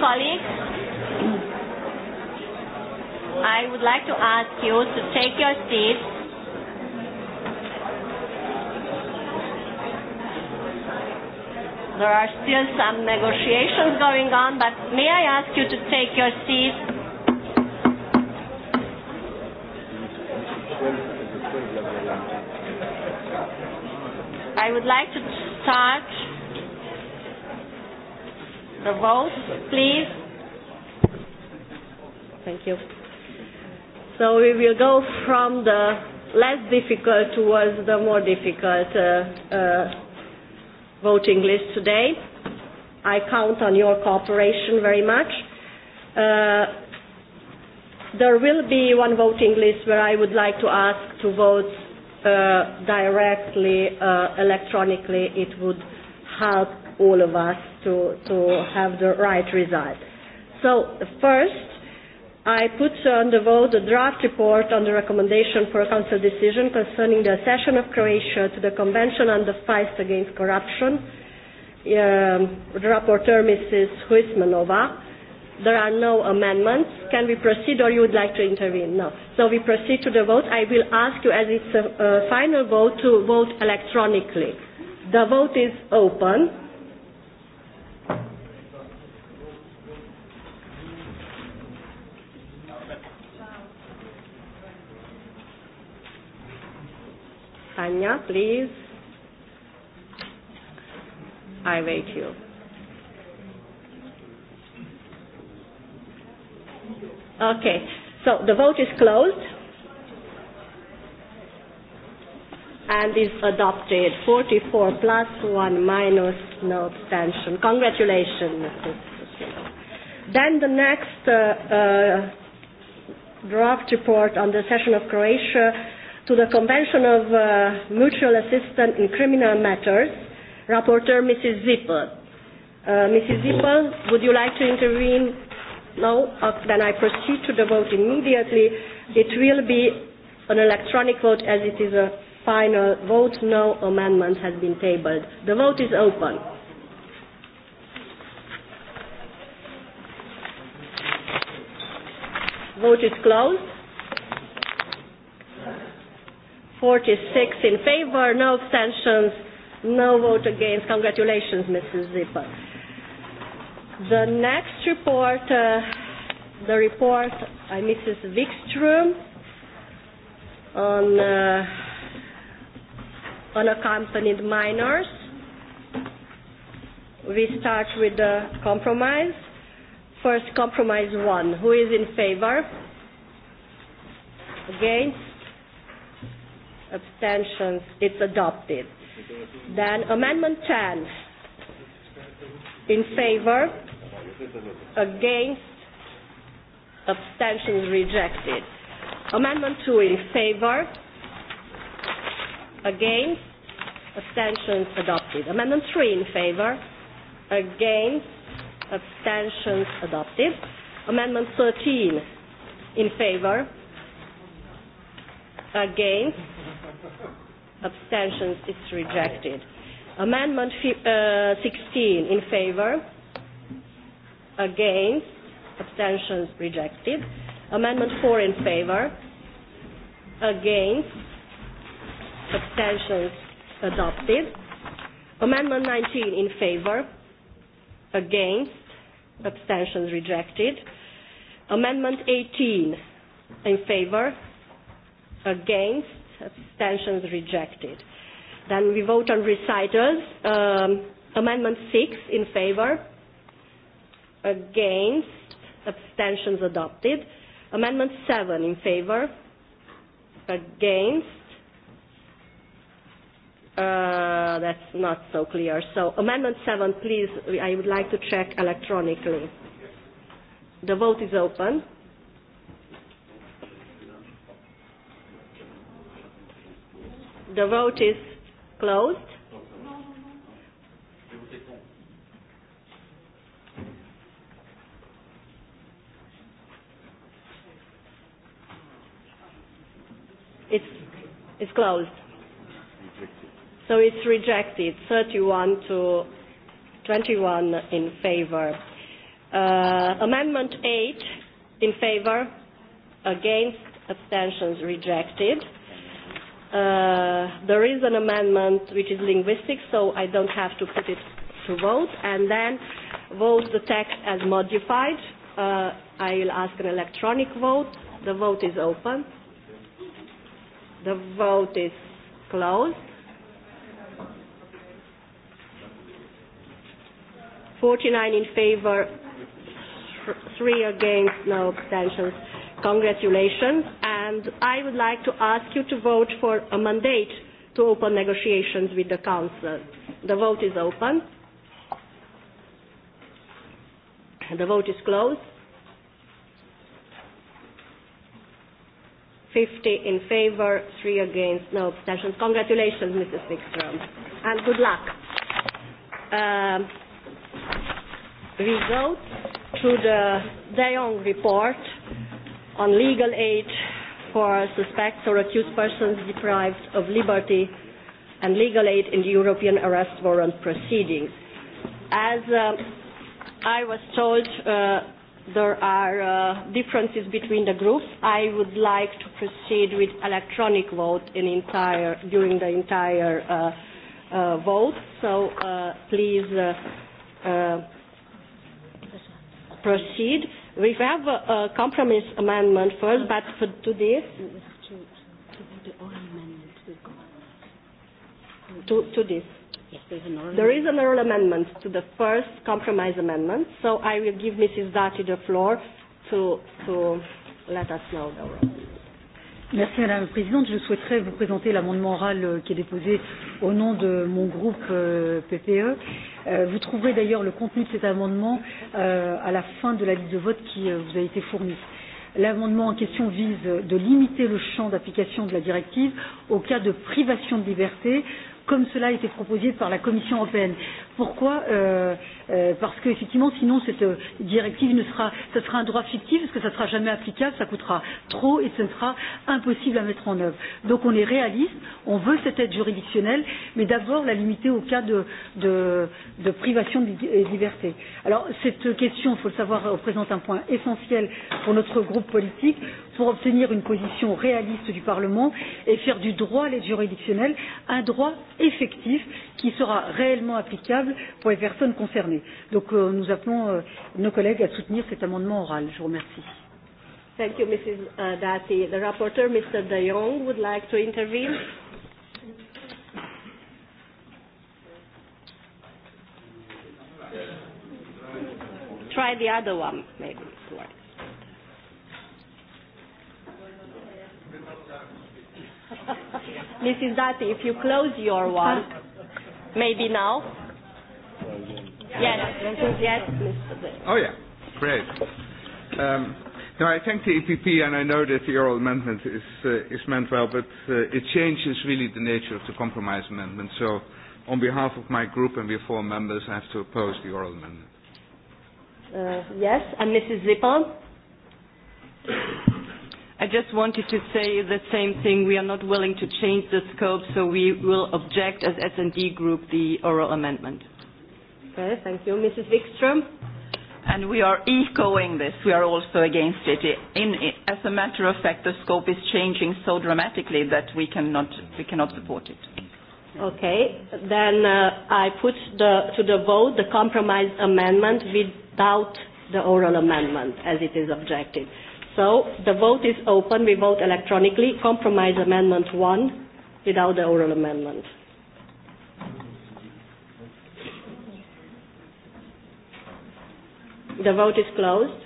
colleagues, I would like to ask you to take your seats. There are still some negotiations going on, but may I ask you to take your seats? I would like to start the vote, please. Thank you. So we will go from the less difficult towards the more difficult uh, uh, voting list today. I count on your cooperation very much. Uh, there will be one voting list where I would like to ask to vote uh, directly uh, electronically. It would help all of us to, to have the right result. So first, I put on the vote the draft report on the recommendation for a council decision concerning the accession of Croatia to the Convention on the Fight Against Corruption. Um, the rapporteur, Mrs. Huismanova. There are no amendments. Can we proceed or you would like to intervene? No. So we proceed to the vote. I will ask you, as it's a, a final vote, to vote electronically. The vote is open. Tanya, please. I wait you. Okay, so the vote is closed and is adopted. 44 plus 1 minus, no abstention. Congratulations, Then the next uh, uh, draft report on the session of Croatia to the Convention of uh, Mutual Assistance in Criminal Matters, Rapporteur Mrs. Zippel. Uh, Mrs. Zippel, would you like to intervene? No? Uh, then I proceed to the vote immediately. It will be an electronic vote as it is a final vote. No amendment has been tabled. The vote is open. Vote is closed. 46 in favor, no abstentions, no vote against. Congratulations, Mrs. Zipper. The next report, uh, the report by Mrs. Wikström on uh, unaccompanied minors. We start with the compromise. First, compromise one. Who is in favor? Against? abstentions, it's adopted. Then Amendment 10, in favor, against, abstentions rejected. Amendment 2 in favor, against, abstentions adopted. Amendment 3 in favor, against, abstentions adopted. Amendment 13 in favor, against, Abstentions. is rejected. Amendment uh, 16 in favor. Against. Abstentions rejected. Amendment 4 in favor. Against. Abstentions adopted. Amendment 19 in favor. Against. Abstentions rejected. Amendment 18 in favor. Against abstentions rejected. Then we vote on recitals. Um, amendment 6 in favor, against, abstentions adopted. Amendment 7 in favor, against, uh, that's not so clear. So amendment 7, please, I would like to check electronically. The vote is open. The vote is closed. It's, it's closed. So it's rejected, 31 to 21 in favor. Uh, amendment 8 in favor, against, abstentions rejected. Uh, there is an amendment which is linguistic, so I don't have to put it to vote. And then vote the text as modified. Uh, I will ask an electronic vote. The vote is open. The vote is closed. 49 in favor, 3 against, no abstentions. Congratulations and I would like to ask you to vote for a mandate to open negotiations with the Council. The vote is open. The vote is closed. 50 in favor, 3 against, no abstentions. Congratulations, Mrs. Wikström, and good luck. Um, result to the De Jong report on legal aid for suspects or accused persons deprived of liberty and legal aid in the European arrest warrant proceedings. As uh, I was told, uh, there are uh, differences between the groups. I would like to proceed with electronic vote in entire, during the entire uh, uh, vote. So uh, please uh, uh, proceed. We have a, a compromise amendment first, but for to this. To, to this. Yes, there is an oral amendment to the first compromise amendment, so I will give Mrs. Dati the floor to, to let us know the rules. Merci Madame la Présidente. Je souhaiterais vous présenter l'amendement oral euh, qui est déposé au nom de mon groupe euh, PPE. Euh, vous trouverez d'ailleurs le contenu de cet amendement à la fin de la liste de vote qui vous a été fournie. L'amendement en question vise de limiter le champ d'application de la directive au cas de privation de liberté, comme cela a été proposé par la Commission européenne. Pourquoi euh, euh, parce qu'effectivement, sinon, cette euh, directive ne sera, ce sera un droit fictif, parce que ça ne sera jamais applicable, ça coûtera trop et ce sera impossible à mettre en œuvre. Donc on est réaliste, on veut cette aide juridictionnelle, mais d'abord la limiter au cas de, de, de privation de euh, liberté. Alors cette question, il faut le savoir, représente un point essentiel pour notre groupe politique, pour obtenir une position réaliste du Parlement et faire du droit à l'aide juridictionnelle un droit effectif qui sera réellement applicable pour les personnes concernées données. Donc euh, nous appelons euh, nos collègues à soutenir cet amendement oral. Je vous remercie. Thank you, Mrs. Dati. The rapporteur, Mr. De Jong, would like to intervene. Try the other one, maybe Mrs. Dati, if you close your one, maybe now. Yes, Oh yeah, great. Um, no, I thank the EPP, and I know that the oral amendment is uh, is meant well, but uh, it changes really the nature of the compromise amendment. So, on behalf of my group and the four members, I have to oppose the oral amendment. Uh, yes, and Mrs. Zippel. I just wanted to say the same thing. We are not willing to change the scope, so we will object as S&D group the oral amendment. Okay, thank you. Mrs. Wikström? And we are echoing this. We are also against it. In, as a matter of fact, the scope is changing so dramatically that we cannot, we cannot support it. Okay. Then uh, I put the, to the vote the compromise amendment without the oral amendment as it is objected. So the vote is open. We vote electronically. Compromise amendment one without the oral amendment. The vote is closed.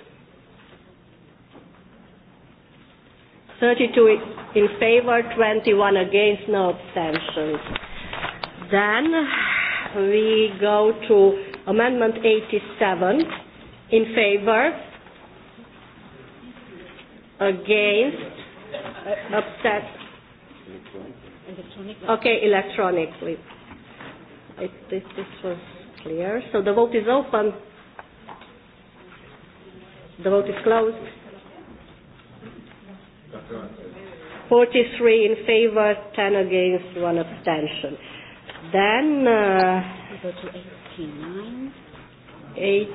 32 in favor, 21 against, no abstentions. Then we go to Amendment 87 in favor, against, upset. Okay, electronically. It, this, this was clear. So the vote is open. The vote is closed. 43 in favor, 10 against, 1 abstention. Then uh, we go to Eight,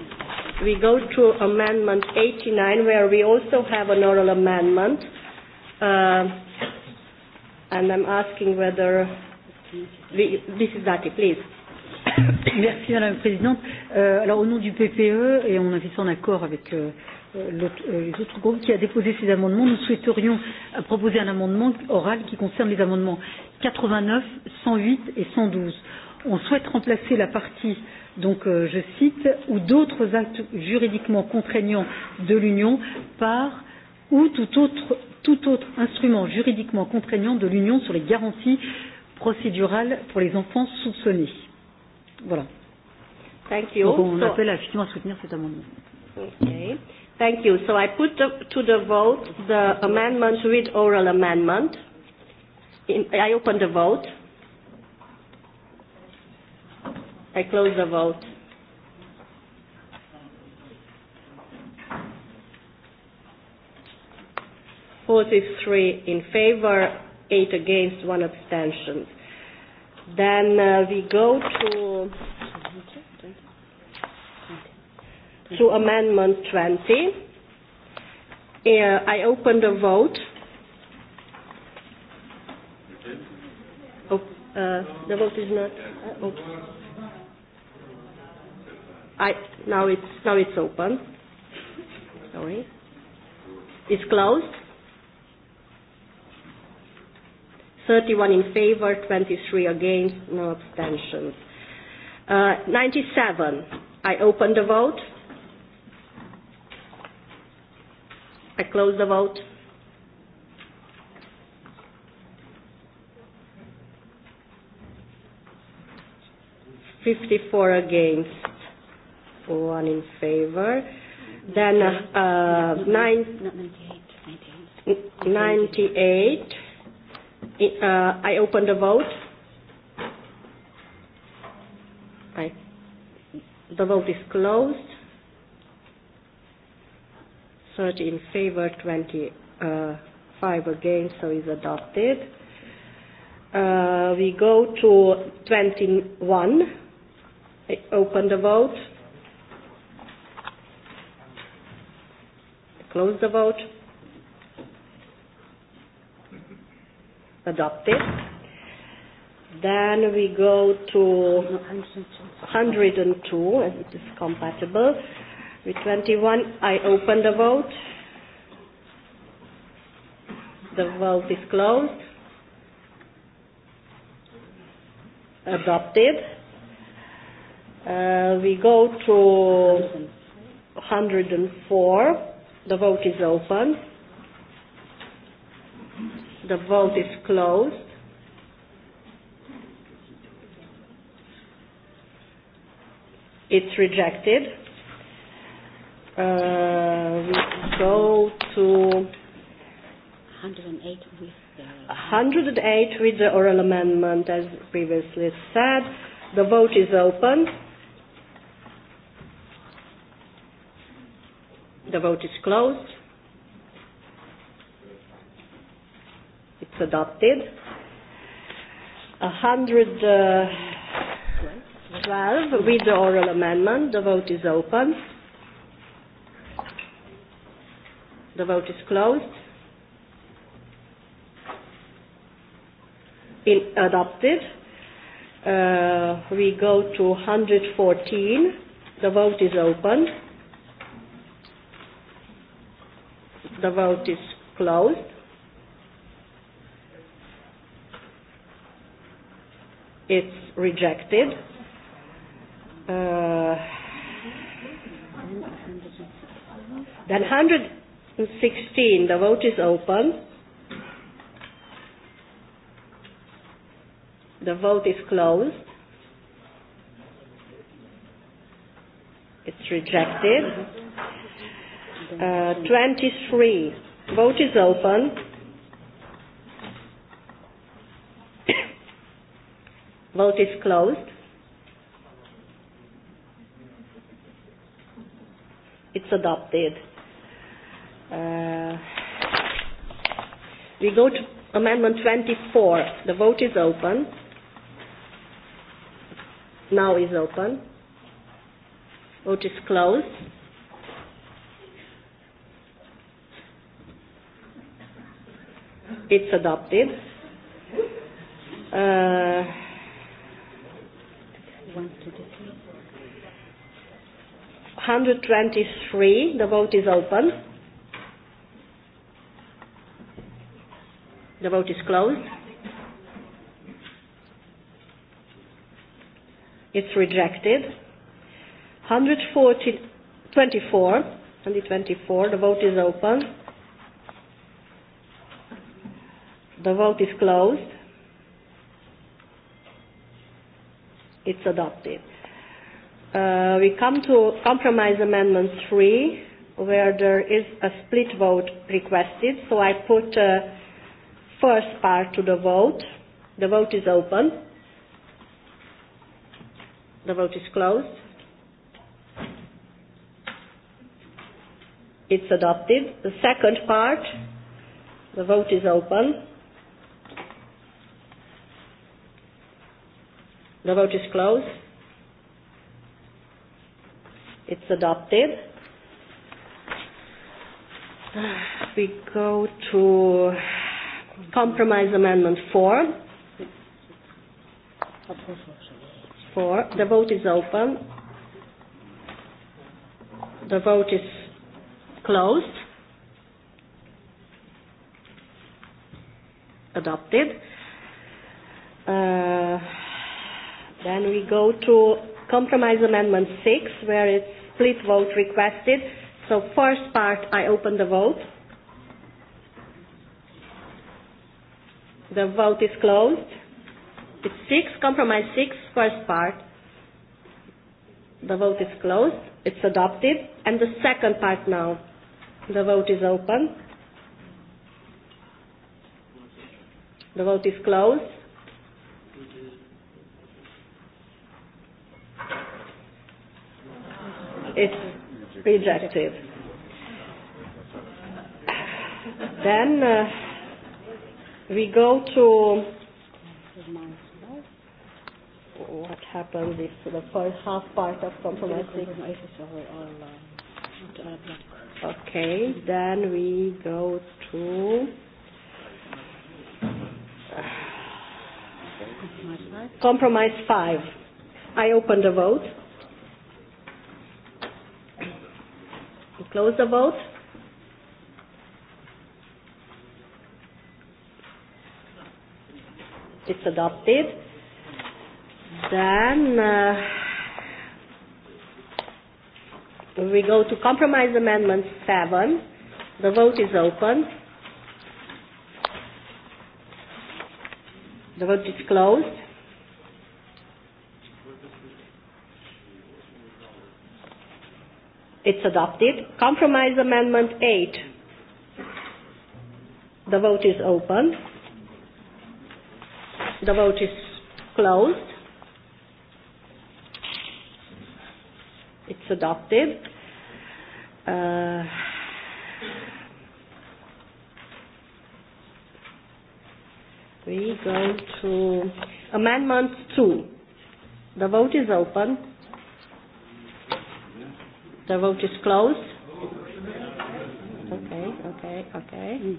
we go to Amendment 89, where we also have an oral amendment. Uh, and I'm asking whether we, this is Dati, please. Merci Madame la Présidente. Euh, alors au nom du PPE, et on a fait ça en accord avec euh, euh autre, euh, les autres groupes qui a déposé ces amendements, nous souhaiterions euh, proposer un amendement oral qui concerne les amendements 89, 108 et 112. On souhaite remplacer la partie, donc euh, je cite, ou d'autres actes juridiquement contraignants de l'Union par ou tout autre, tout autre instrument juridiquement contraignant de l'Union sur les garanties procédurales pour les enfants soupçonnés. Voilà. Thank you. Donc on so, appelle à justement soutenir cet amendement. Okay. Thank you. So I put the, to the vote the amendment with oral amendment. In, I open the vote. I close the vote. Forty-three in favor, eight against, one abstention. Then uh, we go to to Amendment 20. Uh, I open the vote. Oh, uh, the vote is not. Uh, I now it's now it's open. Sorry, it's closed. 31 in favor, 23 against, no abstentions. Uh, 97. I open the vote. I close the vote. Fifty-four against, one in favor. Then uh, nine, ninety-eight uh, I open the vote. I, the vote is closed. 30 in favor, 25 uh, against, so is adopted. Uh, we go to 21. I open the vote. Close the vote. adopted. Then we go to 102, as it is compatible. With 21, I open the vote. The vote is closed. Adopted. Uh, we go to 104. The vote is open. The vote is closed. It's rejected. Uh, we go to 108 with the 108 with the oral amendment, as previously said. The vote is open. The vote is closed. It's adopted. 112 with the oral amendment. The vote is open. The vote is closed. In adopted. Uh, we go to 114. The vote is open. The vote is closed. It's rejected. Uh, then 116, the vote is open. The vote is closed. It's rejected. Uh, 23. Vote is open. Vote is closed. It's adopted. Uh, we go to Amendment 24. The vote is open. Now is open. Vote is closed. It's adopted. Uh, 123. The vote is open. The vote is closed. It's rejected. 124, 124, the vote is open. The vote is closed. It's adopted. Uh, we come to compromise amendment 3, where there is a split vote requested. So I put uh, first part to the vote. The vote is open. The vote is closed. It's adopted. The second part, the vote is open. The vote is closed. It's adopted. We go to compromise amendment 4. Four. The vote is open. The vote is closed. Adopted. Uh, then we go to compromise amendment 6, where it's split vote requested. So first part, I open the vote. The vote is closed. It's 6, compromise 6, first part. The vote is closed. It's adopted. And the second part now. The vote is open. The vote is closed. It's rejected. Then uh, we go to what happened if the first half part of compromise Okay, then we go to uh, compromise five. I open the vote. Close the vote. It's adopted. Then uh, we go to compromise amendment 7. The vote is open. The vote is closed. It's adopted. Compromise Amendment 8. The vote is open. The vote is closed. It's adopted. Uh, we go to Amendment 2. The vote is open. The vote is closed. Okay, okay, okay.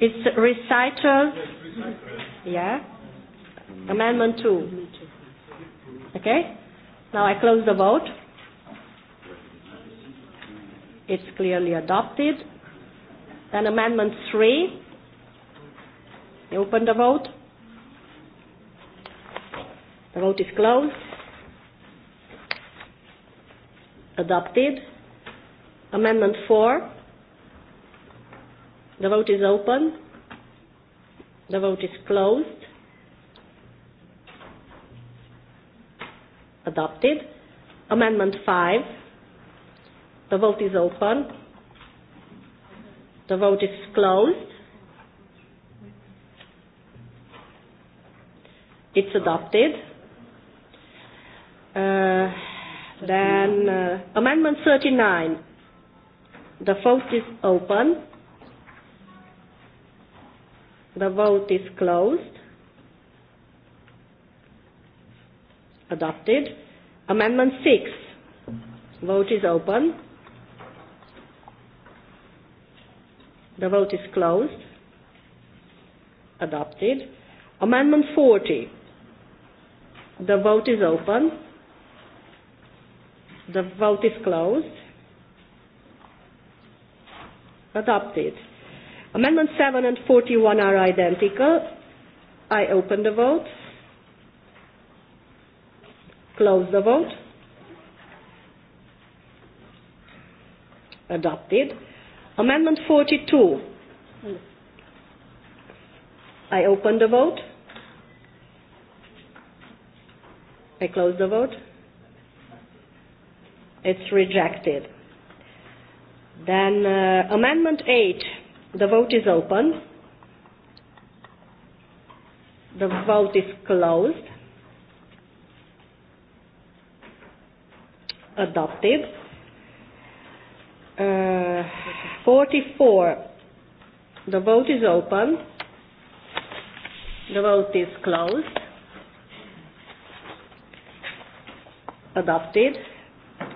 It's recital. Yeah. Amendment 2. Okay? Now I close the vote. It's clearly adopted. Then Amendment 3. You open the vote. The vote is closed. adopted. Amendment 4. The vote is open. The vote is closed. Adopted. Amendment 5. The vote is open. The vote is closed. It's adopted. Uh, Then uh, Amendment 39. The vote is open. The vote is closed. Adopted. Amendment 6. Vote is open. The vote is closed. Adopted. Amendment 40. The vote is open. The vote is closed. Adopted. Amendment 7 and 41 are identical. I open the vote. Close the vote. Adopted. Amendment 42. I open the vote. I close the vote. It's rejected. Then uh, Amendment 8. The vote is open. The vote is closed. Adopted. Uh, 44. The vote is open. The vote is closed. Adopted.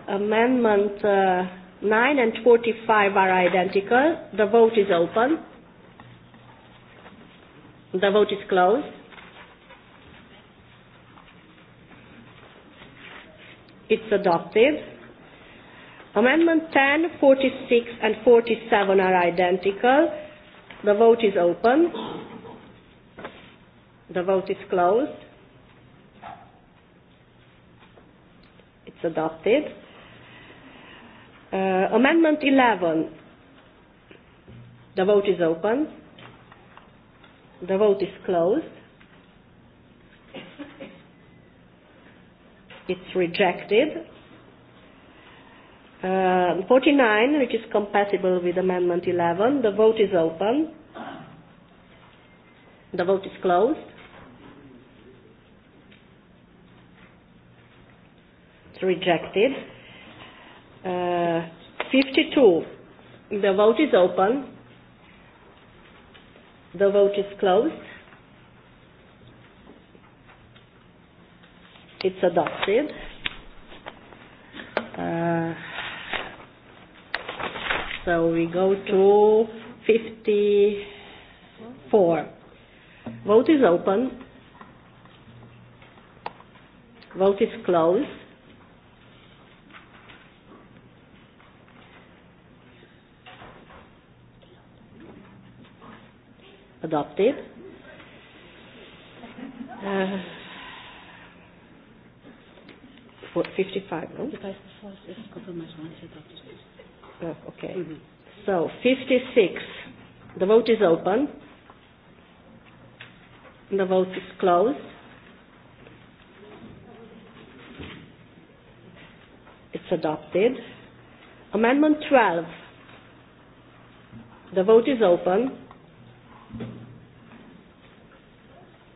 Amendment uh, 9 and 45 are identical. The vote is open. The vote is closed. It's adopted. Amendment 10, 46 and 47 are identical. The vote is open. The vote is closed. It's adopted. Uh, amendment 11. The vote is open. The vote is closed. It's rejected. Uh, 49, which is compatible with Amendment 11. The vote is open. The vote is closed. It's rejected. 52. Uh, The vote is open. The vote is closed. It's adopted. Uh, so we go to 54. Vote is open. Vote is closed. adopted. Uh, 55, no? Because Oh, uh, okay. Mm-hmm. So 56. The vote is open. The vote is closed. It's adopted. Amendment 12. The vote is open.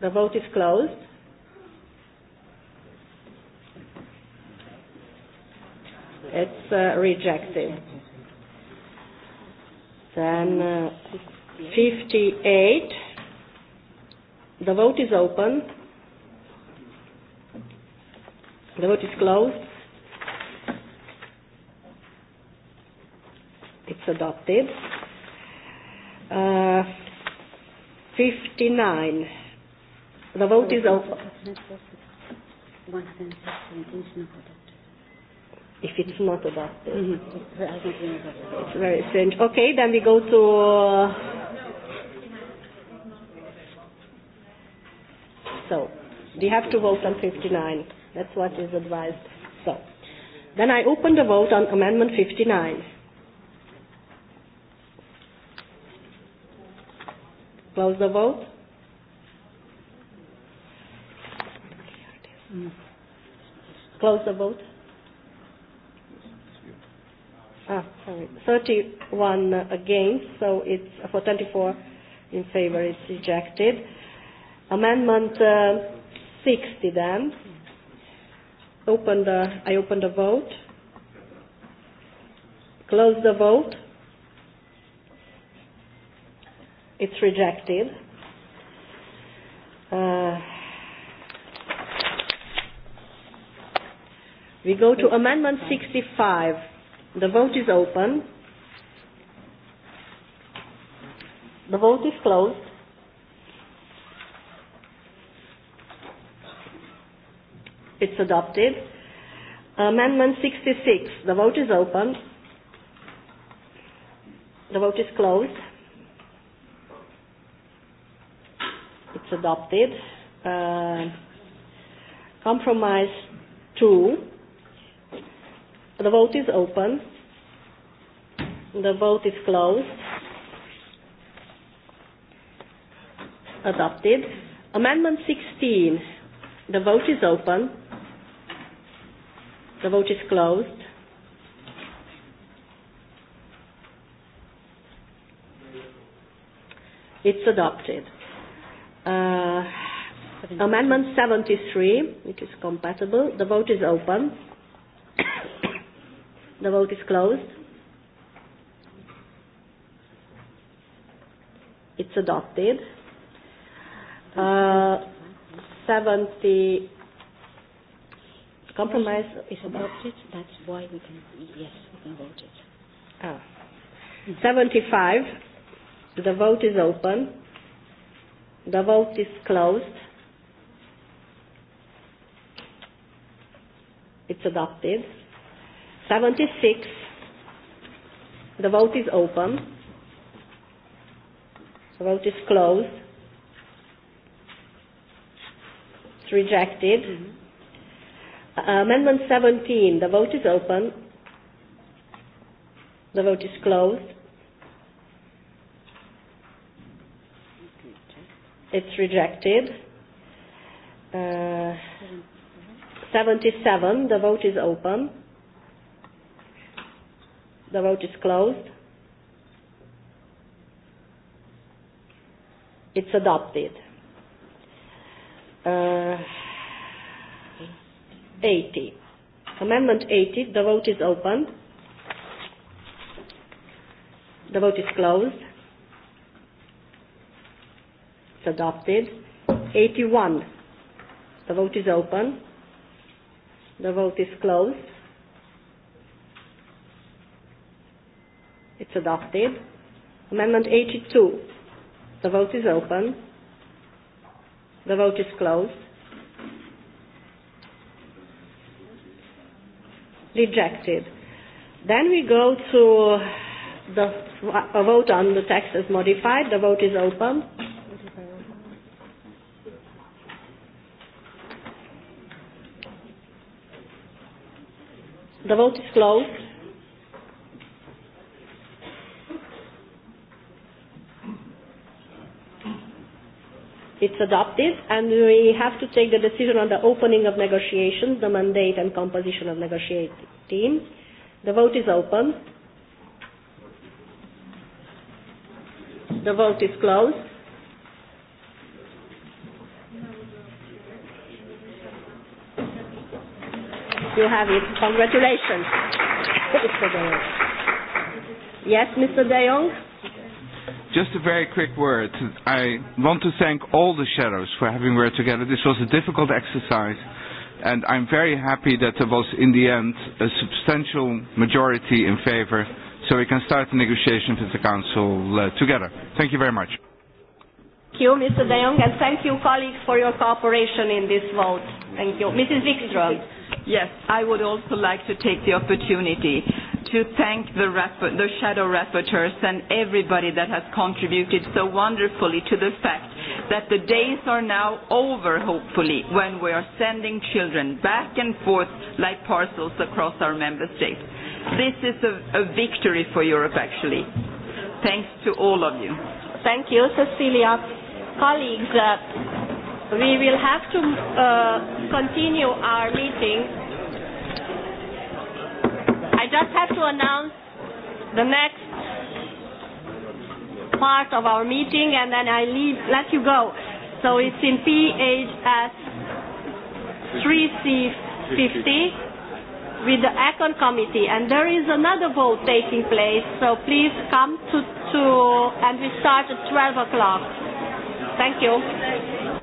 The vote is closed. It's uh, rejected. Then uh, 58. The vote is open. The vote is closed. It's adopted. Uh, 59. The vote is open. If it's not adopted. Mm-hmm. It's very strange. Okay, then we go to. Uh, so, we have to vote on 59. That's what is advised. So, then I open the vote on Amendment 59. Close the vote. Close the vote. Ah, sorry. 31 against, so it's for 24 in favor, it's rejected. Amendment uh, 60 then. Open the, I open the vote. Close the vote. It's rejected. Uh, We go to Amendment 65. The vote is open. The vote is closed. It's adopted. Amendment 66. The vote is open. The vote is closed. It's adopted. Uh, compromise 2. The vote is open. The vote is closed. Adopted. Amendment 16. The vote is open. The vote is closed. It's adopted. Uh, Amendment 73, which is compatible. The vote is open. The vote is closed. It's adopted. Uh, 70 compromise is adopted. That's why we can, yes, we can vote it. Ah. 75. The vote is open. The vote is closed. It's adopted. 76. The vote is open. The vote is closed. It's rejected. Mm-hmm. Uh, amendment 17. The vote is open. The vote is closed. It's rejected. Uh, 77. The vote is open. The vote is closed. It's adopted. Uh, 80. Amendment 80. The vote is open. The vote is closed. It's adopted. 81. The vote is open. The vote is closed. It's adopted. Amendment 82. The vote is open. The vote is closed. Rejected. Then we go to the a vote on the text as modified. The vote is open. The vote is closed. it's adopted, and we have to take the decision on the opening of negotiations, the mandate and composition of negotiating teams. The vote is open. The vote is closed. You have it. Congratulations. Mr. De Jong. Yes, Mr. De Jong? Just a very quick word. I want to thank all the shadows for having worked together. This was a difficult exercise, and I'm very happy that there was, in the end, a substantial majority in favor, so we can start the negotiations with the Council uh, together. Thank you very much. Thank you, Mr. De Jong, and thank you, colleagues, for your cooperation in this vote. Thank you. Mrs. Wikström. Yes, I would also like to take the opportunity to thank the, the shadow rapporteurs and everybody that has contributed so wonderfully to the fact that the days are now over, hopefully, when we are sending children back and forth like parcels across our member states. This is a, a victory for Europe, actually. Thanks to all of you. Thank you, Cecilia. Colleagues, uh, we will have to uh, continue our meeting I just have to announce the next part of our meeting and then I leave, let you go. So it's in PHS 3C50 with the ECON committee and there is another vote taking place so please come to, to and we start at 12 o'clock. Thank you.